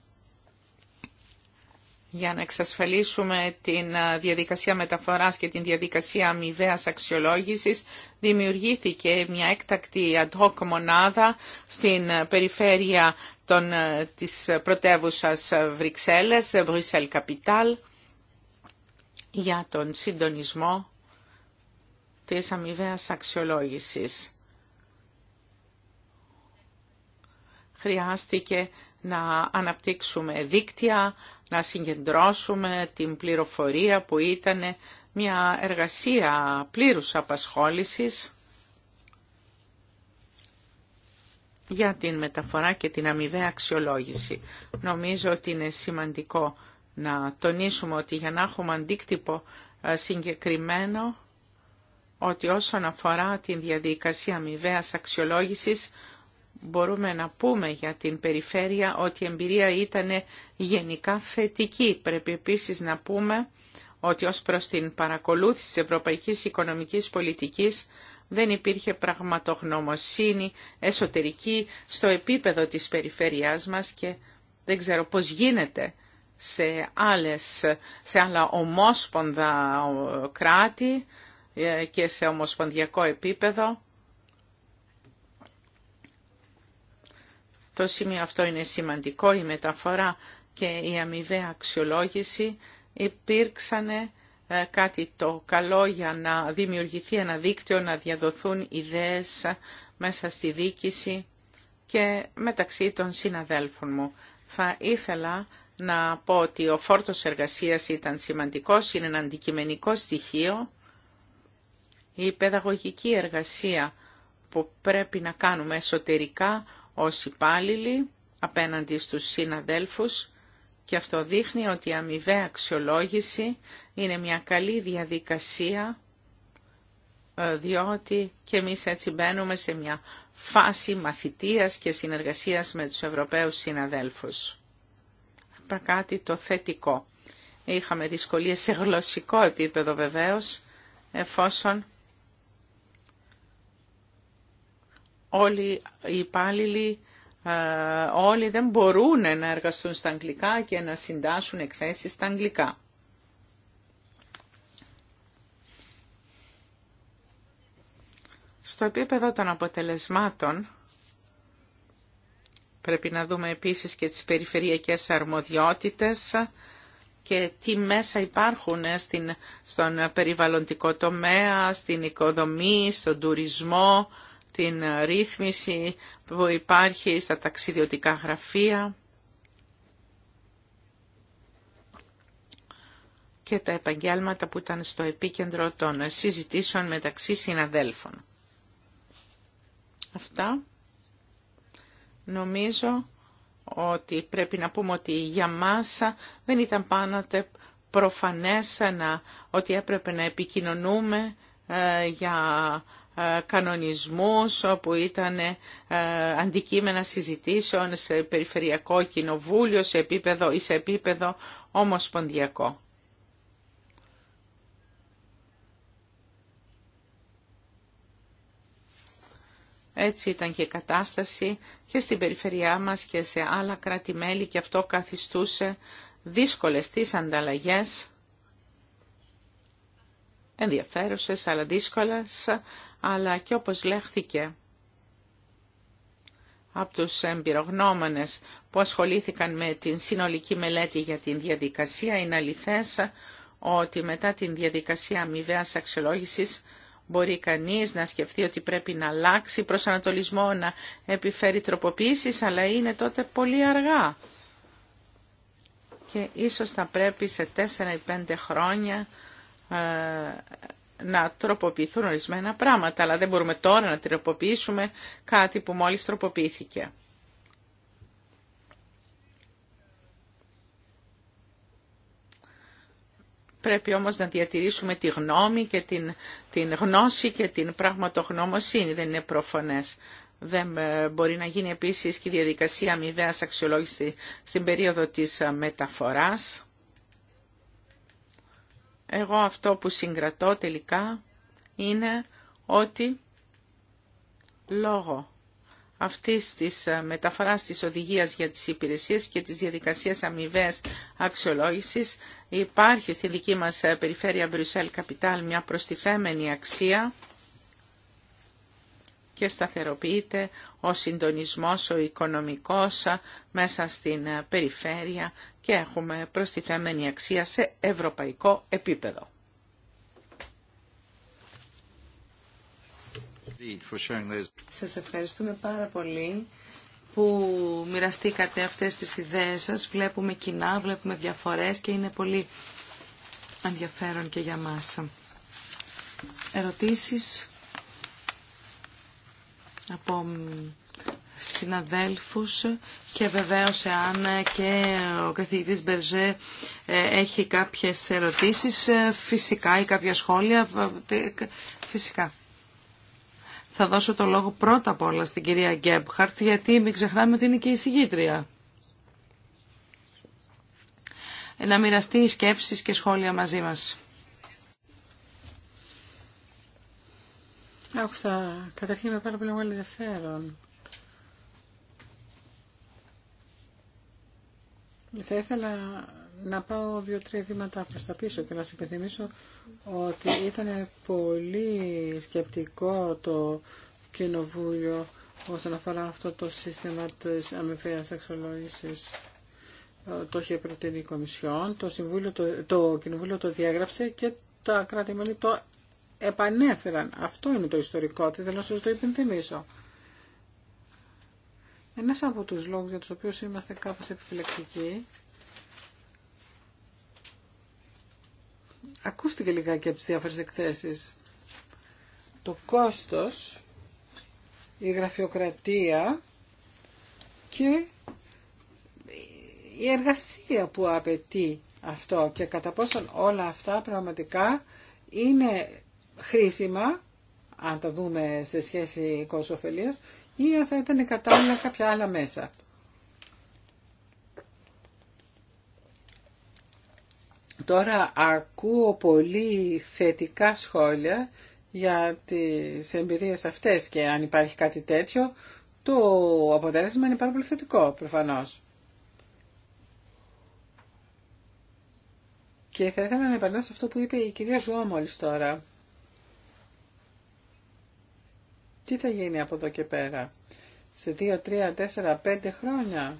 για να εξασφαλίσουμε την διαδικασία μεταφοράς και την διαδικασία αμοιβαία αξιολόγησης, δημιουργήθηκε μια έκτακτη ad hoc μονάδα στην περιφέρεια των, της πρωτεύουσας Βρυξέλλες, Καπιτάλ Καπιτάλ, για τον συντονισμό της αμοιβαία αξιολόγησης. χρειάστηκε να αναπτύξουμε δίκτυα, να συγκεντρώσουμε την πληροφορία που ήταν μια εργασία πλήρους απασχόλησης για την μεταφορά και την αμοιβαία αξιολόγηση. Νομίζω ότι είναι σημαντικό να τονίσουμε ότι για να έχουμε αντίκτυπο συγκεκριμένο ότι όσον αφορά την διαδικασία αμοιβαία αξιολόγησης μπορούμε να πούμε για την περιφέρεια ότι η εμπειρία ήταν γενικά θετική. Πρέπει επίσης να πούμε ότι ως προς την παρακολούθηση της ευρωπαϊκής οικονομικής πολιτικής δεν υπήρχε πραγματογνωμοσύνη εσωτερική στο επίπεδο της περιφέρειάς μας και δεν ξέρω πώς γίνεται σε, άλλες, σε άλλα ομόσπονδα κράτη ε, και σε ομοσπονδιακό επίπεδο Το σημείο αυτό είναι σημαντικό, η μεταφορά και η αμοιβαία αξιολόγηση υπήρξαν ε, κάτι το καλό για να δημιουργηθεί ένα δίκτυο, να διαδοθούν ιδέες μέσα στη δίκηση και μεταξύ των συναδέλφων μου. Θα ήθελα να πω ότι ο φόρτος εργασίας ήταν σημαντικός, είναι ένα αντικειμενικό στοιχείο. Η παιδαγωγική εργασία που πρέπει να κάνουμε εσωτερικά ως υπάλληλοι απέναντι στους συναδέλφους και αυτό δείχνει ότι η αμοιβαία αξιολόγηση είναι μια καλή διαδικασία ε, διότι και εμείς έτσι μπαίνουμε σε μια φάση μαθητείας και συνεργασίας με τους Ευρωπαίους συναδέλφους. Κάτι το θετικό. Είχαμε δυσκολίες σε γλωσσικό επίπεδο βεβαίως, εφόσον όλοι οι υπάλληλοι ε, όλοι δεν μπορούν να εργαστούν στα αγγλικά και να συντάσσουν εκθέσεις στα αγγλικά. Στο επίπεδο των αποτελεσμάτων πρέπει να δούμε επίσης και τις περιφερειακές αρμοδιότητες και τι μέσα υπάρχουν ε, στην, στον περιβαλλοντικό τομέα, στην οικοδομή, στον τουρισμό, την ρύθμιση που υπάρχει στα ταξιδιωτικά γραφεία και τα επαγγέλματα που ήταν στο επίκεντρο των συζητήσεων μεταξύ συναδέλφων. Αυτά νομίζω ότι πρέπει να πούμε ότι για μας δεν ήταν πάντοτε προφανές να, ότι έπρεπε να επικοινωνούμε ε, για ε, κανονισμούς που ήταν ε, αντικείμενα συζητήσεων σε περιφερειακό κοινοβούλιο σε επίπεδο, ή σε επίπεδο ομοσπονδιακό. Έτσι ήταν και η κατάσταση και στην περιφερειά μας και σε άλλα κράτη-μέλη και αυτό καθιστούσε δύσκολες τις ανταλλαγές, ενδιαφέρουσες αλλά δύσκολες, αλλά και όπως λέχθηκε από τους εμπειρογνώμονες που ασχολήθηκαν με την συνολική μελέτη για την διαδικασία, είναι αληθές ότι μετά την διαδικασία αμοιβαία αξιολόγησης μπορεί κανείς να σκεφτεί ότι πρέπει να αλλάξει προσανατολισμό, να επιφέρει τροποποίησης, αλλά είναι τότε πολύ αργά. Και ίσως θα πρέπει σε 4 ή 5 χρόνια ε, να τροποποιηθούν ορισμένα πράγματα, αλλά δεν μπορούμε τώρα να τροποποιήσουμε κάτι που μόλις τροποποιήθηκε. Πρέπει όμως να διατηρήσουμε τη γνώμη και την, την γνώση και την πραγματογνωμοσύνη. Δεν είναι προφανές. Δεν ε, μπορεί να γίνει επίσης και η διαδικασία αμοιβαίας αξιολόγηση στην περίοδο της ε, μεταφοράς. Εγώ αυτό που συγκρατώ τελικά είναι ότι λόγω αυτής της ε, μεταφράστης της οδηγίας για τις υπηρεσίες και τις διαδικασίες αμοιβές αξιολόγηση υπάρχει στη δική μας ε, περιφέρεια Μπρουσέλ Καπιτάλ μια προστιθέμενη αξία και σταθεροποιείται ο συντονισμός ο οικονομικός μέσα στην περιφέρεια και έχουμε προστιθέμενη αξία σε ευρωπαϊκό επίπεδο. Σας ευχαριστούμε πάρα πολύ που μοιραστήκατε αυτές τις ιδέες σας. Βλέπουμε κοινά, βλέπουμε διαφορές και είναι πολύ ενδιαφέρον και για μας. Ερωτήσεις από συναδέλφους και βεβαίως εάν και ο καθηγητής Μπερζέ ε, έχει κάποιες ερωτήσεις ε, φυσικά ή κάποια σχόλια φυσικά. Θα δώσω το λόγο πρώτα απ' όλα στην κυρία Γκέμπχαρτ γιατί μην ξεχνάμε ότι είναι και η συγγήτρια. Να μοιραστεί σκέψεις και σχόλια μαζί μας. Άκουσα καταρχήν με πάρα πολύ μεγάλο ενδιαφέρον. Θα ήθελα να πάω δύο-τρία βήματα προς τα πίσω και να σας υπενθυμίσω ότι ήταν πολύ σκεπτικό το κοινοβούλιο όσον αφορά αυτό το σύστημα της αμοιβαίας αξιολόγησης. Ε, το είχε προτείνει η Κομισιόν, το, το Κοινοβούλιο το διάγραψε και τα κρατη το επανέφεραν. Αυτό είναι το ιστορικό, τι θέλω να σας το υπενθυμίσω. Ένας από τους λόγους για τους οποίους είμαστε κάπως επιφυλακτικοί ακούστηκε λιγάκι από τις διάφορες εκθέσεις. Το κόστος, η γραφειοκρατία και η εργασία που απαιτεί αυτό και κατά πόσον όλα αυτά πραγματικά είναι χρήσιμα, αν τα δούμε σε σχέση κόσοφελίας, ή αν θα ήταν κατάλληλα κάποια άλλα μέσα. Τώρα ακούω πολύ θετικά σχόλια για τις εμπειρίες αυτές και αν υπάρχει κάτι τέτοιο, το αποτέλεσμα είναι πάρα πολύ θετικό προφανώς. Και θα ήθελα να επανέλθω σε αυτό που είπε η κυρία Ζουά μόλις τώρα. Τι θα γίνει από εδώ και πέρα, σε 2, 3, 4, 5 χρόνια.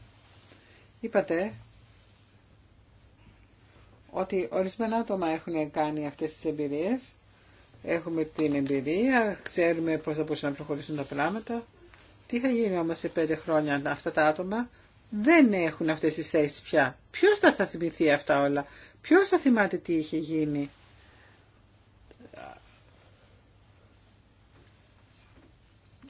Είπατε ότι ορισμένα άτομα έχουν κάνει αυτές τις εμπειρίες. Έχουμε την εμπειρία, ξέρουμε πώς θα μπορούσαν να προχωρήσουν τα πράγματα. Τι θα γίνει όμως σε πέντε χρόνια αν αυτά τα άτομα δεν έχουν αυτές τις θέσεις πια. Ποιος θα, θα θυμηθεί αυτά όλα. Ποιος θα θυμάται τι είχε γίνει.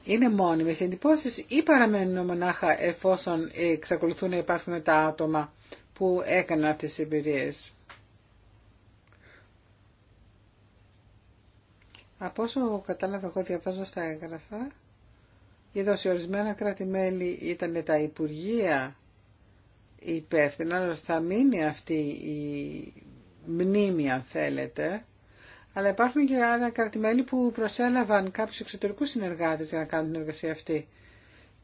είναι μόνιμες οι εντυπώσεις ή παραμένουν μονάχα εφόσον εξακολουθούν να υπάρχουν τα άτομα που έκαναν αυτές τις εμπειρίες. Από όσο κατάλαβα εγώ διαβάζω στα έγγραφα, είδα σε ορισμένα κράτη-μέλη ήταν τα Υπουργεία υπεύθυνα, αλλά θα μείνει αυτή η μνήμη αν θέλετε, αλλά υπάρχουν και άλλα κρατημέλη που προσέλαβαν κάποιου εξωτερικούς συνεργάτες για να κάνουν την εργασία αυτή.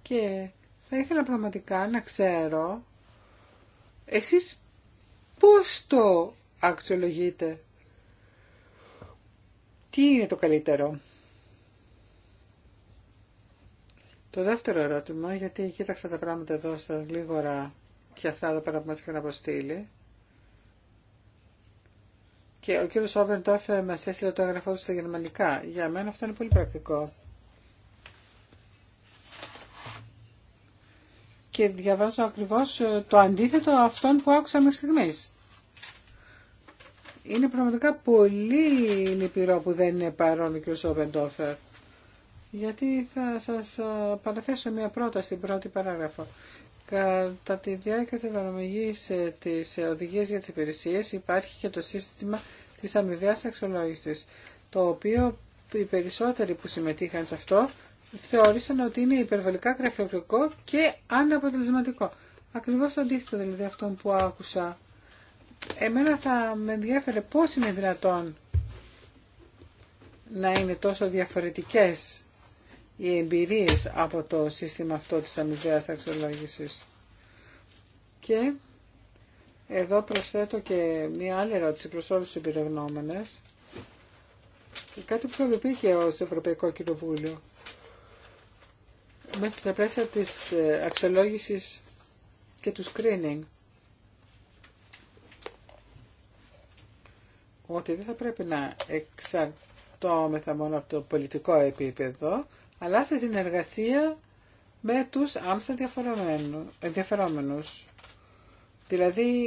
Και θα ήθελα πραγματικά να ξέρω εσείς πώς το αξιολογείτε. Τι είναι το καλύτερο. Το δεύτερο ερώτημα, γιατί κοίταξα τα πράγματα εδώ στα γλίγορα και αυτά εδώ πέρα που μας είχαν αποστείλει. Και ο κύριος Όμπερντορφ μας έστειλε το έγγραφό του στα γερμανικά. Για μένα αυτό είναι πολύ πρακτικό. Και διαβάζω ακριβώς ε, το αντίθετο αυτών που άκουσα μέχρι στιγμής. Είναι πραγματικά πολύ λυπηρό που δεν είναι παρόν ο κ. Γιατί θα σας ε, παραθέσω μια πρόταση, πρώτη παράγραφο. Κατά τη διάρκεια της εφαρμογής ε, της ε, οδηγίας για τις υπηρεσίες υπάρχει και το σύστημα της αμοιβαίας αξιολόγησης, το οποίο οι περισσότεροι που συμμετείχαν σε αυτό θεώρησαν ότι είναι υπερβολικά γραφειοκρατικό και αναποτελεσματικό. Ακριβώς το αντίθετο δηλαδή αυτό που άκουσα. Εμένα θα με ενδιαφέρε πώς είναι δυνατόν να είναι τόσο διαφορετικές οι εμπειρίες από το σύστημα αυτό της αμοιβαίας αξιολόγησης. Και εδώ προσθέτω και μία άλλη ερώτηση προς όλους τους εμπειρογνώμενες. Κάτι που θα πει και ω Ευρωπαϊκό Κοινοβούλιο. Μέσα στα πλαίσια της ε, αξιολόγησης και του screening. Ότι δεν θα πρέπει να εξαρτώμεθα μόνο από το πολιτικό επίπεδο, αλλά σε συνεργασία με τους άμεσα ενδιαφερόμενους. Δηλαδή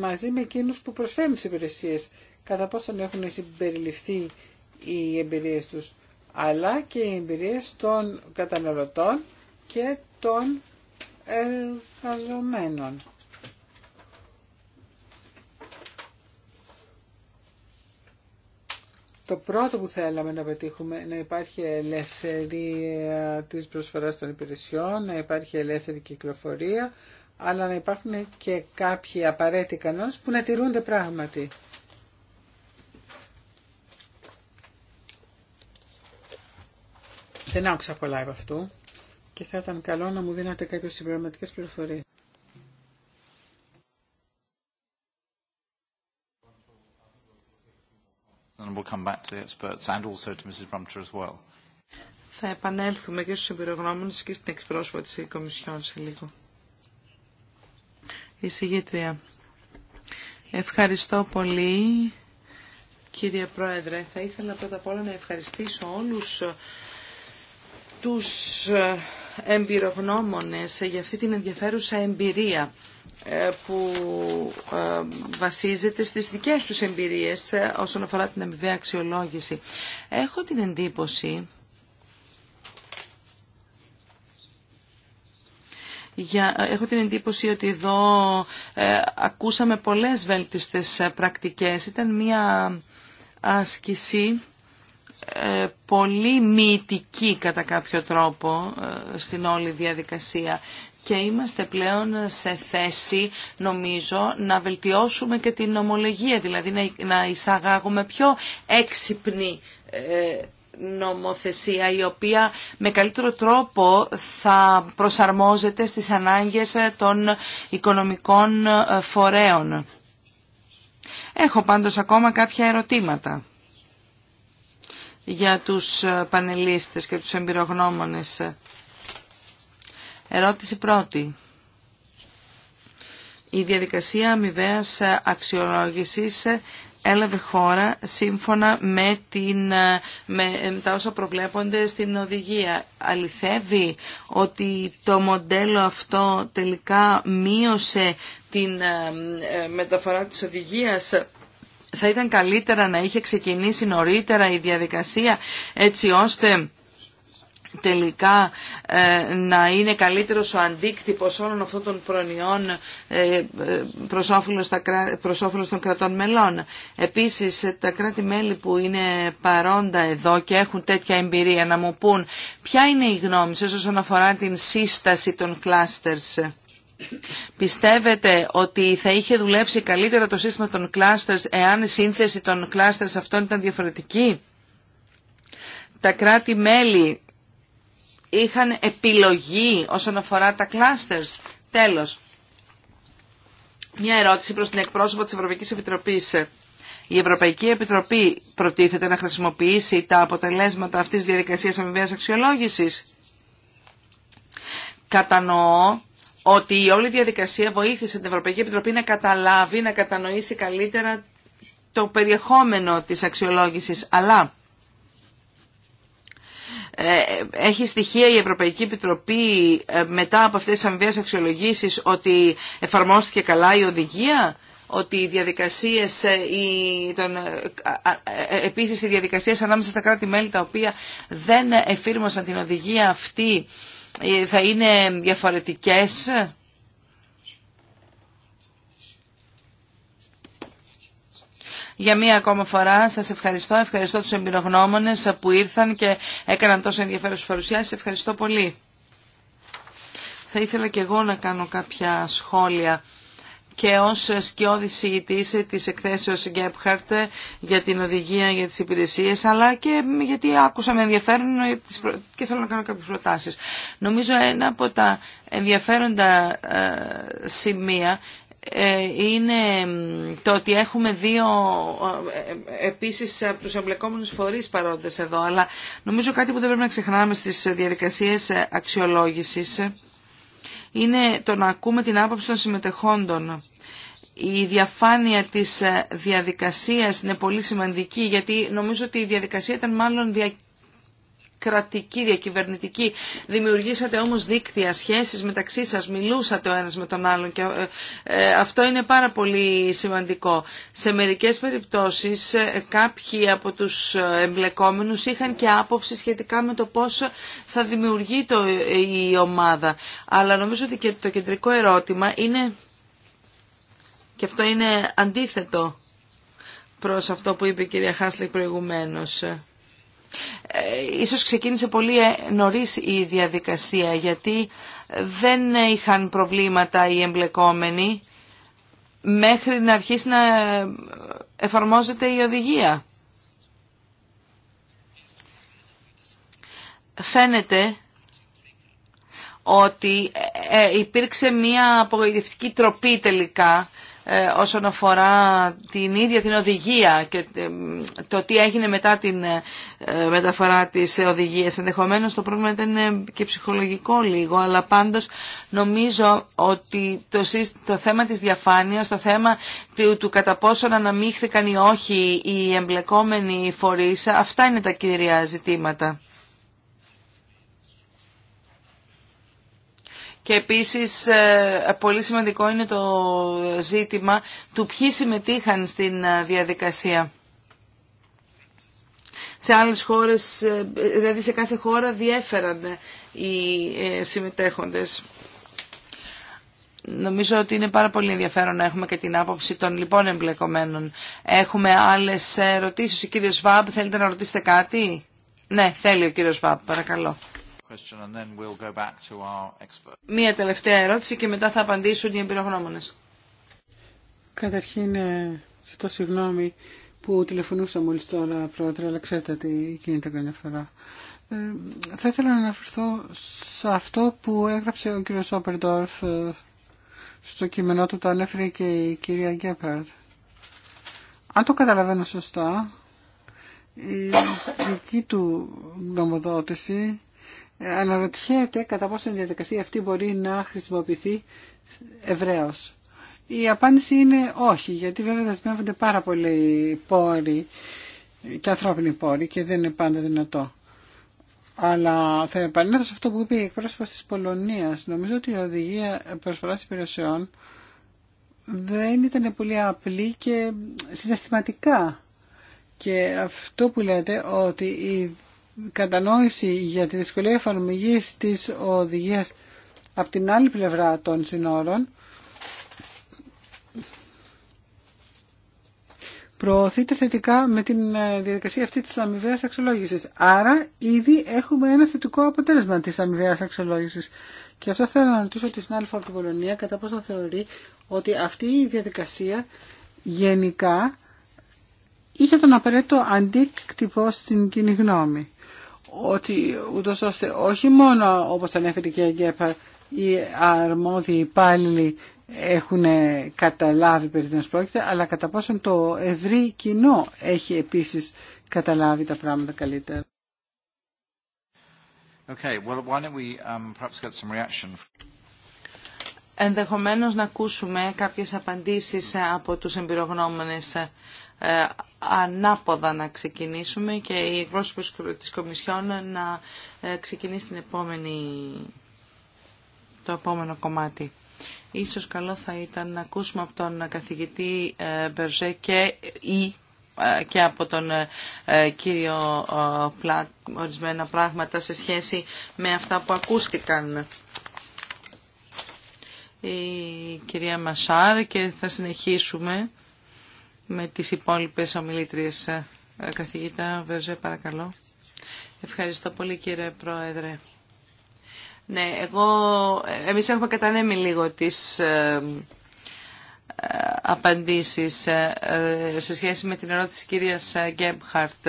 μαζί με εκείνους που προσφέρουν τις υπηρεσίες, κατά πόσον έχουν συμπεριληφθεί οι εμπειρίες τους, αλλά και οι εμπειρίες των καταναλωτών και των εργαζομένων. Το πρώτο που θέλαμε να πετύχουμε να υπάρχει ελευθερία της προσφοράς των υπηρεσιών, να υπάρχει ελεύθερη κυκλοφορία, αλλά να υπάρχουν και κάποιοι απαραίτητοι κανόνες που να τηρούνται πράγματι. Δεν άκουσα πολλά από αυτού και θα ήταν καλό να μου δίνατε κάποιες συμπληρωματικές πληροφορίες. Θα επανέλθουμε και στους εμπειρογνώμονες και στην εκπρόσωπο της Κομισιόν σε λίγο. Η Ευχαριστώ πολύ. Κύριε Πρόεδρε, θα ήθελα πρώτα απ' όλα να ευχαριστήσω όλους τους ε, εμπειρογνώμονες για αυτή την ενδιαφέρουσα εμπειρία ε, που ε, βασίζεται στις δικές τους εμπειρίες ε, όσον αφορά την αμοιβαία αξιολόγηση. Έχω την εντύπωση Για, έχω την εντύπωση ότι εδώ ακούσαμε πολλές βέλτιστες πρακτικές. Ήταν μια άσκηση πολύ μυητική κατά κάποιο τρόπο στην όλη διαδικασία και είμαστε πλέον σε θέση, νομίζω, να βελτιώσουμε και την ομολογία, δηλαδή να εισαγάγουμε πιο έξυπνη ε, νομοθεσία η οποία με καλύτερο τρόπο θα προσαρμόζεται στις ανάγκες ε, των οικονομικών ε, φορέων. Έχω πάντως ακόμα κάποια ερωτήματα για τους πανελίστες και τους εμπειρογνώμονες. Ερώτηση πρώτη. Η διαδικασία αμοιβαία αξιολόγηση έλαβε χώρα σύμφωνα με, την, με τα όσα προβλέπονται στην οδηγία. Αληθεύει ότι το μοντέλο αυτό τελικά μείωσε την ε, ε, μεταφορά της οδηγίας θα ήταν καλύτερα να είχε ξεκινήσει νωρίτερα η διαδικασία έτσι ώστε τελικά ε, να είναι καλύτερος ο αντίκτυπος όλων αυτών των προνοιών ε, προς όφελος, τα, των κρατών μελών. Επίσης, τα κράτη-μέλη που είναι παρόντα εδώ και έχουν τέτοια εμπειρία να μου πούν ποια είναι η γνώμη σας όσον αφορά την σύσταση των κλάστερς. Πιστεύετε ότι θα είχε δουλέψει καλύτερα το σύστημα των κλάστερς εάν η σύνθεση των κλάστερς αυτών ήταν διαφορετική. Τα κράτη-μέλη είχαν επιλογή όσον αφορά τα clusters. Τέλος, μια ερώτηση προς την εκπρόσωπο της Ευρωπαϊκής Επιτροπής. Η Ευρωπαϊκή Επιτροπή προτίθεται να χρησιμοποιήσει τα αποτελέσματα αυτής της διαδικασίας αμοιβαίας αξιολόγησης. Κατανοώ ότι η όλη διαδικασία βοήθησε την Ευρωπαϊκή Επιτροπή να καταλάβει, να κατανοήσει καλύτερα το περιεχόμενο της αξιολόγησης. Αλλά ε, έχει στοιχεία η Ευρωπαϊκή Επιτροπή ε, μετά από αυτές τις αμοιβές αξιολογήσεις ότι εφαρμόστηκε καλά η οδηγία ότι οι διαδικασίες, ε, οι, τον, επίσης οι διαδικασίες ανάμεσα στα κράτη-μέλη τα οποία δεν εφήρμοσαν την οδηγία αυτή θα είναι διαφορετικές. Για μία ακόμα φορά σας ευχαριστώ. Ευχαριστώ τους εμπειρογνώμονες που ήρθαν και έκαναν τόσο ενδιαφέρουσες παρουσιάσεις. Ευχαριστώ πολύ. Θα ήθελα και εγώ να κάνω κάποια σχόλια και ως σκιώδη συγητή της εκθέσεως Γκέπχαρτ για την οδηγία για τις υπηρεσίες αλλά και γιατί άκουσα με ενδιαφέρον και θέλω να κάνω κάποιες προτάσεις. Νομίζω ένα από τα ενδιαφέροντα ε, σημεία ε, είναι το ότι έχουμε δύο ε, επίσης από τους εμπλεκόμενους φορείς παρόντες εδώ, αλλά νομίζω κάτι που δεν πρέπει να ξεχνάμε στις διαδικασίες ε, αξιολόγησης είναι το να ακούμε την άποψη των συμμετεχόντων. Η διαφάνεια της διαδικασίας είναι πολύ σημαντική γιατί νομίζω ότι η διαδικασία ήταν μάλλον κρατική, διακυβερνητική. Δημιουργήσατε όμως δίκτυα, σχέσεις μεταξύ σα, μιλούσατε ο ένας με τον άλλον και ε, ε, αυτό είναι πάρα πολύ σημαντικό. Σε μερικές περιπτώσεις ε, κάποιοι από τους εμπλεκόμενους είχαν και άποψη σχετικά με το πώς θα δημιουργεί το, η ομάδα. Αλλά νομίζω ότι και το κεντρικό ερώτημα είναι, και αυτό είναι αντίθετο προς αυτό που είπε η κυρία Χάσλικ προηγουμένως, ε, ίσως ξεκίνησε πολύ ε, νωρίς η διαδικασία γιατί δεν είχαν προβλήματα οι εμπλεκόμενοι μέχρι να αρχίσει να εφαρμόζεται η οδηγία. Φαίνεται ότι ε, υπήρξε μία απογοητευτική τροπή τελικά ε, όσον αφορά την ίδια την οδηγία και ε, το τι έγινε μετά την ε, μεταφορά της οδηγίας. Ενδεχομένως το πρόβλημα ήταν και ψυχολογικό λίγο, αλλά πάντως νομίζω ότι το, το θέμα της διαφάνειας, το θέμα του, του κατά πόσον αναμίχθηκαν ή όχι οι εμπλεκόμενοι φορείς, αυτά είναι τα κυρία ζητήματα. Και επίσης ε, πολύ σημαντικό είναι το ζήτημα του ποιοι συμμετείχαν στην ε, διαδικασία. Σε άλλες χώρες, ε, δηλαδή σε κάθε χώρα διέφεραν οι συμμετέχοντες. Νομίζω ότι είναι πάρα πολύ ενδιαφέρον να έχουμε και την άποψη των λοιπόν εμπλεκομένων. Έχουμε άλλες ερωτήσεις. Ο κύριος Βάμπ, θέλετε να ρωτήσετε κάτι? Ναι, θέλει ο κύριος Βάμπ, παρακαλώ. Μία τελευταία ερώτηση και μετά θα απαντήσουν οι εμπειρογνώμονες. Καταρχήν, ε, ζητώ συγγνώμη που τηλεφωνούσα μόλις τώρα, Πρόεδρε, αλλά ξέρετε τι γίνεται κανένα φορά. Ε, θα ήθελα να αναφερθώ σε αυτό που έγραψε ο κύριος Σόπερντορφ ε, στο κείμενό του, το ανέφερε και η κυρία Γκέπερτ. Αν το καταλαβαίνω σωστά, η δική του νομοδότηση αναρωτιέται κατά πόσο η διαδικασία αυτή μπορεί να χρησιμοποιηθεί ευρέως. Η απάντηση είναι όχι, γιατί βέβαια δεσμεύονται πάρα πολλοί πόροι και ανθρώπινοι πόροι και δεν είναι πάντα δυνατό. Αλλά θα επανέλθω σε αυτό που είπε η εκπρόσωπο τη Πολωνία. Νομίζω ότι η οδηγία προσφορά υπηρεσιών δεν ήταν πολύ απλή και συναισθηματικά. Και αυτό που λέτε ότι η κατανόηση για τη δυσκολία εφαρμογή τη οδηγία από την άλλη πλευρά των συνόρων προωθείται θετικά με την ε, διαδικασία αυτή της αμοιβαία αξιολόγησης. Άρα ήδη έχουμε ένα θετικό αποτέλεσμα της αμοιβαία αξιολόγησης. Και αυτό θέλω να ρωτήσω τη συνάδελφο από την Πολωνία κατά πόσο θεωρεί ότι αυτή η διαδικασία γενικά είχε τον απαραίτητο αντίκτυπο στην κοινή γνώμη ότι ούτως ώστε όχι μόνο όπως ανέφερε και η Γκέπα οι αρμόδιοι υπάλληλοι έχουν καταλάβει περί τίνος πρόκειται, αλλά κατά πόσον το ευρύ κοινό έχει επίσης καταλάβει τα πράγματα καλύτερα. Okay, Ενδεχομένως να ακούσουμε κάποιες απαντήσεις από τους εμπειρογνώμονες ε, ανάποδα να ξεκινήσουμε και η εκπρόσωπος της Κομισιόν να ε, ξεκινήσει την επόμενη, το επόμενο κομμάτι. Ίσως καλό θα ήταν να ακούσουμε από τον καθηγητή ε, Μπερζέ και ή και από τον κύριο Πλάτ ορισμένα πράγματα σε σχέση με αυτά που ακούστηκαν η κυρία Μασάρ και θα συνεχίσουμε με τις υπόλοιπες ομιλήτριες. Ε, Καθηγητά Βεζέ, παρακαλώ. Ευχαριστώ πολύ κύριε Πρόεδρε. Ναι, εγώ, εμείς έχουμε κατανέμει λίγο τις ε, ε απαντήσεις ε, σε σχέση με την ερώτηση κυρίας Γκέμπχαρτ.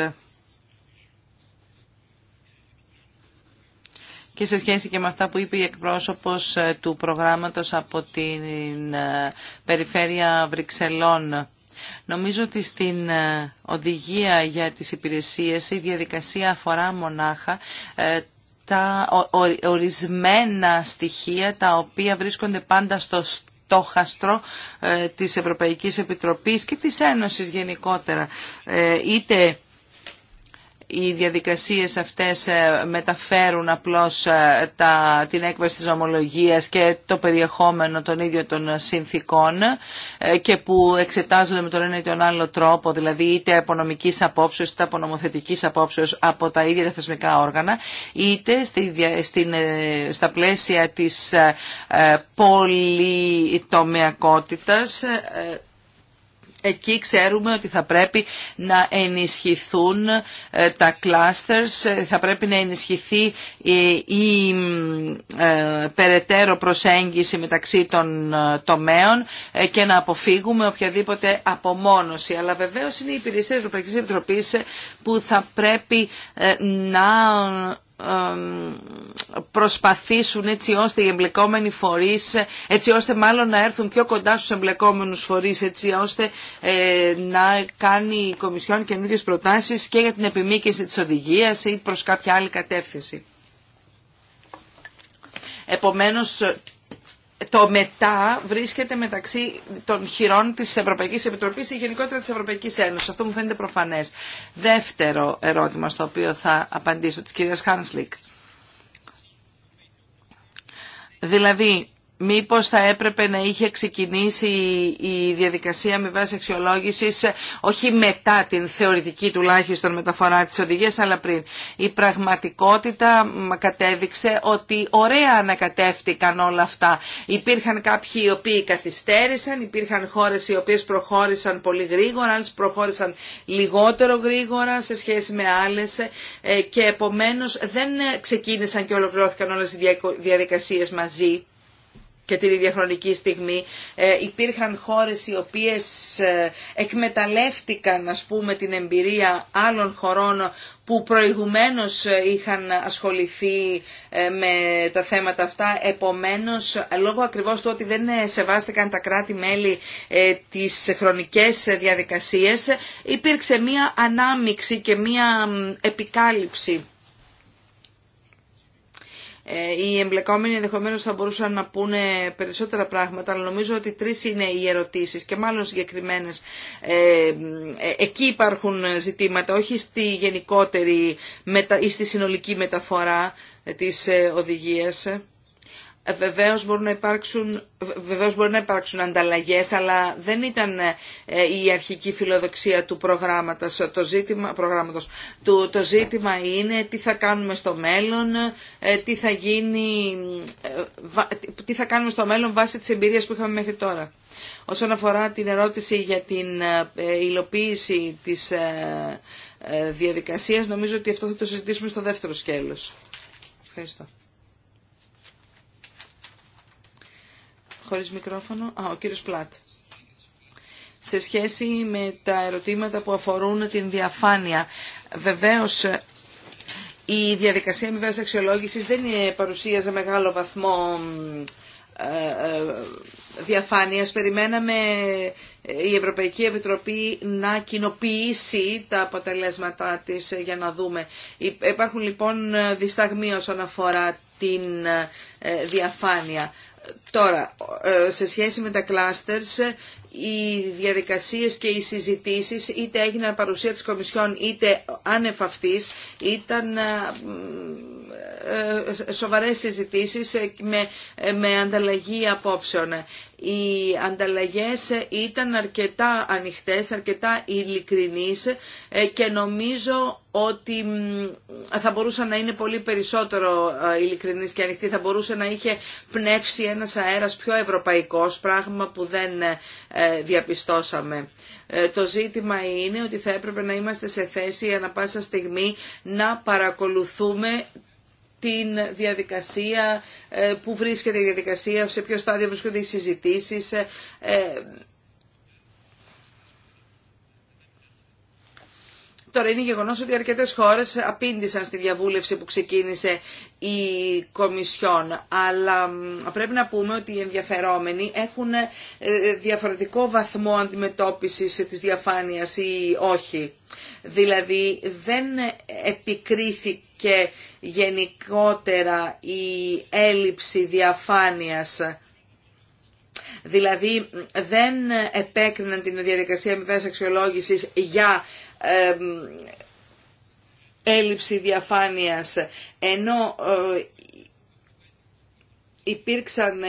και σε σχέση και με αυτά που είπε η εκπρόσωπος του προγράμματος από την περιφέρεια Βρυξελών. Νομίζω ότι στην ε, οδηγία για τις υπηρεσίες η διαδικασία αφορά μονάχα ε, τα ορισμένα στοιχεία τα οποία βρίσκονται πάντα στο στόχαστρο ε, της Ευρωπαϊκής Επιτροπής και της Ένωσης γενικότερα. Είτε οι διαδικασίες αυτές ε, μεταφέρουν απλώς ε, τα, την έκβαση της ομολογίας και το περιεχόμενο των ίδιων των συνθήκων ε, και που εξετάζονται με τον ένα ή τον άλλο τρόπο, δηλαδή είτε από νομικής απόψεως είτε από νομοθετικής απόψεως από τα ίδια τα θεσμικά όργανα, είτε στη, στην, στα πλαίσια της πολυτομιακότητας Εκεί ξέρουμε ότι θα πρέπει να ενισχυθούν ε, τα clusters, ε, θα πρέπει να ενισχυθεί η ε, περαιτέρω προσέγγιση μεταξύ των τομέων και να αποφύγουμε οποιαδήποτε απομόνωση. Αλλά βεβαίως είναι η υπηρεσία της Ευρωπαϊκής Επιτροπής που θα πρέπει να προσπαθήσουν έτσι ώστε οι εμπλεκόμενοι φορείς, έτσι ώστε μάλλον να έρθουν πιο κοντά στους εμπλεκόμενους φορείς, έτσι ώστε ε, να κάνει η Κομισιόν καινούριε προτάσεις και για την επιμήκυνση της οδηγίας ή προς κάποια άλλη κατεύθυνση. Επομένως, το μετά βρίσκεται μεταξύ των χειρών της Ευρωπαϊκής Επιτροπής ή γενικότερα της Ευρωπαϊκής Ένωσης. Αυτό μου φαίνεται προφανές. Δεύτερο ερώτημα στο οποίο θα απαντήσω τη Κυρία Χάνσλικ. Δηλαδή Μήπως θα έπρεπε να είχε ξεκινήσει η διαδικασία με βάση αξιολόγησης όχι μετά την θεωρητική τουλάχιστον μεταφορά της οδηγίας αλλά πριν. Η πραγματικότητα κατέδειξε ότι ωραία ανακατεύτηκαν όλα αυτά. Υπήρχαν κάποιοι οι οποίοι καθυστέρησαν, υπήρχαν χώρες οι οποίες προχώρησαν πολύ γρήγορα, άλλες προχώρησαν λιγότερο γρήγορα σε σχέση με άλλες ε, και επομένως δεν ε, ξεκίνησαν και ολοκληρώθηκαν όλες οι διαδικασίες μαζί και την ίδια χρονική στιγμή ε, υπήρχαν χώρες οι οποίες ε, εκμεταλλεύτηκαν ας πούμε την εμπειρία άλλων χωρών που προηγουμένως ε, είχαν ασχοληθεί με τα θέματα αυτά. Επομένως, λόγω ακριβώς του ότι δεν σεβάστηκαν τα κράτη-μέλη τις χρονικές διαδικασίες, υπήρξε μία ανάμιξη και μία επικάλυψη. Ε, οι εμπλεκόμενοι ενδεχομένω θα μπορούσαν να πούνε περισσότερα πράγματα, αλλά νομίζω ότι τρει είναι οι ερωτήσει και μάλλον συγκεκριμένε. Ε, ε, εκεί υπάρχουν ζητήματα, όχι στη γενικότερη ή στη συνολική μεταφορά της οδηγίας. Ε, βεβαίως, μπορούν να υπάρξουν, βεβαίως μπορεί να υπάρξουν ανταλλαγές, αλλά δεν ήταν ε, η αρχική φιλοδοξία του προγράμματος. Ε, το ζήτημα, προγράμματος, το ζήτημα είναι τι θα κάνουμε στο μέλλον, τι θα, γίνει, τι θα κάνουμε στο μέλλον βάσει της εμπειρίας που είχαμε μέχρι τώρα. Όσον αφορά την ερώτηση για την υλοποίηση της διαδικασίας, νομίζω ότι αυτό θα το συζητήσουμε στο δεύτερο σκέλος. Ευχαριστώ. Χωρίς μικρόφωνο. Α, ο κύριος Πλάτ. Σε σχέση με τα ερωτήματα που αφορούν την διαφάνεια, βεβαίως η διαδικασία αμοιβαίας αξιολόγησης δεν παρουσίαζε μεγάλο βαθμό ε, ε, διαφάνειας. Περιμέναμε ε, η Ευρωπαϊκή Επιτροπή να κοινοποιήσει τα αποτελέσματά της για να δούμε. Υπάρχουν λοιπόν δισταγμοί όσον αφορά την διαφάνεια. Τώρα, ε, σε σχέση με τα clusters οι διαδικασίες και οι συζητήσεις είτε έγιναν παρουσία της Κομισιόν είτε άνευ ήταν ε, ε, σοβαρές συζητήσεις με, με ανταλλαγή απόψεων οι ανταλλαγές ήταν αρκετά ανοιχτές, αρκετά ειλικρινείς ε, και νομίζω ότι θα μπορούσαν να είναι πολύ περισσότερο ε, ειλικρινής και ανοιχτή, θα μπορούσε να είχε πνεύσει ένας αέρας πιο ευρωπαϊκός, πράγμα που δεν ε, διαπιστώσαμε. Το ζήτημα είναι ότι θα έπρεπε να είμαστε σε θέση ανα πάσα στιγμή να παρακολουθούμε την διαδικασία, ε, που βρίσκεται η διαδικασία, σε ποιο στάδιο βρίσκονται οι συζητήσεις. Ε, ε, Τώρα είναι γεγονός ότι αρκετές χώρες απήντησαν στη διαβούλευση που ξεκίνησε η Κομισιόν, αλλά πρέπει να πούμε ότι οι ενδιαφερόμενοι έχουν διαφορετικό βαθμό αντιμετώπισης της διαφάνειας ή όχι. Δηλαδή δεν επικρίθηκε και γενικότερα η έλλειψη διαφάνειας. Δηλαδή δεν επέκριναν την διαδικασία αμοιβές αξιολόγησης για έλλειψη διαφάνειας, ενώ ε, υπήρξαν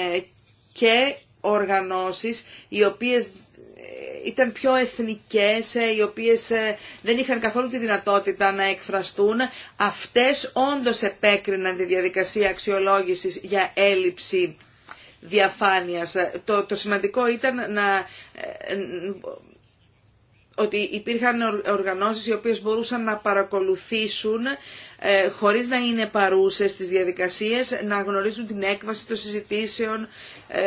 και οργανώσεις οι οποίες ήταν πιο εθνικές, ε, οι οποίες ε, δεν είχαν καθόλου τη δυνατότητα να εκφραστούν. Αυτές όντως επέκριναν τη διαδικασία αξιολόγησης για έλλειψη διαφάνειας. Ε, το, το σημαντικό ήταν να, ότι υπήρχαν οργανώσεις οι οποίες μπορούσαν να παρακολουθήσουν χωρίς να είναι παρούσες στις διαδικασίες, να γνωρίζουν την έκβαση των συζητήσεων,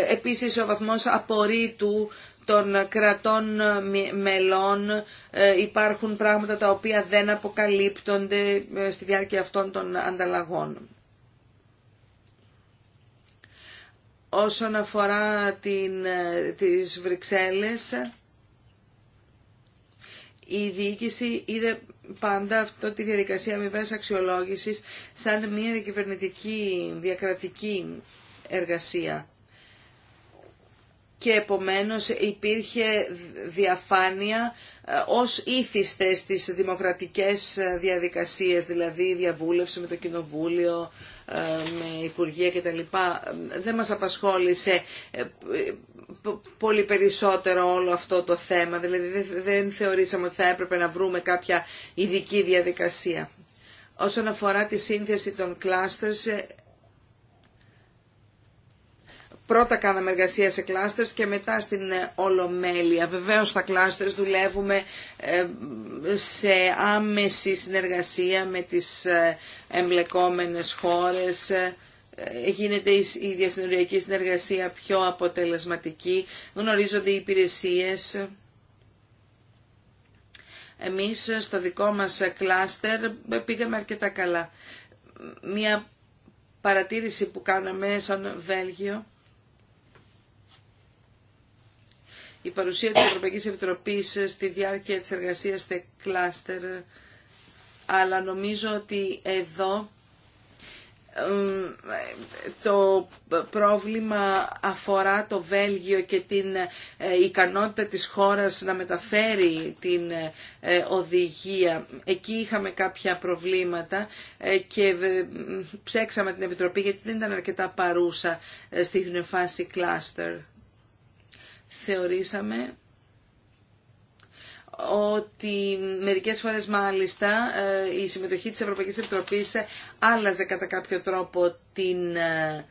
επίσης ο βαθμός απορρίτου των κρατών μελών ε, υπάρχουν πράγματα τα οποία δεν αποκαλύπτονται ε, στη διάρκεια αυτών των ανταλλαγών. Όσον αφορά την, ε, τις Βρυξέλλες, η διοίκηση είδε πάντα αυτή τη διαδικασία αμοιβές αξιολόγησης σαν μια διακυβερνητική διακρατική εργασία και επομένως υπήρχε διαφάνεια ε, ως ήθιστε στις δημοκρατικές ε, διαδικασίες, δηλαδή διαβούλευση με το Κοινοβούλιο, ε, με Υπουργεία κτλ. Δεν μας απασχόλησε πολύ περισσότερο όλο αυτό το θέμα, δηλαδή δεν θεωρήσαμε ότι θα έπρεπε να βρούμε κάποια ειδική διαδικασία. Όσον αφορά τη σύνθεση των κλάστερς, Πρώτα κάναμε εργασία σε κλάστερς και μετά στην ε, Ολομέλεια. Βεβαίως στα κλάστερς δουλεύουμε ε, σε άμεση συνεργασία με τις ε, εμπλεκόμενες χώρες. Γίνεται η διασυνοριακή συνεργασία πιο αποτελεσματική. Γνωρίζονται οι υπηρεσίες. Εμείς στο δικό μας κλάστερ πήγαμε αρκετά καλά. Μια παρατήρηση που κάναμε σαν Βέλγιο η παρουσία της Ευρωπαϊκής Επιτροπής στη διάρκεια της εργασίας σε κλάστερ, αλλά νομίζω ότι εδώ το πρόβλημα αφορά το Βέλγιο και την ε, ικανότητα της χώρας να μεταφέρει την ε, οδηγία. Εκεί είχαμε κάποια προβλήματα ε, και ψέξαμε την Επιτροπή γιατί δεν ήταν αρκετά παρούσα στην φάση κλάστερ θεωρήσαμε ότι μερικές φορές μάλιστα ε, η συμμετοχή της Ευρωπαϊκής Επιτροπής άλλαζε κατά κάποιο τρόπο την ε,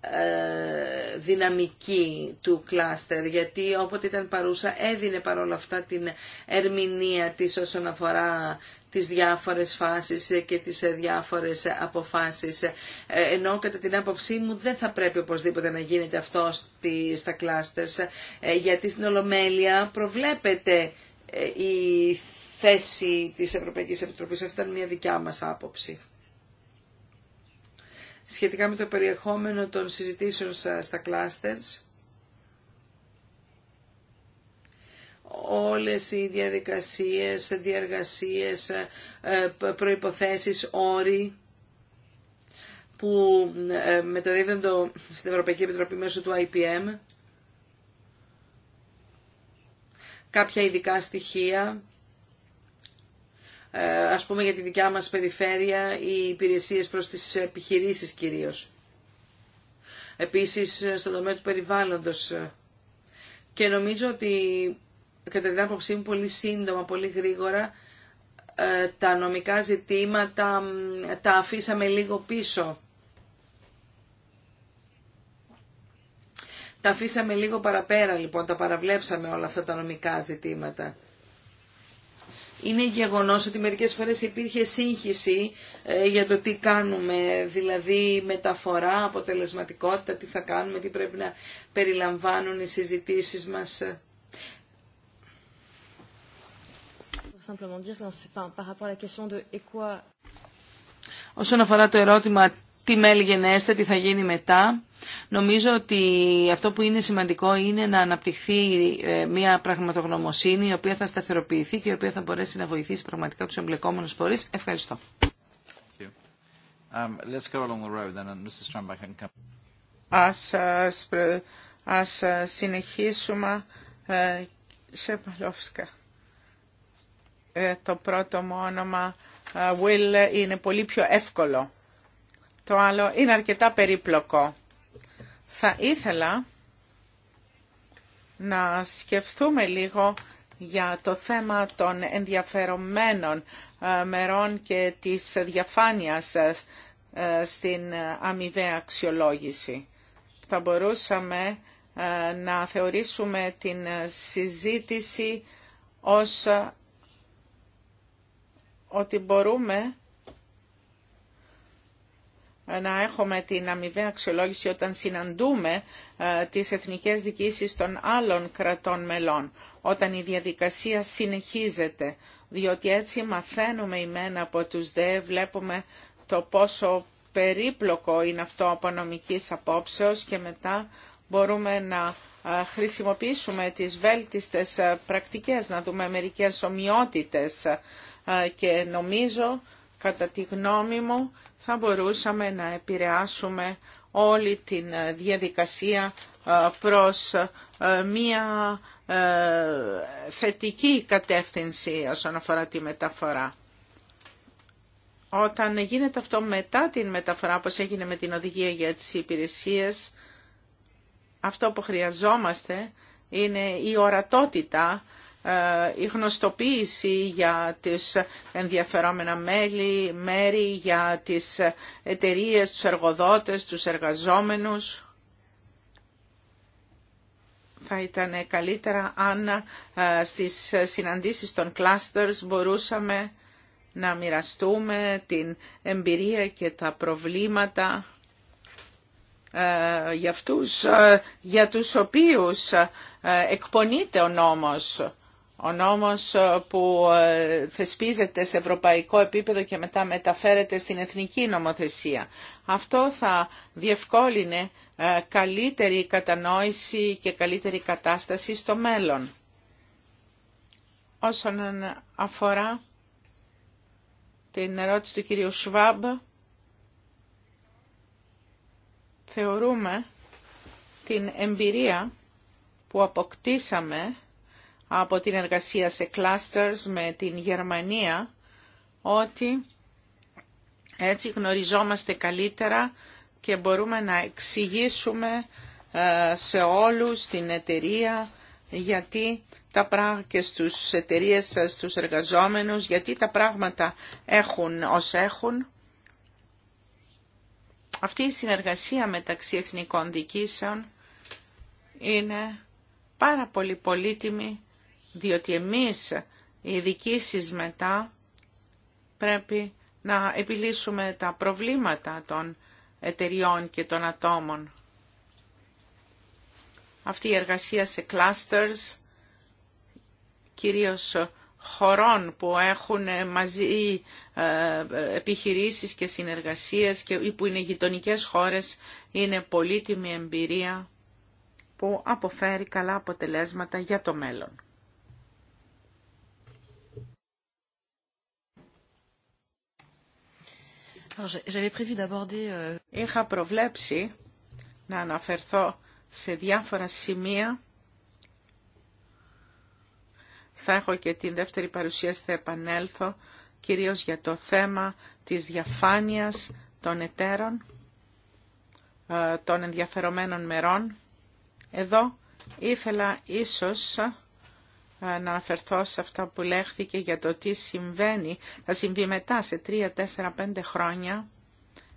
ε, δυναμική του κλάστερ γιατί όποτε ήταν παρούσα έδινε παρόλα αυτά την ερμηνεία της όσον αφορά τις διάφορες φάσεις και τις διάφορες αποφάσεις ε, ενώ κατά την άποψή μου δεν θα πρέπει οπωσδήποτε να γίνεται αυτό στα κλάστερ ε, γιατί στην Ολομέλεια προβλέπεται η θέση της Ευρωπαϊκής Επιτροπής αυτή ήταν μια δικιά μας άποψη σχετικά με το περιεχόμενο των συζητήσεων στα κλάστερς. όλες οι διαδικασίες, διαργασίες, ε, προϋποθέσεις, όροι που ε, μεταδίδονται στην Ευρωπαϊκή Επιτροπή μέσω του IPM, κάποια ειδικά στοιχεία ε, ας πούμε για τη δικιά μας περιφέρεια, ή υπηρεσίες προς τις επιχειρήσεις κυρίως. Επίσης στον τομέα του περιβάλλοντος. Και νομίζω ότι κατά την άποψή μου πολύ σύντομα, πολύ γρήγορα, ε, τα νομικά ζητήματα τα αφήσαμε λίγο πίσω. Τα αφήσαμε λίγο παραπέρα λοιπόν, τα παραβλέψαμε όλα αυτά τα νομικά ζητήματα είναι γεγονός ότι μερικές φορές υπήρχε σύγχυση ε, για το τι κάνουμε, δηλαδή μεταφορά, αποτελεσματικότητα, τι θα κάνουμε, τι πρέπει να περιλαμβάνουν οι συζητήσεις μας. Όσον αφορά το ερώτημα τι μέλη γενέστε, τι θα γίνει μετά. Νομίζω ότι αυτό που είναι σημαντικό είναι να αναπτυχθεί ε, μια πραγματογνωμοσύνη η οποία θα σταθεροποιηθεί και η οποία θα μπορέσει να βοηθήσει πραγματικά τους εμπλεκόμενους φορείς. Ευχαριστώ. Ας, συνεχίσουμε σε Το πρώτο μου όνομα ε, Will ε, είναι πολύ πιο εύκολο. Το άλλο είναι αρκετά περίπλοκο. Θα ήθελα να σκεφτούμε λίγο για το θέμα των ενδιαφερομένων ε, μερών και της διαφάνειας ε, ε, στην αμοιβαία αξιολόγηση. Θα μπορούσαμε να θεωρήσουμε την συζήτηση ως ότι μπορούμε να έχουμε την αμοιβαία αξιολόγηση όταν συναντούμε ε, τις εθνικές δικήσεις των άλλων κρατών μελών, όταν η διαδικασία συνεχίζεται, διότι έτσι μαθαίνουμε ημένα από τους δε, βλέπουμε το πόσο περίπλοκο είναι αυτό από νομικής απόψεως και μετά μπορούμε να ε, χρησιμοποιήσουμε τις βέλτιστες ε, πρακτικές, να δούμε μερικές ομοιότητες και νομίζω, κατά τη γνώμη μου, θα μπορούσαμε να επηρεάσουμε όλη την διαδικασία ε, προς ε, μία ε, θετική κατεύθυνση όσον αφορά τη μεταφορά. Όταν γίνεται αυτό μετά την μεταφορά, όπως έγινε με την οδηγία για τις υπηρεσίες, αυτό που χρειαζόμαστε είναι η ορατότητα ε, η γνωστοποίηση για τις ενδιαφερόμενα μέλη, μέρη, για τις εταιρείες, τους εργοδότες, τους εργαζόμενους. Θα ήταν καλύτερα αν ε, στις συναντήσεις των clusters μπορούσαμε να μοιραστούμε την εμπειρία και τα προβλήματα ε, για αυτούς για τους οποίους εκπονείται ο νόμος ο νόμος ε, που ε, θεσπίζεται σε ευρωπαϊκό επίπεδο και μετά μεταφέρεται στην εθνική νομοθεσία. Αυτό θα διευκόλυνε ε, καλύτερη κατανόηση και καλύτερη κατάσταση στο μέλλον. Όσον αφορά την ερώτηση του κυρίου Σβάμπ, θεωρούμε την εμπειρία που αποκτήσαμε από την εργασία σε clusters με την Γερμανία ότι έτσι γνωριζόμαστε καλύτερα και μπορούμε να εξηγήσουμε ε, σε όλους την εταιρεία γιατί τα πράγματα και στους εταιρείες σας, στους εργαζόμενους, γιατί τα πράγματα έχουν ως έχουν. Αυτή η συνεργασία μεταξύ εθνικών δικήσεων είναι πάρα πολύ πολύτιμη διότι εμείς οι ειδικήσεις μετά πρέπει να επιλύσουμε τα προβλήματα των εταιριών και των ατόμων. Αυτή η εργασία σε clusters, κυρίως χωρών που έχουν μαζί ε, επιχειρήσεις και συνεργασίες και που είναι γειτονικέ χώρες, είναι πολύτιμη εμπειρία που αποφέρει καλά αποτελέσματα για το μέλλον. Euh, Είχα προβλέψει να αναφερθώ σε διάφορα σημεία. Θα έχω και την δεύτερη παρουσίαση, θα επανέλθω, κυρίως για το θέμα της διαφάνειας των εταίρων, ε, των ενδιαφερομένων μερών. Εδώ ήθελα ίσως να αναφερθώ σε αυτά που λέχθηκε για το τι συμβαίνει, θα συμβεί μετά σε 3, 4, 5 χρόνια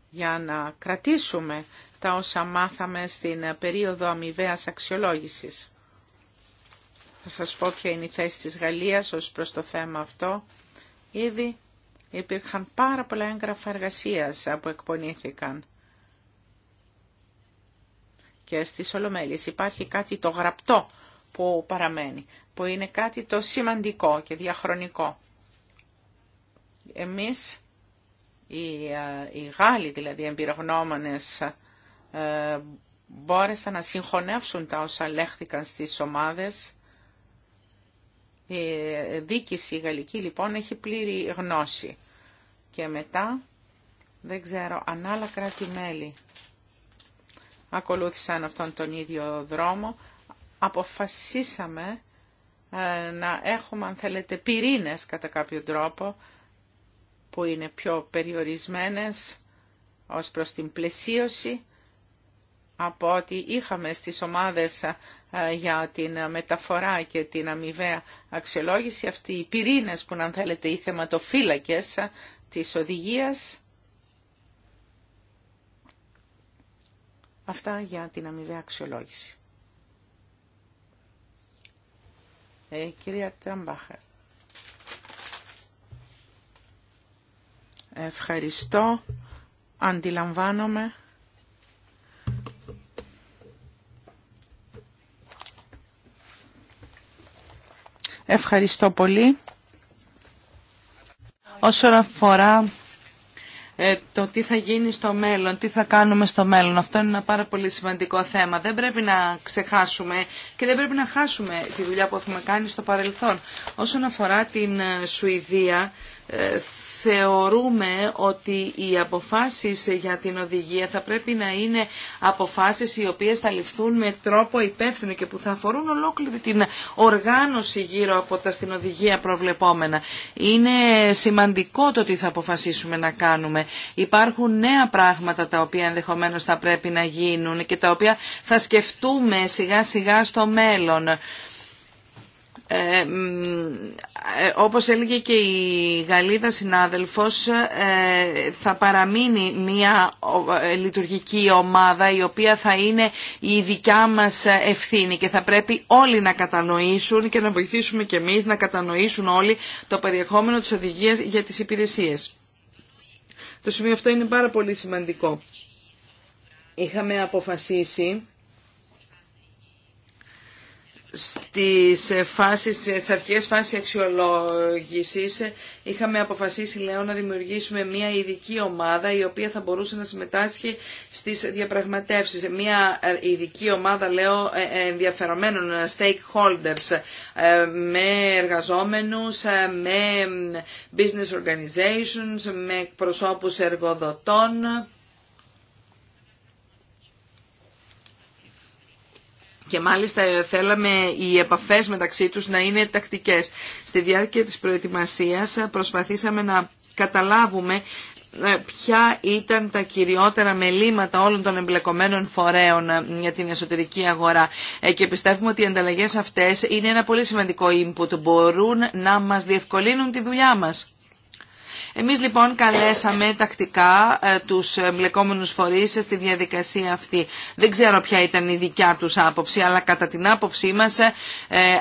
για να κρατήσουμε τα όσα μάθαμε στην περίοδο αμοιβαίας αξιολόγησης. Θα σας πω ποια είναι η θέση της Γαλλίας ως προς το θέμα αυτό. Ήδη υπήρχαν πάρα πολλά έγγραφα εργασίας που εκπονήθηκαν και στις Ολομέλειες. Υπάρχει κάτι το γραπτό που παραμένει που είναι κάτι το σημαντικό και διαχρονικό. Εμείς, οι, οι Γάλλοι δηλαδή εμπειρογνώμονες, μπόρεσαν να συγχωνεύσουν τα όσα λέχθηκαν στις ομάδες. Η δίκηση η γαλλική λοιπόν έχει πλήρη γνώση. Και μετά, δεν ξέρω, αν άλλα κράτη-μέλη ακολούθησαν αυτόν τον ίδιο δρόμο, αποφασίσαμε ε, να έχουμε, αν θέλετε, πυρήνες κατά κάποιο τρόπο, που είναι πιο περιορισμένες ως προς την πλαισίωση από ό,τι είχαμε στις ομάδες ε, για την μεταφορά και την αμοιβαία αξιολόγηση. Αυτοί οι πυρήνες που, αν θέλετε, οι θεματοφύλακες ε, της οδηγίας. Αυτά για την αμοιβαία αξιολόγηση. Ε, κυρία Τραμπάχερ. Ευχαριστώ. Αντιλαμβάνομαι. Ευχαριστώ πολύ. Όσον αφορά ε, το τι θα γίνει στο μέλλον, τι θα κάνουμε στο μέλλον. Αυτό είναι ένα πάρα πολύ σημαντικό θέμα. Δεν πρέπει να ξεχάσουμε και δεν πρέπει να χάσουμε τη δουλειά που έχουμε κάνει στο παρελθόν. Όσον αφορά την ε, Σουηδία, ε, θεωρούμε ότι οι αποφάσεις για την οδηγία θα πρέπει να είναι αποφάσεις οι οποίες θα ληφθούν με τρόπο υπεύθυνο και που θα αφορούν ολόκληρη την οργάνωση γύρω από τα στην οδηγία προβλεπόμενα. Είναι σημαντικό το τι θα αποφασίσουμε να κάνουμε. Υπάρχουν νέα πράγματα τα οποία ενδεχομένως θα πρέπει να γίνουν και τα οποία θα σκεφτούμε σιγά σιγά στο μέλλον. Ε, ε, όπως έλεγε και η Γαλλίδα συνάδελφος ε, θα παραμείνει μια ε, λειτουργική ομάδα η οποία θα είναι η δικιά μας ευθύνη και θα πρέπει όλοι να κατανοήσουν και να βοηθήσουμε και εμείς να κατανοήσουν όλοι το περιεχόμενο της οδηγίας για τις υπηρεσίες. Το σημείο αυτό είναι πάρα πολύ σημαντικό. Είχαμε αποφασίσει στις, φάσεις, στις φάσεις αξιολόγησης είχαμε αποφασίσει λέω να δημιουργήσουμε μια ειδική ομάδα η οποία θα μπορούσε να συμμετάσχει στις διαπραγματεύσεις. Μια ε, ειδική ομάδα λέω ε, ε, ενδιαφερομένων stakeholders με εργαζόμενους, με business organizations, με προσώπους εργοδοτών και μάλιστα ε, θέλαμε οι επαφές μεταξύ τους να είναι τακτικές. Στη διάρκεια της προετοιμασίας ε, προσπαθήσαμε να καταλάβουμε ε, ποια ήταν τα κυριότερα μελήματα όλων των εμπλεκομένων φορέων για την εσωτερική αγορά και πιστεύουμε ότι οι ανταλλαγές αυτές είναι ένα πολύ σημαντικό input, μπορούν να μας διευκολύνουν τη δουλειά μας. Εμείς λοιπόν καλέσαμε τακτικά ε, τους εμπλεκόμενους φορείς στη διαδικασία αυτή. Δεν ξέρω ποια ήταν η δικιά τους άποψη, αλλά κατά την άποψή μας ε,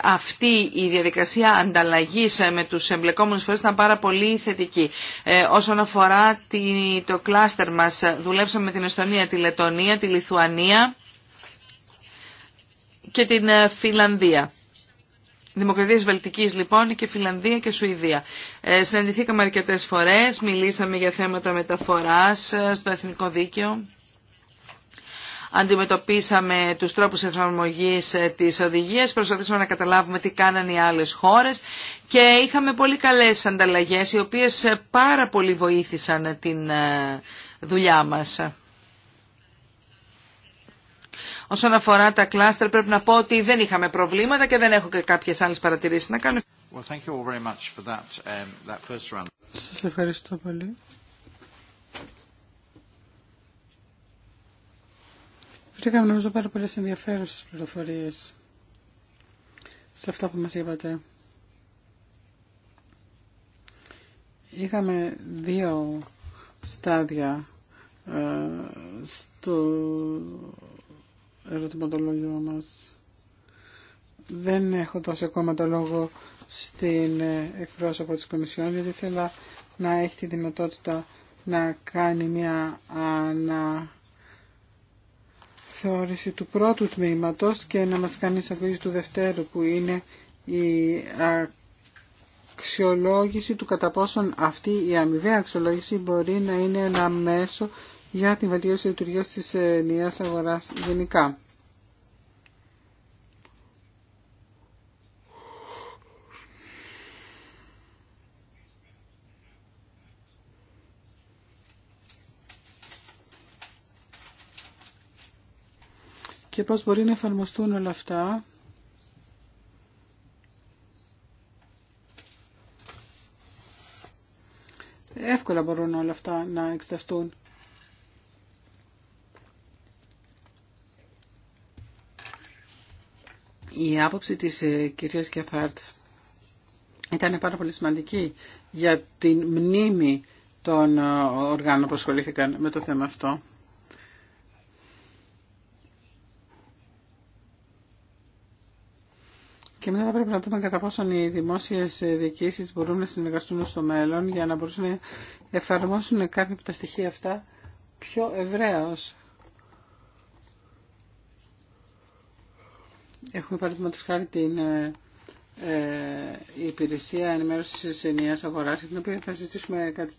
αυτή η διαδικασία ανταλλαγής ε, με τους εμπλεκόμενους φορείς ήταν πάρα πολύ θετική. Όσον αφορά το κλάστερ μας, δουλέψαμε με την Εστονία, τη Λετωνία, τη Λιθουανία και την Φιλανδία. Δημοκρατίες Βαλτικής λοιπόν και Φιλανδία και Σουηδία. Ε, συναντηθήκαμε αρκετές φορές, μιλήσαμε για θέματα μεταφοράς ε, στο Εθνικό Δίκαιο. Αντιμετωπίσαμε τους τρόπους εφαρμογής ε, της οδηγίας, προσπαθήσαμε να καταλάβουμε τι κάνανε οι άλλες χώρες και είχαμε πολύ καλές ανταλλαγές οι οποίες ε, πάρα πολύ βοήθησαν την δουλειά μας. Όσον αφορά τα κλάστερ πρέπει να πω ότι δεν είχαμε προβλήματα και δεν έχω και κάποιε άλλε παρατηρήσει να κάνω. Well, Σας ευχαριστώ πολύ. Βρήκαμε νομίζω πάρα πολλές ενδιαφέρουσες πληροφορίες σε αυτό που μας είπατε. Είχαμε δύο στάδια ε, στο, ερωτηματολόγιο μας. Δεν έχω δώσει ακόμα το λόγο στην ε, εκπρόσωπο της Κομισιόν, γιατί θέλω να έχει τη δυνατότητα να κάνει μια αναθεώρηση του πρώτου τμήματος και να μας κάνει εισαγωγή του δευτέρου, που είναι η αξιολόγηση του κατά πόσον αυτή η αμοιβαία αξιολόγηση μπορεί να είναι ένα μέσο για την βελτίωση της λειτουργίας της ε, αγορά γενικά. και πώς μπορεί να εφαρμοστούν όλα αυτά εύκολα μπορούν όλα αυτά να εξεταστούν Η άποψη της ε, κυρίας Κεφάρτ ήταν πάρα πολύ σημαντική για την μνήμη των ε, οργάνων που ασχολήθηκαν με το θέμα αυτό. Και μετά θα πρέπει να δούμε κατά πόσον οι δημόσιες ε, διοικήσεις μπορούν να συνεργαστούν στο μέλλον για να μπορούν να εφαρμόσουν κάποια από τα στοιχεία αυτά πιο ευρέω. Έχουμε παραδείγματος χάρη την ε, ε η υπηρεσία ενημέρωση τη αγοράς, αγορά, την οποία θα συζητήσουμε κάτι...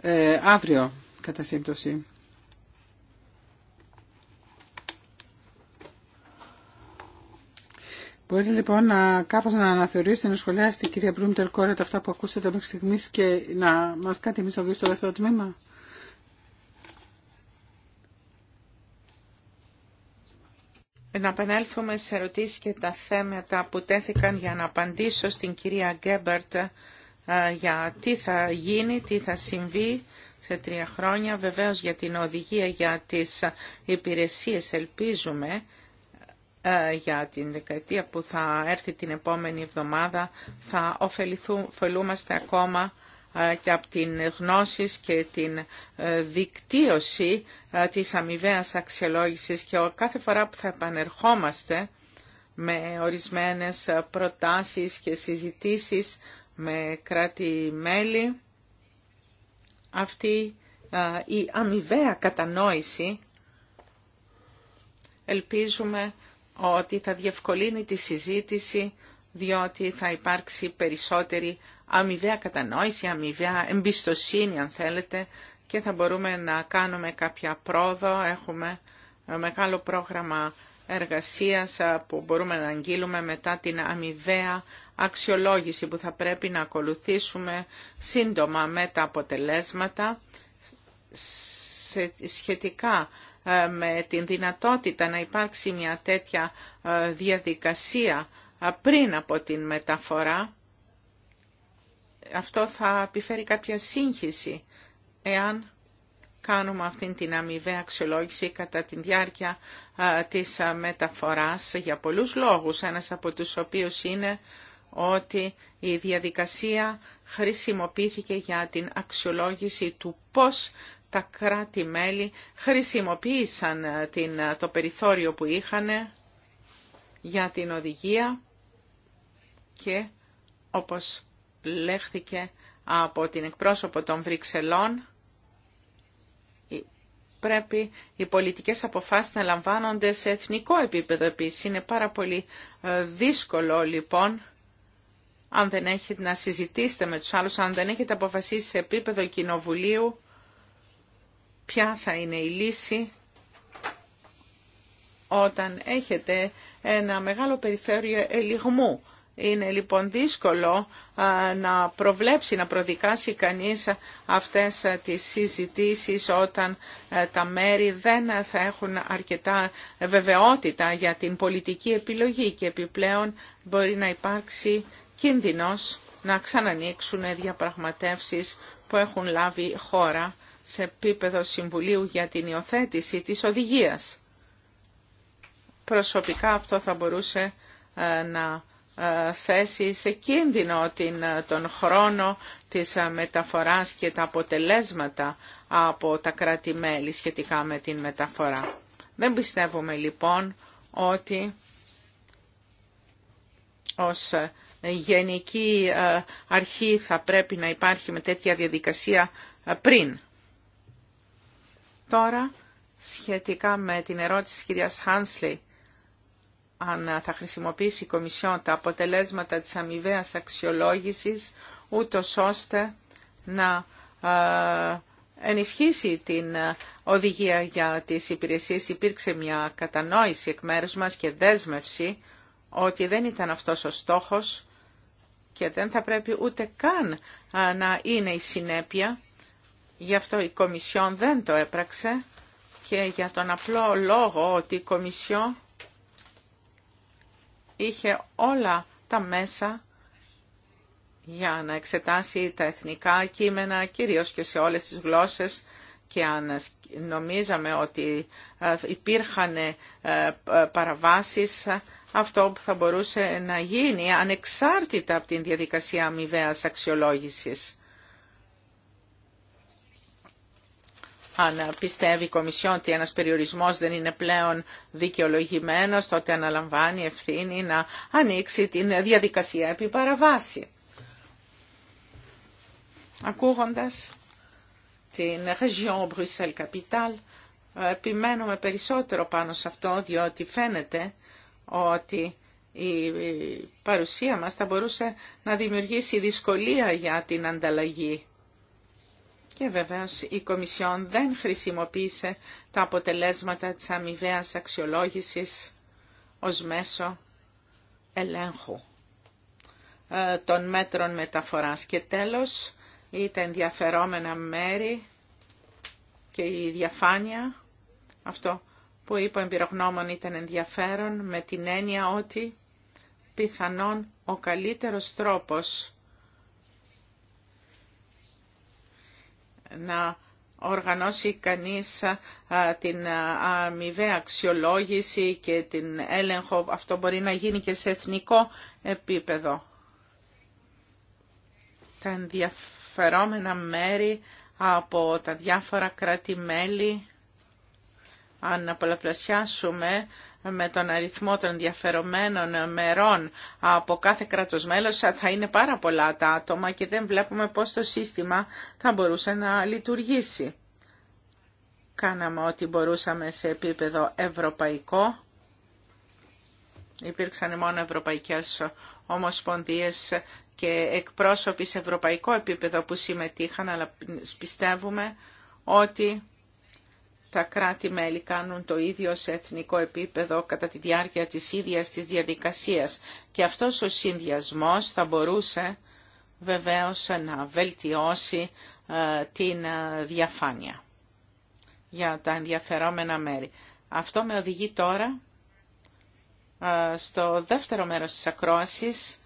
ε, αύριο, κατά σύμπτωση. Μπορείτε λοιπόν να κάπως να αναθεωρήσετε, να σχολιάσετε κυρία Μπρούμτερ Κόρετ αυτά που ακούσατε μέχρι στιγμής και να μας κάτι εμείς στο δεύτερο τμήμα. Να επανέλθουμε σε ερωτήσεις και τα θέματα που τέθηκαν για να απαντήσω στην κυρία Γκέμπερτ ε, για τι θα γίνει, τι θα συμβεί σε τρία χρόνια. Βεβαίως για την οδηγία για τις υπηρεσίες ελπίζουμε ε, για την δεκαετία που θα έρθει την επόμενη εβδομάδα θα ωφελούμαστε ακόμα ε, και από την γνώση και την ε, δικτύωση ε, της αμοιβαία αξιολόγησης και κάθε φορά που θα επανερχόμαστε με ορισμένες προτάσεις και συζητήσεις με κράτη-μέλη, αυτή η αμοιβαία κατανόηση ελπίζουμε ότι θα διευκολύνει τη συζήτηση διότι θα υπάρξει περισσότερη αμοιβαία κατανόηση, αμοιβαία εμπιστοσύνη αν θέλετε και θα μπορούμε να κάνουμε κάποια πρόοδο. Έχουμε ε, μεγάλο πρόγραμμα εργασίας ε, που μπορούμε να αγγείλουμε μετά την αμοιβαία αξιολόγηση που θα πρέπει να ακολουθήσουμε σύντομα με τα αποτελέσματα σχετικά ε, με την δυνατότητα να υπάρξει μια τέτοια διαδικασία πριν από την μεταφορά αυτό θα επιφέρει κάποια σύγχυση εάν κάνουμε αυτή την αμοιβαία αξιολόγηση κατά τη διάρκεια της μεταφοράς για πολλούς λόγους, ένας από τους οποίους είναι ότι η διαδικασία χρησιμοποιήθηκε για την αξιολόγηση του πώς τα κράτη-μέλη χρησιμοποίησαν την, το περιθώριο που είχαν για την οδηγία και όπως λέχθηκε από την εκπρόσωπο των Βρυξελών ε, πρέπει οι πολιτικές αποφάσεις να λαμβάνονται σε εθνικό επίπεδο επίσης. Είναι πάρα πολύ ε, δύσκολο λοιπόν αν δεν έχετε να συζητήσετε με τους άλλους, αν δεν έχετε αποφασίσει σε επίπεδο κοινοβουλίου ποια θα είναι η λύση όταν έχετε ένα μεγάλο περιθώριο ελιγμού είναι λοιπόν δύσκολο να προβλέψει, να προδικάσει κανείς αυτές τις συζητήσεις όταν τα μέρη δεν θα έχουν αρκετά βεβαιότητα για την πολιτική επιλογή και επιπλέον μπορεί να υπάρξει κίνδυνος να ξανανοίξουν διαπραγματεύσεις που έχουν λάβει χώρα σε επίπεδο Συμβουλίου για την υιοθέτηση της οδηγίας. Προσωπικά αυτό θα μπορούσε να ε, θέσει σε κίνδυνο την, ε, τον χρόνο της ε, μεταφοράς και τα αποτελέσματα από τα κράτη-μέλη σχετικά με την μεταφορά. Δεν πιστεύουμε λοιπόν ότι ως γενική αρχή θα πρέπει να υπάρχει με τέτοια διαδικασία πριν. Τώρα, σχετικά με την ερώτηση της κυρίας Χάνσλι αν θα χρησιμοποιήσει η Κομισιόν τα αποτελέσματα της αμοιβαίας αξιολόγησης, ούτω ώστε να ε, ενισχύσει την ε, οδηγία για τις υπηρεσίες. Υπήρξε μια κατανόηση εκ μέρους μας και δέσμευση ότι δεν ήταν αυτός ο στόχος και δεν θα πρέπει ούτε καν ε, να είναι η συνέπεια. Γι' αυτό η Κομισιόν δεν το έπραξε και για τον απλό λόγο ότι η Κομισιόν είχε όλα τα μέσα για να εξετάσει τα εθνικά κείμενα, κυρίως και σε όλες τις γλώσσες και αν νομίζαμε ότι ε, υπήρχαν ε, παραβάσεις, αυτό που θα μπορούσε να γίνει ανεξάρτητα από την διαδικασία αμοιβαία αξιολόγησης. αν πιστεύει η Κομισιόν ότι ένας περιορισμός δεν είναι πλέον δικαιολογημένος, τότε αναλαμβάνει ευθύνη να ανοίξει την διαδικασία επί παραβάση. Ακούγοντας την Région Bruxelles Capital, επιμένουμε περισσότερο πάνω σε αυτό, διότι φαίνεται ότι η παρουσία μας θα μπορούσε να δημιουργήσει δυσκολία για την ανταλλαγή και βεβαίως η Κομισιόν δεν χρησιμοποίησε τα αποτελέσματα της αμοιβαία αξιολόγησης ως μέσο ελέγχου ε, των μέτρων μεταφοράς. Και τέλος, ήταν ενδιαφερόμενα μέρη και η διαφάνεια, αυτό που είπε ο εμπειρογνώμων ήταν ενδιαφέρον με την έννοια ότι πιθανόν ο καλύτερος τρόπος να οργανώσει κανείς την αμοιβαία αξιολόγηση και την έλεγχο. Αυτό μπορεί να γίνει και σε εθνικό επίπεδο. Τα ενδιαφερόμενα μέρη από τα διάφορα κράτη-μέλη, αν πολλαπλασιάσουμε με τον αριθμό των ενδιαφερομένων μερών από κάθε κράτος μέλος θα είναι πάρα πολλά τα άτομα και δεν βλέπουμε πώς το σύστημα θα μπορούσε να λειτουργήσει. Κάναμε ό,τι μπορούσαμε σε επίπεδο ευρωπαϊκό. Υπήρξαν μόνο ευρωπαϊκές ομοσπονδίες και εκπρόσωποι σε ευρωπαϊκό επίπεδο που συμμετείχαν, αλλά πιστεύουμε ότι τα κράτη-μέλη κάνουν το ίδιο σε εθνικό επίπεδο κατά τη διάρκεια της ίδιας της διαδικασίας και αυτός ο συνδυασμός θα μπορούσε βεβαίως να βελτιώσει ε, την ε, διαφάνεια για τα ενδιαφερόμενα μέρη. Αυτό με οδηγεί τώρα ε, στο δεύτερο μέρος της ακρόασης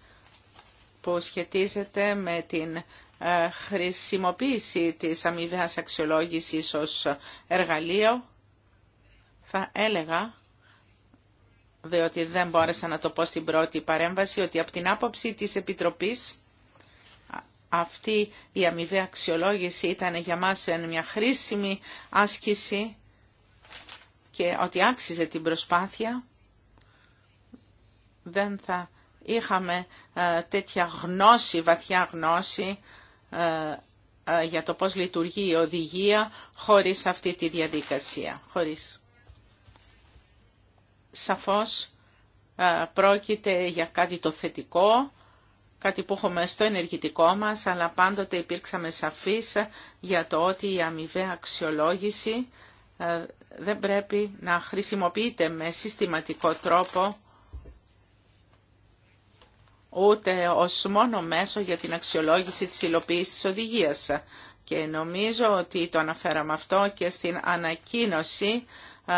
που σχετίζεται με την ε, χρησιμοποίηση της αμοιβαίας αξιολόγησης ως εργαλείο, θα έλεγα, διότι δεν μπόρεσα να το πω στην πρώτη παρέμβαση, ότι από την άποψη της Επιτροπής αυτή η αμοιβαία αξιολόγηση ήταν για μας μια χρήσιμη άσκηση και ότι άξιζε την προσπάθεια. Δεν θα είχαμε ε, τέτοια γνώση, βαθιά γνώση ε, ε, για το πώς λειτουργεί η οδηγία χωρίς αυτή τη διαδικασία. Χωρίς. Σαφώς ε, πρόκειται για κάτι το θετικό, κάτι που έχουμε στο ενεργητικό μας, αλλά πάντοτε υπήρξαμε σαφείς για το ότι η αμοιβαία αξιολόγηση δεν πρέπει να χρησιμοποιείται με συστηματικό τρόπο ούτε ως μόνο μέσο για την αξιολόγηση της υλοποίησης της οδηγίας. Και νομίζω ότι το αναφέραμε αυτό και στην ανακοίνωση ε,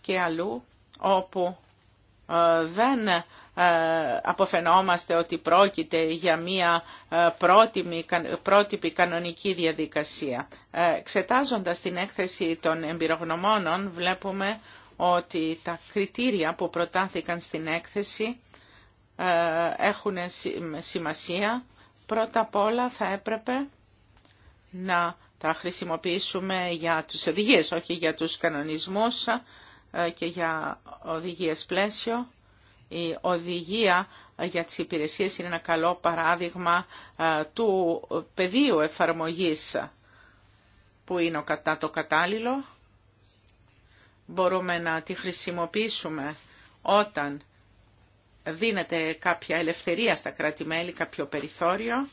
και αλλού, όπου ε, δεν ε, αποφαινόμαστε ότι πρόκειται για μία πρότυπη κανονική διαδικασία. Ξετάζοντας την έκθεση των εμπειρογνωμόνων, βλέπουμε ότι τα κριτήρια που προτάθηκαν στην έκθεση ε, έχουν σημασία. Πρώτα απ' όλα θα έπρεπε να τα χρησιμοποιήσουμε για τους οδηγίες, όχι για τους κανονισμούς ε, και για οδηγίες πλαίσιο. Η οδηγία για τις υπηρεσίες είναι ένα καλό παράδειγμα ε, του πεδίου εφαρμογής που είναι το κατάλληλο. Μπορούμε να τη χρησιμοποιήσουμε όταν δίνεται κάποια ελευθερία στα κράτη-μέλη, κάποιο περιθώριο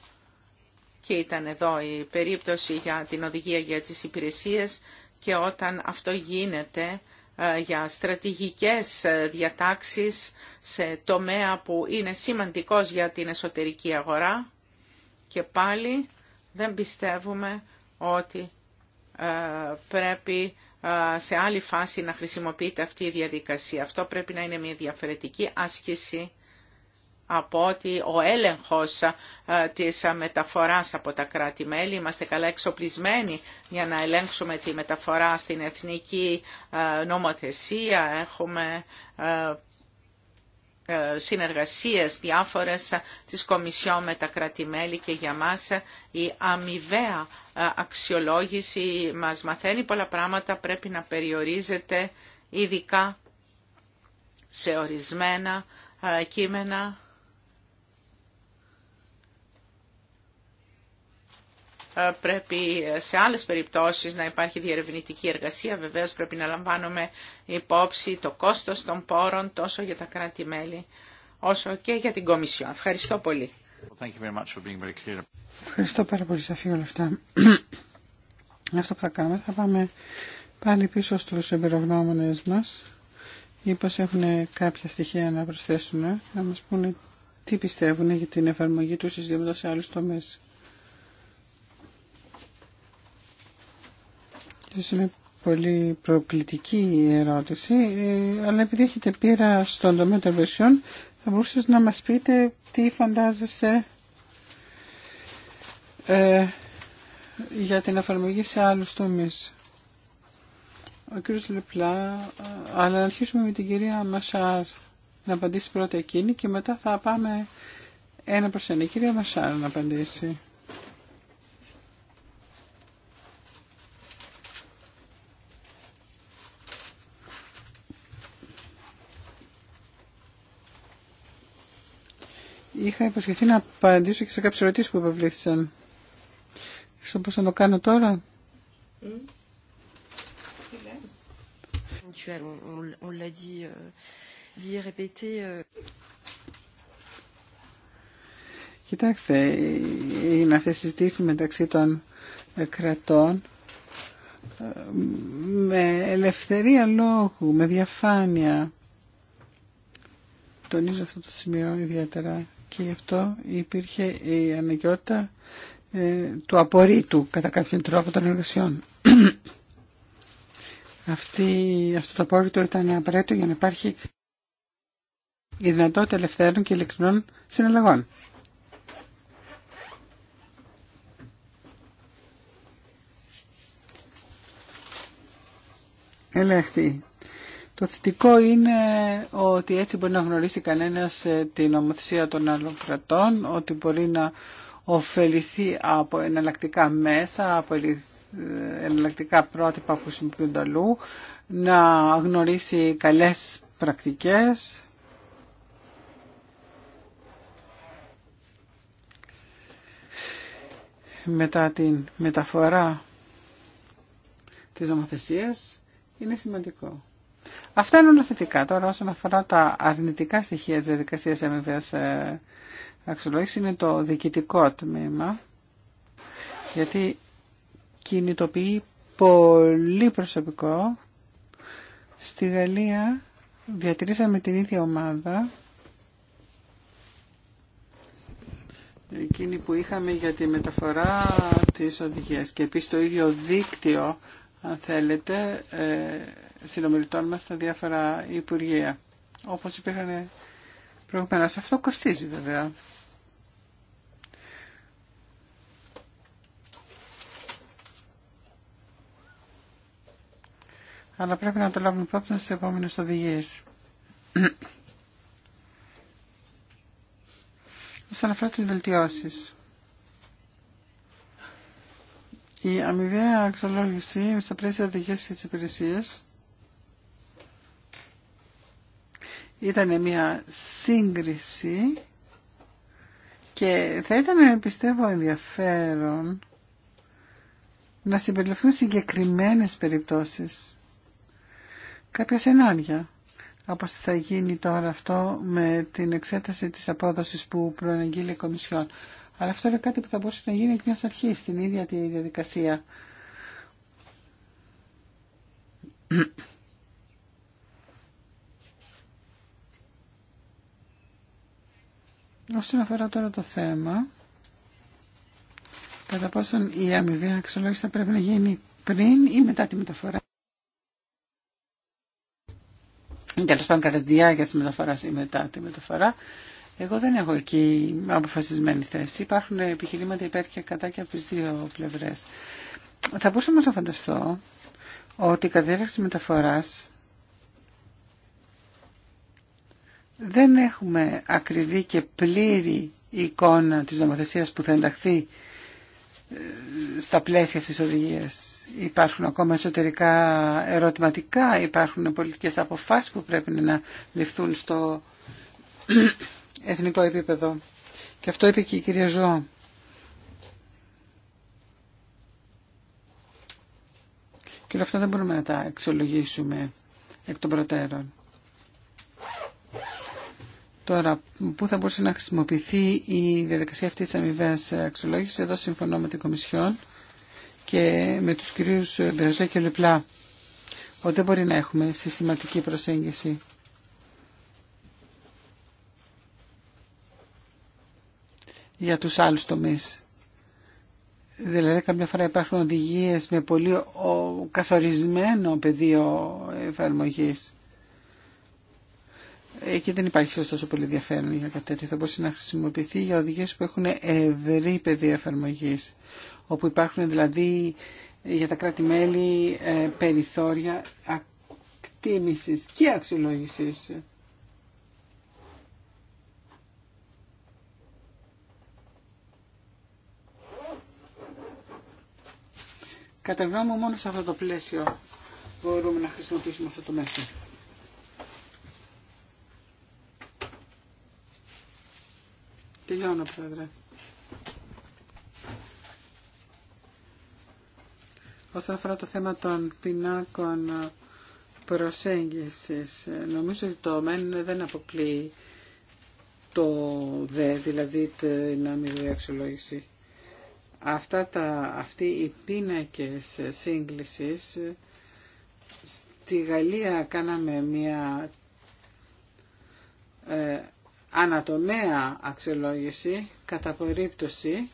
και ήταν εδώ η περίπτωση για την οδηγία για τις υπηρεσίες και όταν αυτό γίνεται ε, για στρατηγικές ε, διατάξεις σε τομέα που είναι σημαντικός για την εσωτερική αγορά και πάλι δεν πιστεύουμε ότι ε, πρέπει σε άλλη φάση να χρησιμοποιείται αυτή η διαδικασία. Αυτό πρέπει να είναι μια διαφορετική άσκηση από ότι ο έλεγχος της μεταφοράς από τα κράτη-μέλη. Είμαστε καλά εξοπλισμένοι για να ελέγξουμε τη μεταφορά στην εθνική νομοθεσία. Έχουμε ε, συνεργασίες διάφορες της Κομισιόν με τα κρατημέλη και για μας η αμοιβαία ε, αξιολόγηση μας μαθαίνει πολλά πράγματα, πρέπει να περιορίζεται ειδικά σε ορισμένα ε, κείμενα Ε, πρέπει σε άλλες περιπτώσεις να υπάρχει διερευνητική εργασία. Βεβαίως πρέπει να λαμβάνουμε υπόψη το κόστος των πόρων τόσο για τα κράτη-μέλη όσο και για την Κομισιόν. Ευχαριστώ πολύ. Ευχαριστώ πάρα πολύ σαφή όλα αυτά. Αυτό που θα κάνουμε θα πάμε πάλι πίσω στους εμπειρογνώμονες μας ή έχουν κάποια στοιχεία να προσθέσουν να μας πούνε τι πιστεύουν για την εφαρμογή του συστήματος σε άλλους τομείς. είναι πολύ προκλητική η ερώτηση, ε, αλλά επειδή έχετε πείρα στον τομέα των βεσιών, θα μπορούσατε να μας πείτε τι φαντάζεστε ε, για την εφαρμογή σε άλλους τομείς. Ο κύριος Λεπλά, ε, αλλά να αρχίσουμε με την κυρία Μασάρ να απαντήσει πρώτα εκείνη και μετά θα πάμε ένα προς ένα. Η κυρία Μασάρ να απαντήσει. Είχα υποσχεθεί να απαντήσω και σε κάποιες ερωτήσεις που υποβλήθησαν. Ξέρω πώς θα το κάνω τώρα. Κοιτάξτε, είναι αυτές οι συζητήσεις μεταξύ των ε, κρατών ε, με ελευθερία λόγου, με διαφάνεια. Τονίζω αυτό το σημείο ιδιαίτερα και γι' αυτό υπήρχε η αναγκαιότητα ε, του απορρίτου κατά κάποιον τρόπο των εργασιών. Αυτή, αυτό το απόρριτο ήταν απαραίτητο για να υπάρχει η δυνατότητα ελευθέρων και ηλεκτρονών συναλλαγών. Ελέγχθη το θετικό είναι ότι έτσι μπορεί να γνωρίσει κανένας ε, την ομοθεσία των άλλων κρατών, ότι μπορεί να ωφεληθεί από εναλλακτικά μέσα, από ε, εναλλακτικά πρότυπα που χρησιμοποιούνται αλλού, να γνωρίσει καλές πρακτικές. Μετά την μεταφορά της νομοθεσίας είναι σημαντικό. Αυτά είναι όλα θετικά. Τώρα όσον αφορά τα αρνητικά στοιχεία της διαδικασίας αμοιβαίας ε, αξιολόγηση είναι το διοικητικό τμήμα γιατί κινητοποιεί πολύ προσωπικό. Στη Γαλλία διατηρήσαμε την ίδια ομάδα εκείνη που είχαμε για τη μεταφορά της οδηγίας και επίσης το ίδιο δίκτυο αν θέλετε, ε, συνομιλητών μας στα διάφορα υπουργεία, όπως υπήρχαν προηγουμένως. Αυτό κοστίζει βέβαια. αλλά πρέπει να το λάβουμε υπόψη στις επόμενες οδηγίες. Όσον αφορά τις βελτιώσεις. Η αμοιβαία αξιολόγηση στα πλαίσια οδηγίας της υπηρεσίας ήταν μια σύγκριση και θα ήταν πιστεύω ενδιαφέρον να συμπεριληφθούν συγκεκριμένες περιπτώσεις. Κάποια σενάρια. Όπως θα γίνει τώρα αυτό με την εξέταση της απόδοσης που προαναγγείλει η Κομισιόν. Αλλά αυτό είναι κάτι που θα μπορούσε να γίνει εκ μιας αρχής στην ίδια τη διαδικασία. Όσον αφορά τώρα το θέμα, κατά πόσον η αμοιβή αξιολόγηση θα πρέπει να γίνει πριν ή μετά τη μεταφορά. τέλο πάντων κατά τη διάρκεια τη μεταφορά ή μετά τη μεταφορά. Εγώ δεν έχω εκεί αποφασισμένη θέση. Υπάρχουν επιχειρήματα υπέρ και κατά και από τις δύο πλευρές. Θα μπορούσα όμως να φανταστώ ότι η κατεύθυνση μεταφοράς δεν έχουμε ακριβή και πλήρη εικόνα της νομοθεσίας που θα ενταχθεί ε, στα πλαίσια αυτής της οδηγίας. Υπάρχουν ακόμα εσωτερικά ερωτηματικά, υπάρχουν πολιτικές αποφάσεις που πρέπει να ληφθούν στο εθνικό επίπεδο. Και αυτό είπε και η κυρία Ζώ. Και όλα αυτά δεν μπορούμε να τα αξιολογήσουμε εκ των προτέρων. Τώρα, πού θα μπορούσε να χρησιμοποιηθεί η διαδικασία αυτή της αμοιβαίας αξιολόγησης, εδώ συμφωνώ με την Κομισιόν και με τους κυρίους Μπερζέ και Λεπλά, ότι δεν μπορεί να έχουμε συστηματική προσέγγιση. για τους άλλους τομείς. Δηλαδή καμιά φορά υπάρχουν οδηγίες με πολύ καθορισμένο πεδίο εφαρμογής. Εκεί δεν υπάρχει τόσο πολύ ενδιαφέρον για κάτι τέτοιο. Θα μπορούσε να χρησιμοποιηθεί για οδηγίες που έχουν ευρύ πεδίο εφαρμογής, όπου υπάρχουν δηλαδή για τα κράτη-μέλη ε, περιθώρια εκτίμησης και αξιολόγησης. Κατά γνώμη μου μόνο σε αυτό το πλαίσιο μπορούμε να χρησιμοποιήσουμε αυτό το μέσο. Τελειώνω, Πρόεδρε. Όσον αφορά το θέμα των πινάκων προσέγγισης, νομίζω ότι το μεν δεν αποκλεί το δε, δηλαδή την αμοιβή αξιολόγηση. Αυτά τα, αυτοί οι πίνακες σύγκλησης στη Γαλλία κάναμε μια ε, ανατομέα αξιολόγηση κατά περίπτωση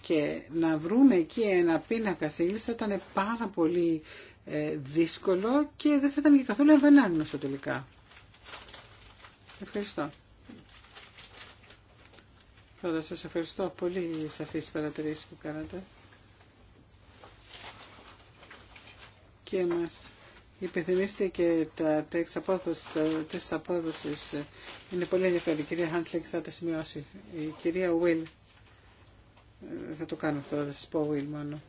και να βρούμε εκεί ένα πίνακα σύγκληση θα ήταν πάρα πολύ ε, δύσκολο και δεν θα ήταν και καθόλου ευανάγνωστο τελικά. Ευχαριστώ. Πρώτα σας ευχαριστώ πολύ για σαφείς παρατηρήσεις που κάνατε και μας υπενθυμίστε και τα τέξ απόδοση, τα απόδοσης. Είναι πολύ ενδιαφέρον. Η κυρία Χάντλεκ θα τα σημειώσει. Η κυρία Βουίλ ε, θα το κάνω αυτό, θα σας πω Βουίλ μόνο.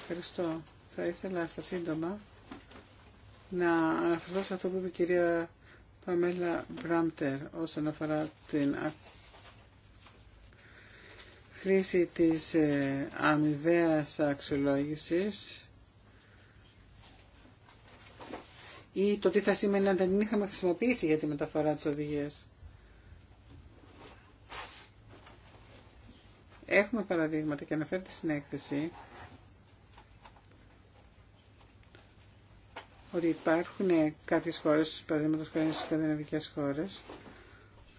Ευχαριστώ. Θα ήθελα στα σύντομα να αναφερθώ σε αυτό που είπε η κυρία Παμέλα Μπράμτερ όσον αφορά την χρήση της ε, αμοιβαίας αξιολόγησης ή το τι θα σημαίνει αν δεν την είχαμε χρησιμοποιήσει για τη μεταφορά της οδηγίας. Έχουμε παραδείγματα και αναφέρεται στην έκθεση ότι υπάρχουν κάποιες χώρες, παραδείγματος χώρες στις σκανδιναβικές χώρες,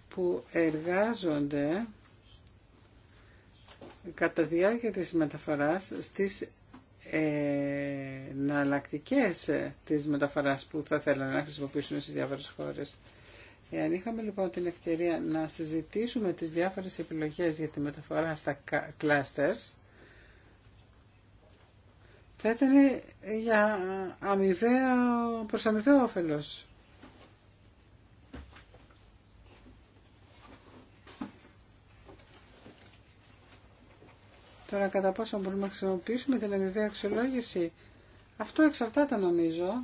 που εργάζονται κατά διάρκεια της μεταφοράς στις ε, εναλλακτικέ ε, της μεταφοράς που θα θέλανε να χρησιμοποιήσουν στις διάφορες χώρες. Εάν είχαμε λοιπόν την ευκαιρία να συζητήσουμε τις διάφορες επιλογές για τη μεταφορά στα clusters, θα ήταν για αμοιβαίο, προς αμοιβαίο όφελος. Τώρα κατά πόσο μπορούμε να χρησιμοποιήσουμε την αμοιβαία αξιολόγηση. Αυτό εξαρτάται νομίζω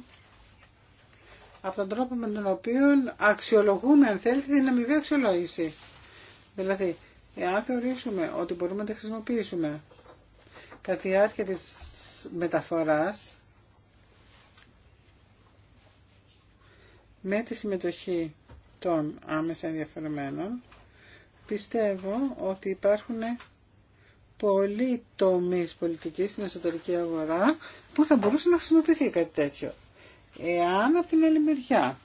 από τον τρόπο με τον οποίο αξιολογούμε αν θέλετε την αμοιβαία αξιολόγηση. Δηλαδή, εάν θεωρήσουμε ότι μπορούμε να τη χρησιμοποιήσουμε κατά τη διάρκεια της μεταφοράς με τη συμμετοχή των άμεσα ενδιαφερομένων πιστεύω ότι υπάρχουν πολλοί τομεί πολιτική στην εσωτερική αγορά που θα μπορούσε να χρησιμοποιηθεί κάτι τέτοιο. Εάν από την άλλη μεριά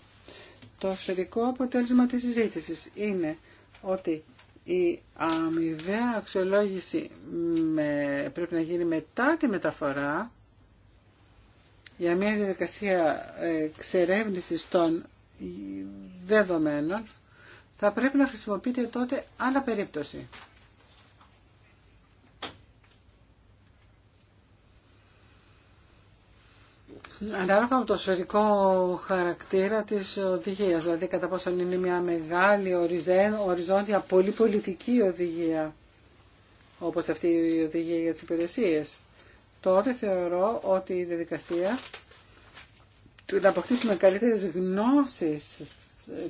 το σφαιρικό αποτέλεσμα της συζήτηση είναι ότι η αμοιβαία αξιολόγηση με, πρέπει να γίνει μετά τη μεταφορά για μια διαδικασία ε, εξερεύνησης των δεδομένων θα πρέπει να χρησιμοποιείται τότε άλλα περίπτωση. Ανάλογα με το σφαιρικό χαρακτήρα της οδηγίας, δηλαδή κατά πόσο είναι μια μεγάλη οριζόντια πολυπολιτική οδηγία, όπως αυτή η οδηγία για τις υπηρεσίες, τότε θεωρώ ότι η διαδικασία του να αποκτήσουμε καλύτερες γνώσεις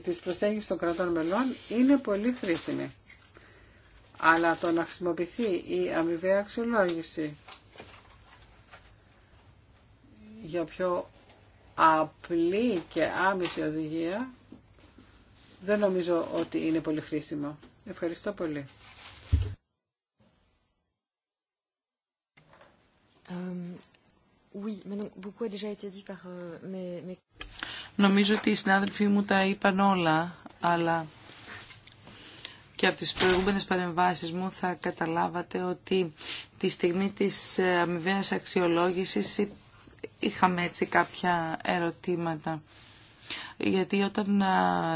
της προσέγγισης των κρατών μελών είναι πολύ χρήσιμη. Αλλά το να χρησιμοποιηθεί η αμοιβαία αξιολόγηση για πιο απλή και άμεση οδηγία δεν νομίζω ότι είναι πολύ χρήσιμο. Ευχαριστώ πολύ. Νομίζω ότι οι συνάδελφοί μου τα είπαν όλα, αλλά και από τις προηγούμενες παρεμβάσεις μου θα καταλάβατε ότι τη στιγμή της ε, αμοιβαίας αξιολόγησης είχαμε έτσι κάποια ερωτήματα. Γιατί όταν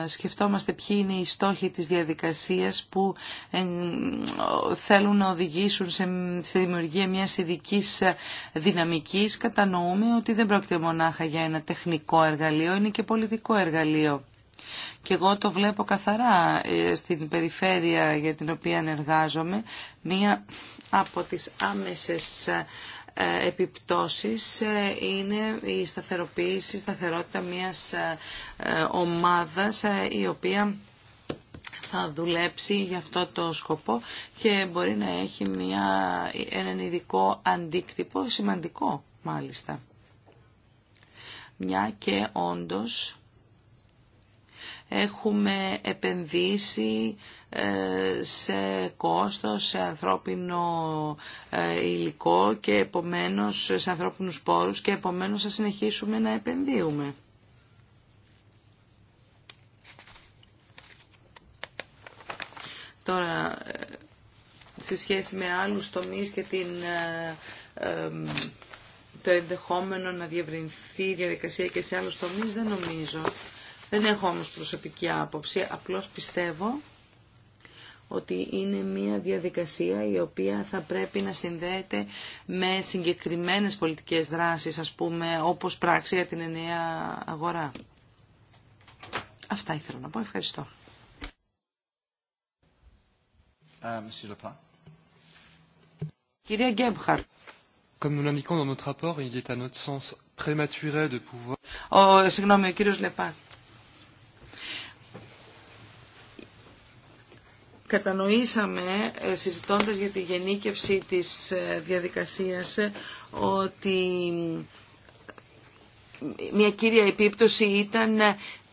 σκεφτόμαστε ποιοι είναι οι στόχοι της διαδικασίας που θέλουν να οδηγήσουν σε, δημιουργία μιας ειδική δυναμικής, κατανοούμε ότι δεν πρόκειται μονάχα για ένα τεχνικό εργαλείο, είναι και πολιτικό εργαλείο. Και εγώ το βλέπω καθαρά ε, στην περιφέρεια για την οποία εργάζομαι, μία από τις άμεσες ε, επιπτώσεις ε, είναι η σταθεροποίηση, η σταθερότητα μιας ε, ομάδας η οποία θα δουλέψει για αυτό το σκοπό και μπορεί να έχει μια, έναν ειδικό αντίκτυπο, σημαντικό μάλιστα. Μια και όντως έχουμε επενδύσει ε, σε κόστος, σε ανθρώπινο ε, υλικό και επομένως σε ανθρώπινους πόρους και επομένως θα συνεχίσουμε να επενδύουμε. Τώρα, ε, σε σχέση με άλλους τομείς και την, το ενδεχόμενο να διευρυνθεί η διαδικασία και σε άλλους τομείς δεν νομίζω. Δεν έχω όμως προσωπική άποψη, απλώς πιστεύω ότι είναι μια διαδικασία η οποία θα πρέπει να συνδέεται με συγκεκριμένες πολιτικές δράσεις, ας πούμε, όπως πράξη για την ενιαία αγορά. Αυτά ήθελα να πω. Ευχαριστώ. Ε, Κυρία Γκέμπχαρτ. Comme nous l'indiquons dans notre rapport, il est à notre sens prématuré de pouvoir... Ο, συγγνώμη, ο κύριος Λεπά. κατανοήσαμε ε, συζητώντας για τη γενίκευση της ε, διαδικασίας ε, ότι μια κύρια επίπτωση ήταν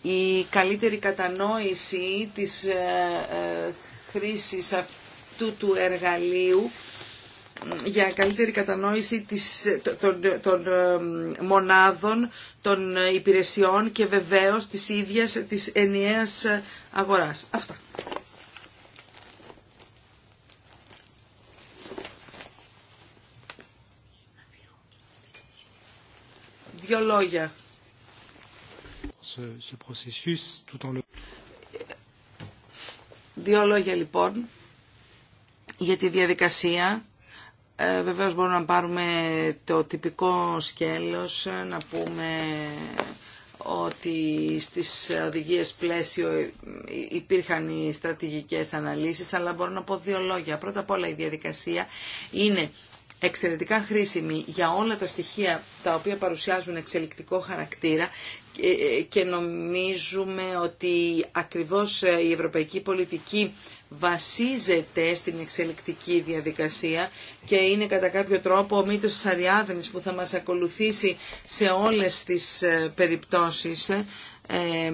η καλύτερη κατανόηση της χρήσης αυτού του εργαλείου για καλύτερη κατανόηση της, των, των μονάδων, των υπηρεσιών και βεβαίως της ίδιας της ενιαίας αγοράς. Αυτά. Δύο λόγια. Δύο λόγια λοιπόν για τη διαδικασία. Ε, βεβαίως μπορούμε να πάρουμε το τυπικό σκέλος, να πούμε ότι στις οδηγίες πλαίσιο υπήρχαν οι στρατηγικές αναλύσεις, αλλά μπορώ να πω δύο λόγια. Πρώτα απ' όλα η διαδικασία είναι εξαιρετικά χρήσιμη για όλα τα στοιχεία τα οποία παρουσιάζουν εξελικτικό χαρακτήρα και νομίζουμε ότι ακριβώς ε, η ευρωπαϊκή πολιτική βασίζεται στην εξελικτική διαδικασία και είναι κατά κάποιο τρόπο ο μύτος της Αριάδνης που θα μας ακολουθήσει σε όλες τις ε, περιπτώσεις. Ε,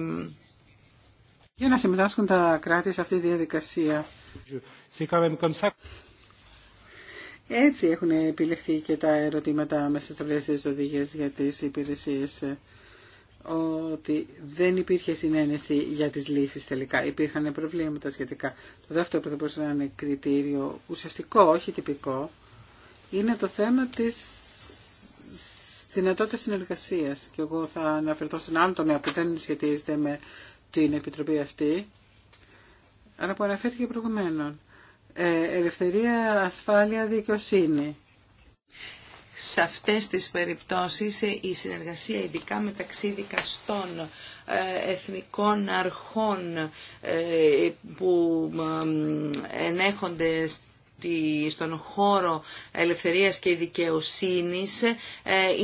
για να συμμετάσχουν τα κράτη σε αυτή τη διαδικασία. Έτσι έχουν επιλεχθεί και τα ερωτήματα μέσα στα πλαίσια της οδηγίας για τις υπηρεσίες ότι δεν υπήρχε συνένεση για τις λύσεις τελικά. Υπήρχαν προβλήματα σχετικά. Το δεύτερο που θα μπορούσε να είναι κριτήριο ουσιαστικό, όχι τυπικό, είναι το θέμα της δυνατότητα συνεργασία. Και εγώ θα αναφερθώ σε ένα άλλο τομέα που δεν σχετίζεται με την Επιτροπή αυτή, αλλά που αναφέρθηκε προηγουμένω. Ε, ελευθερία, ασφάλεια, δικαιοσύνη. Σε αυτές τις περιπτώσεις ε, η συνεργασία ειδικά μεταξύ δικαστών ε, εθνικών αρχών που ενέχονται ότι στον χώρο ελευθερίας και δικαιοσύνης ε,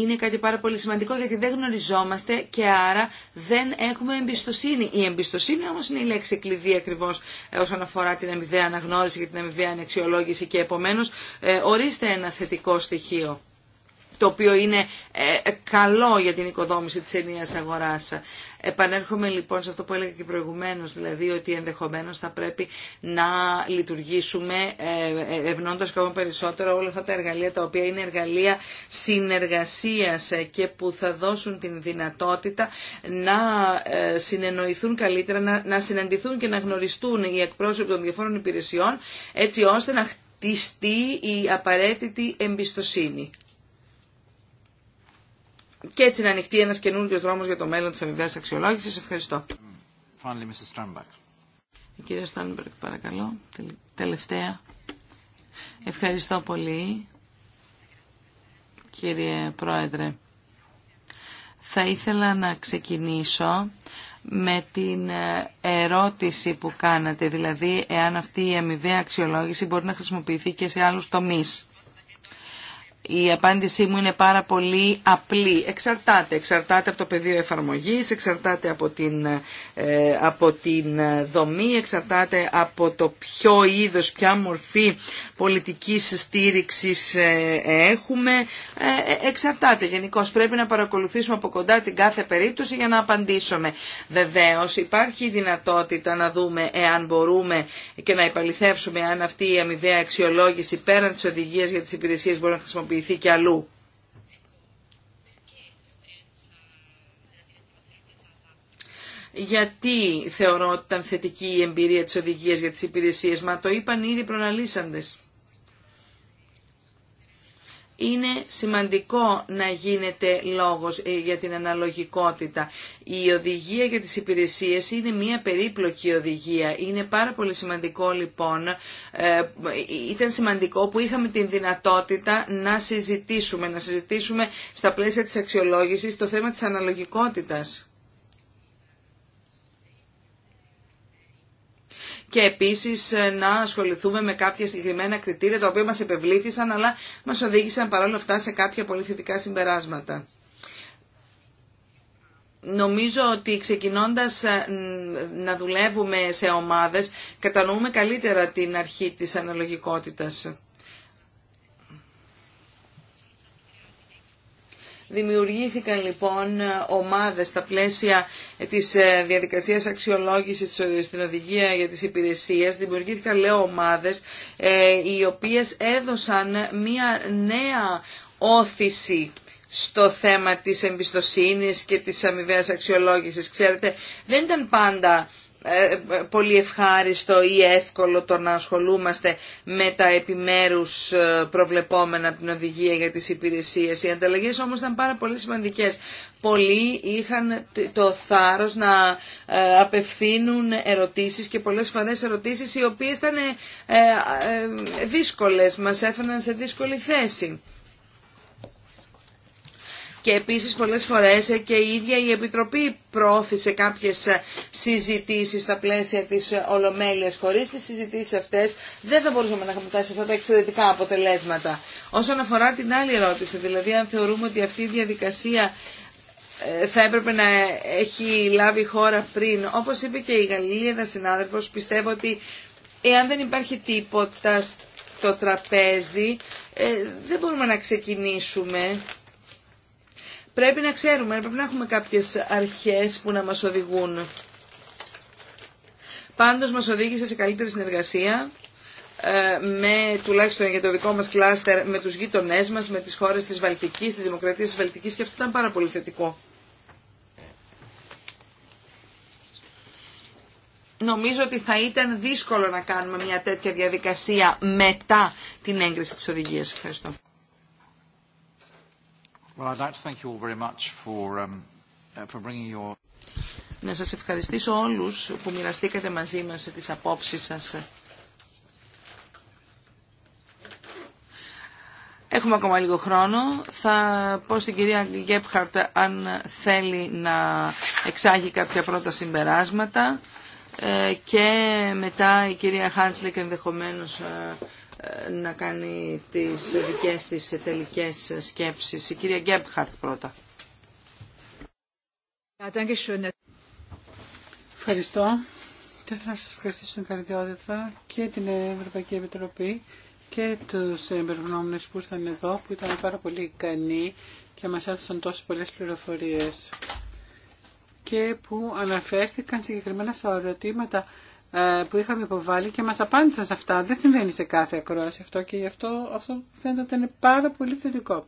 είναι κάτι πάρα πολύ σημαντικό γιατί δεν γνωριζόμαστε και άρα δεν έχουμε εμπιστοσύνη. Η εμπιστοσύνη όμως είναι η λέξη κλειδί ακριβώς ε, όσον αφορά την αμοιβαία αναγνώριση και την αμοιβαία ανεξιολόγηση και επομένως ε, ορίστε ένα θετικό στοιχείο το οποίο είναι ε, καλό για την οικοδόμηση της ενίας αγοράς. Επανέρχομαι λοιπόν σε αυτό που έλεγα και προηγουμένως, δηλαδή ότι ενδεχομένως θα πρέπει να λειτουργήσουμε ε, ε, ευνώντας ακόμα περισσότερο όλα αυτά τα εργαλεία τα οποία είναι εργαλεία συνεργασίας και που θα δώσουν την δυνατότητα να συνεννοηθούν καλύτερα, να συναντηθούν και να γνωριστούν οι εκπρόσωποι των διαφόρων υπηρεσιών έτσι ώστε να χτιστεί η απαραίτητη εμπιστοσύνη και έτσι να ανοιχτεί ένας καινούργιος δρόμος για το μέλλον της αμοιβαίας αξιολόγησης. Ευχαριστώ. παρακαλώ. Τελευταία. Ευχαριστώ πολύ, κύριε Πρόεδρε. Θα ήθελα να ξεκινήσω με την ε, ερώτηση που κάνατε, δηλαδή εάν αυτή η αμοιβαία αξιολόγηση μπορεί να χρησιμοποιηθεί και σε άλλους τομείς. Η απάντησή μου είναι πάρα πολύ απλή. Εξαρτάται. Εξαρτάται από το πεδίο εφαρμογής, εξαρτάται από την, ε, από την δομή, εξαρτάται από το ποιο είδος, ποια μορφή πολιτικής στήριξης ε, έχουμε. Ε, ε, εξαρτάται. Γενικώ πρέπει να παρακολουθήσουμε από κοντά την κάθε περίπτωση για να απαντήσουμε. Βεβαίως υπάρχει η δυνατότητα να δούμε εάν μπορούμε και να επαληθεύσουμε αν αυτή η αμοιβαία αξιολόγηση πέραν της οδηγίας για τις υπηρεσίες μπορεί να χρησιμοποιηθεί και αλλού. Γιατί θεωρώ ότι ήταν θετική η εμπειρία της οδηγίας για τις υπηρεσίες, μα το είπαν ήδη προναλύσαντες είναι σημαντικό να γίνεται λόγος ε, για την αναλογικότητα. Η οδηγία για τις υπηρεσίες είναι μια περίπλοκη οδηγία. Είναι πάρα πολύ σημαντικό λοιπόν, ε, ήταν σημαντικό που είχαμε την δυνατότητα να συζητήσουμε, να συζητήσουμε στα πλαίσια της αξιολόγησης το θέμα της αναλογικότητας. και επίσης ε, να ασχοληθούμε με κάποια συγκεκριμένα κριτήρια τα οποία μας επευλήθησαν αλλά μας οδήγησαν παρόλα αυτά σε κάποια πολύ θετικά συμπεράσματα. Νομίζω ότι ξεκινώντας ε, να δουλεύουμε σε ομάδες κατανοούμε καλύτερα την αρχή της αναλογικότητας. Δημιουργήθηκαν λοιπόν ομάδες στα πλαίσια ε, της ε, διαδικασίας αξιολόγησης ε, στην οδηγία για τις υπηρεσίες. Δημιουργήθηκαν λέω ομάδες οι οποίες έδωσαν μια νέα όθηση στο θέμα της εμπιστοσύνης και της αμοιβαίας αξιολόγησης. Ξέρετε, δεν ήταν πάντα ε, ε, πολύ ευχάριστο ή εύκολο το να ασχολούμαστε με τα επιμέρους ε, προβλεπόμενα από την οδηγία για τις υπηρεσίες. Οι ανταλλαγές όμως ήταν πάρα πολύ σημαντικές. Πολλοί είχαν το θάρρος να απευθύνουν ερωτήσεις και πολλές φορές ερωτήσεις οι οποίες ήταν δύσκολες, μας έφεραν σε δύσκολη θέση και επίσης πολλές φορές και η ίδια η Επιτροπή πρόωθησε κάποιες συζητήσεις στα πλαίσια της Ολομέλειας. Χωρίς τις συζητήσεις αυτές δεν θα μπορούσαμε να είχαμε αυτά τα εξαιρετικά αποτελέσματα. Όσον αφορά την άλλη ερώτηση, δηλαδή αν θεωρούμε ότι αυτή η διαδικασία ε, θα έπρεπε να έχει λάβει χώρα πριν. Όπως είπε και η Γαλλίδα συνάδελφος, πιστεύω ότι εάν δεν υπάρχει τίποτα στο τραπέζι, ε, δεν μπορούμε να ξεκινήσουμε Πρέπει να ξέρουμε, πρέπει να έχουμε κάποιες αρχές που να μας οδηγούν. Πάντως μας οδήγησε σε καλύτερη συνεργασία ε, με, τουλάχιστον για το δικό μας κλάστερ, με τους γείτονές μας, με τις χώρες της Βαλτικής, της Δημοκρατίας της Βαλτικής και αυτό ήταν πάρα πολύ θετικό. Νομίζω ότι θα ήταν δύσκολο να κάνουμε μια τέτοια διαδικασία μετά την έγκριση της οδηγίας. Ευχαριστώ. Να σας ευχαριστήσω όλους που μοιραστήκατε μαζί μας τις απόψεις σας. Έχουμε ακόμα λίγο χρόνο. Θα πω στην κυρία Γκέπχαρτ αν θέλει να εξάγει κάποια πρώτα συμπεράσματα ε, και μετά η κυρία και ενδεχομένως ε, να κάνει τις δικές της τελικές σκέψεις. Η κυρία Γκέμπχαρτ πρώτα. Ευχαριστώ. Και θέλω να σας ευχαριστήσω την καρδιότητα και την Ευρωπαϊκή Επιτροπή και τους εμπεργνώμενους που ήρθαν εδώ, που ήταν πάρα πολύ ικανοί και μας έδωσαν τόσες πολλές πληροφορίες και που αναφέρθηκαν συγκεκριμένα στα ερωτήματα ε, που είχαμε υποβάλει και μας απάντησαν σε αυτά. Δεν συμβαίνει σε κάθε ακρόαση αυτό και γι' αυτό, αυτό φαίνεται ότι είναι πάρα πολύ θετικό.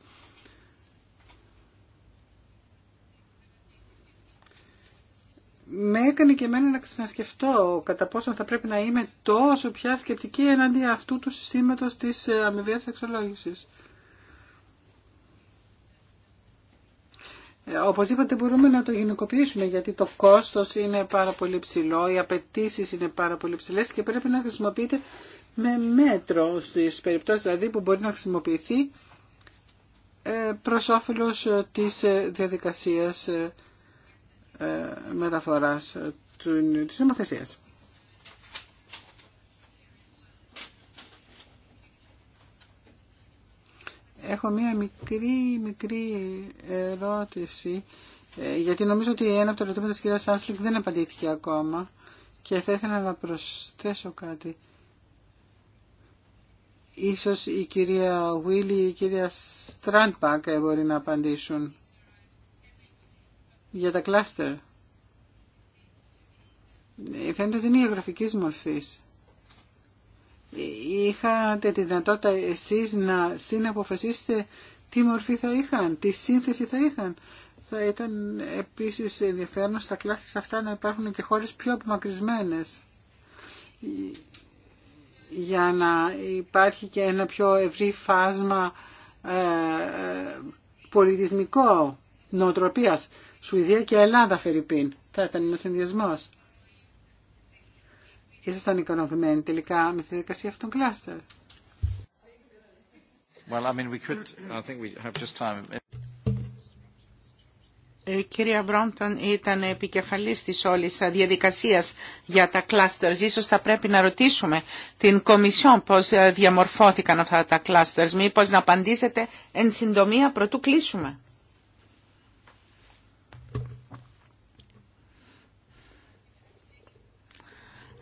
με έκανε και εμένα να ξανασκεφτώ κατά πόσο θα πρέπει να είμαι τόσο πια σκεπτική εναντί αυτού του συστήματος της ε, αμοιβίας αξιολόγησης. Ε, οπωσδήποτε μπορούμε να το γενικοποιήσουμε γιατί το κόστος είναι πάρα πολύ ψηλό, οι απαιτήσει είναι πάρα πολύ ψηλές και πρέπει να χρησιμοποιείται με μέτρο στις περιπτώσεις δηλαδή που μπορεί να χρησιμοποιηθεί ε, προς όφελος ε, της διαδικασίας μεταφοράς της νομοθεσίας. Έχω μία μικρή, μικρή ερώτηση, ε, γιατί νομίζω ότι ένα από τα ερωτήματα της κυρίας Άσλικ δεν απαντήθηκε ακόμα και θα ήθελα να προσθέσω κάτι. Ίσως η κυρία Βίλι ή η κυρία Στραντπακ ε, μπορεί να απαντήσουν για τα κλάστερ. Ε, φαίνεται ότι είναι γραφικής μορφής είχατε τη δυνατότητα εσείς να συναποφασίσετε τι μορφή θα είχαν, τι σύνθεση θα είχαν. Θα ήταν επίσης ενδιαφέρον στα κλάθη αυτά να υπάρχουν και χώρες πιο απομακρυσμένες για να υπάρχει και ένα πιο ευρύ φάσμα ε, πολιτισμικό νοοτροπίας. Σουηδία και Ελλάδα, Φερρυπίν. Θα ήταν ένας συνδυασμός ήσασταν ικανοποιημένοι τελικά με τη διαδικασία αυτών των κλάστερ. Well, I mean, we could, I think we have just time. Η ε, κυρία Μπρόντον ήταν επικεφαλής της όλης διαδικασίας για τα κλάστερς. Ίσως θα πρέπει να ρωτήσουμε την Κομισιόν πώς διαμορφώθηκαν αυτά τα κλάστερς. Μήπως να απαντήσετε εν συντομία προτού κλείσουμε.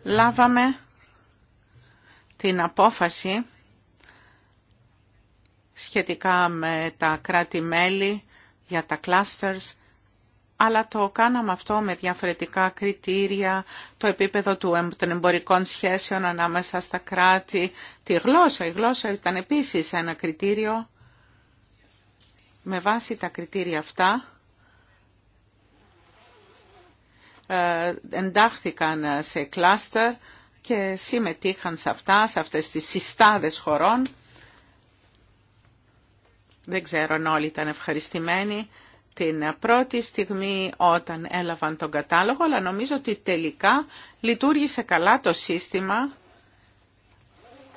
λάβαμε την απόφαση σχετικά με τα κράτη-μέλη για τα clusters, αλλά το κάναμε αυτό με διαφορετικά κριτήρια, το επίπεδο των εμπορικών σχέσεων ανάμεσα στα κράτη, τη γλώσσα. Η γλώσσα ήταν επίσης ένα κριτήριο. Με βάση τα κριτήρια αυτά, Ε, εντάχθηκαν ε, σε κλάστερ και συμμετείχαν σε αυτά, σε αυτές τις συστάδες χωρών. Δεν ξέρω αν όλοι ήταν ευχαριστημένοι την ε, πρώτη στιγμή όταν έλαβαν τον κατάλογο, αλλά νομίζω ότι τελικά λειτουργήσε καλά το σύστημα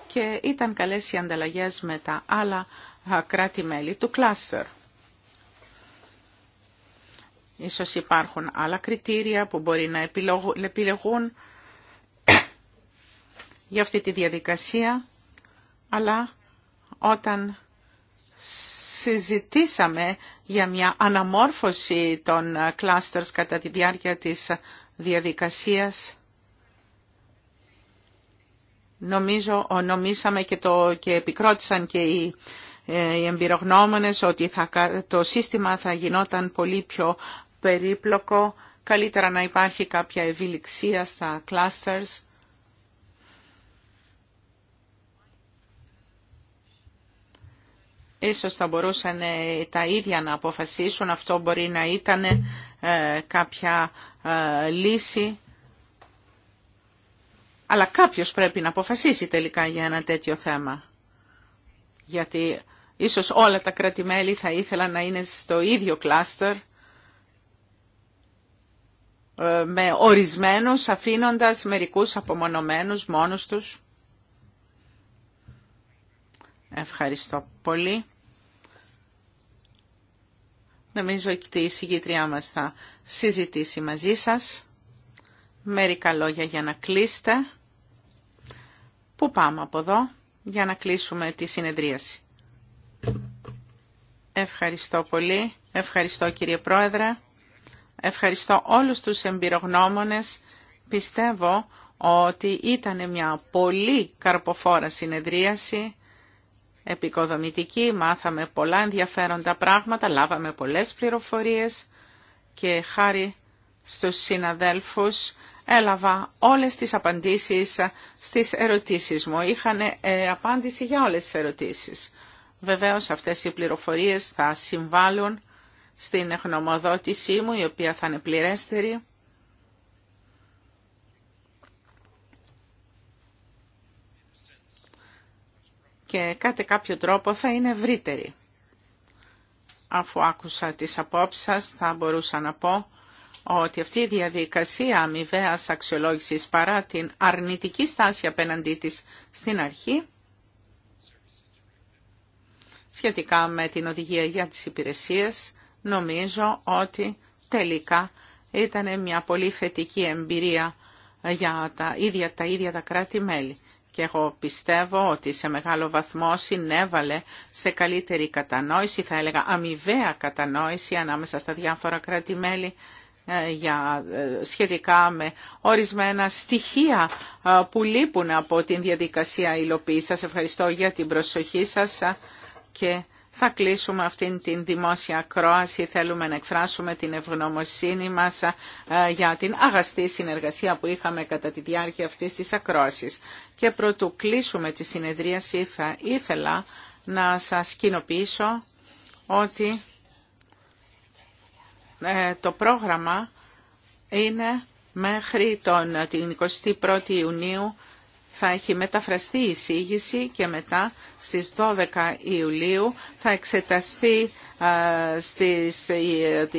και ήταν καλές οι ανταλλαγές με τα άλλα κράτη-μέλη του κλάστερ. Ίσως υπάρχουν άλλα κριτήρια που μπορεί να επιλεγούν για αυτή τη διαδικασία, αλλά όταν συζητήσαμε για μια αναμόρφωση των κλάστερς κατά τη διάρκεια της διαδικασίας, νομίζω, νομίσαμε και, το, και επικρότησαν και οι, ε, οι εμπειρογνώμονες ότι θα, το σύστημα θα γινόταν πολύ πιο περίπλοκο, καλύτερα να υπάρχει κάποια ευηλιξία στα clusters. Ίσως θα μπορούσαν ε, τα ίδια να αποφασίσουν, αυτό μπορεί να ήταν ε, κάποια ε, λύση. Αλλά κάποιος πρέπει να αποφασίσει τελικά για ένα τέτοιο θέμα. Γιατί ίσως όλα τα κρατημέλη θα ήθελαν να είναι στο ίδιο κλάστερ ε, με ορισμένους αφήνοντας μερικούς απομονωμένους μόνους τους. Ευχαριστώ πολύ. Νομίζω ότι η συγκήτριά μας θα συζητήσει μαζί σας. Μερικά λόγια για να κλείστε Πού πάμε από εδώ για να κλείσουμε τη συνεδρίαση. Ευχαριστώ πολύ. Ευχαριστώ κύριε Πρόεδρε. Ευχαριστώ όλους τους εμπειρογνώμονες. Πιστεύω ότι ήταν μια πολύ καρποφόρα συνεδρίαση, επικοδομητική, μάθαμε πολλά ενδιαφέροντα πράγματα, λάβαμε πολλές πληροφορίες και χάρη στους συναδέλφους έλαβα όλες τις απαντήσεις στις ερωτήσεις μου. Είχαν ε, απάντηση για όλες τις ερωτήσεις. Βεβαίως αυτές οι πληροφορίες θα συμβάλλουν στην εχνομοδότησή μου, η οποία θα είναι πληρέστερη. Και κάτι κάποιο τρόπο θα είναι ευρύτερη. Αφού άκουσα τις απόψεις σας, θα μπορούσα να πω ότι αυτή η διαδικασία αμοιβαία αξιολόγησης παρά την αρνητική στάση απέναντί της στην αρχή, σχετικά με την οδηγία για τις υπηρεσίες, νομίζω ότι τελικά ήταν μια πολύ θετική εμπειρία για τα ίδια τα, ίδια τα κράτη-μέλη. Και εγώ πιστεύω ότι σε μεγάλο βαθμό συνέβαλε σε καλύτερη κατανόηση, θα έλεγα αμοιβαία κατανόηση ανάμεσα στα διάφορα κράτη-μέλη ε, για, ε, σχετικά με ορισμένα στοιχεία ε, που λείπουν από την διαδικασία υλοποίησης. Σας ευχαριστώ για την προσοχή σας και θα κλείσουμε αυτήν την δημόσια κρόαση. Θέλουμε να εκφράσουμε την ευγνωμοσύνη μας ε, για την αγαστή συνεργασία που είχαμε κατά τη διάρκεια αυτής της ακρόασης. Και πρωτού κλείσουμε τη συνεδρίαση θα ήθελα να σας κοινοποιήσω ότι ε, το πρόγραμμα είναι μέχρι τον, την 21η Ιουνίου θα έχει μεταφραστεί η εισήγηση και μετά στις 12 Ιουλίου θα εξεταστεί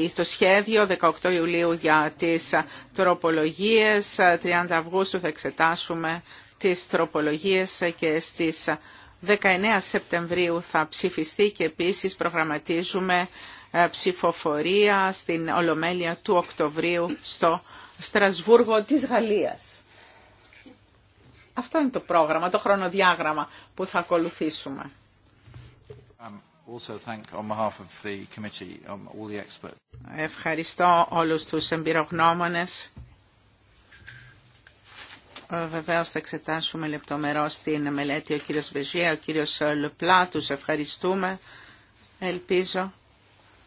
στο ε, σχέδιο 18 Ιουλίου για τις τροπολογίες. 30 Αυγούστου θα εξετάσουμε τις τροπολογίες ε, και στις 19 Σεπτεμβρίου θα ψηφιστεί και επίσης προγραμματίζουμε ε, ψηφοφορία στην Ολομέλεια του Οκτωβρίου στο Στρασβούργο της Γαλλίας. Αυτό είναι το πρόγραμμα, το χρονοδιάγραμμα που θα ακολουθήσουμε. Um, um, Ευχαριστώ όλους τους εμπειρογνώμονες. Ε, Βεβαίω θα εξετάσουμε λεπτομερό την μελέτη ο κύριος Μπεζιέ, ο κύριος Λεπλά. Τους ευχαριστούμε. Ελπίζω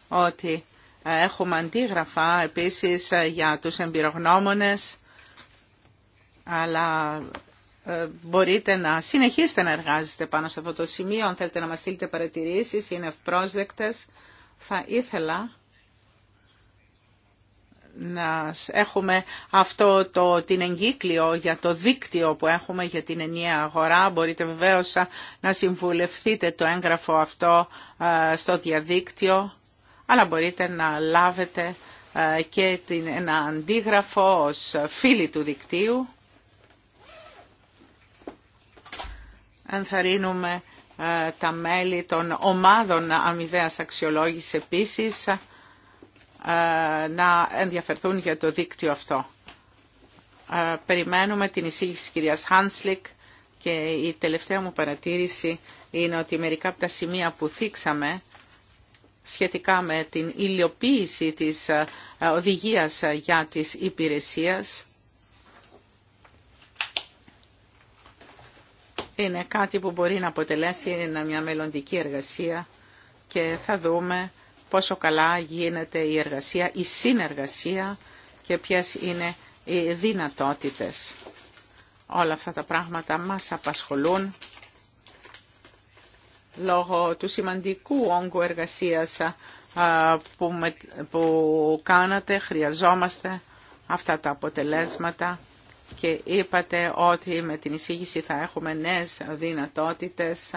ότι ε, έχουμε αντίγραφα επίσης ε, για τους εμπειρογνώμονες αλλά ε, μπορείτε να συνεχίσετε να εργάζεστε πάνω σε αυτό το σημείο. Αν θέλετε να μας στείλετε παρατηρήσεις, είναι ευπρόσδεκτες. Θα ήθελα να έχουμε αυτό το, την εγκύκλιο για το δίκτυο που έχουμε για την ενιαία αγορά. Μπορείτε βεβαίως να συμβουλευτείτε το έγγραφο αυτό ε, στο διαδίκτυο, αλλά μπορείτε να λάβετε ε, και την, ένα αντίγραφο ως φίλοι του δικτύου. Ενθαρρύνουμε ε, τα μέλη των ομάδων αμοιβαίας αξιολόγησης επίσης ε, να ενδιαφερθούν για το δίκτυο αυτό. Ε, περιμένουμε την εισήγηση της κυρίας Χάνσλικ και η τελευταία μου παρατήρηση είναι ότι μερικά από τα σημεία που θίξαμε σχετικά με την ύλιοποίηση της οδηγίας για τις υπηρεσίες είναι κάτι που μπορεί να αποτελέσει μια μελλοντική εργασία και θα δούμε πόσο καλά γίνεται η εργασία, η συνεργασία και ποιες είναι οι δυνατότητες. Όλα αυτά τα πράγματα μας απασχολούν λόγω του σημαντικού όγκου εργασίας που, που κάνατε, χρειαζόμαστε αυτά τα αποτελέσματα και είπατε ότι με την εισήγηση θα έχουμε νέες δυνατότητες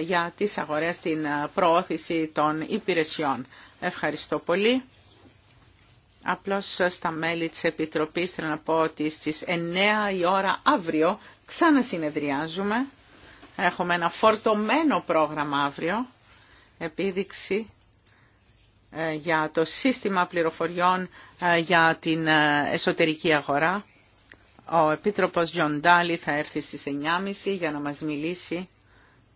για τις αγορές την προώθηση των υπηρεσιών. Ευχαριστώ πολύ. Απλώς στα μέλη της Επιτροπής θέλω να πω ότι στις 9 η ώρα αύριο ξανασυνεδριάζουμε. Έχουμε ένα φορτωμένο πρόγραμμα αύριο, επίδειξη ε, για το σύστημα πληροφοριών ε, για την ε, εσωτερική αγορά. Ο Επίτροπος Τζον Ντάλι θα έρθει στις 9.30 για να μας μιλήσει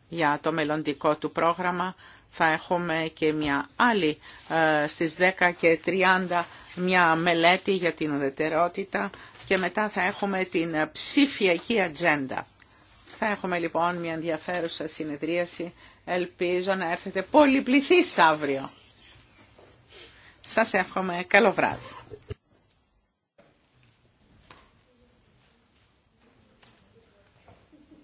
για το μελλοντικό του πρόγραμμα. Θα έχουμε και μια άλλη ε, στις 10.30 μια μελέτη για την ουδετερότητα και μετά θα έχουμε την ψηφιακή ατζέντα. Θα έχουμε λοιπόν μια ενδιαφέρουσα συνεδρίαση. Ελπίζω να έρθετε πολύ πληθείς αύριο. Σας εύχομαι καλό βράδυ.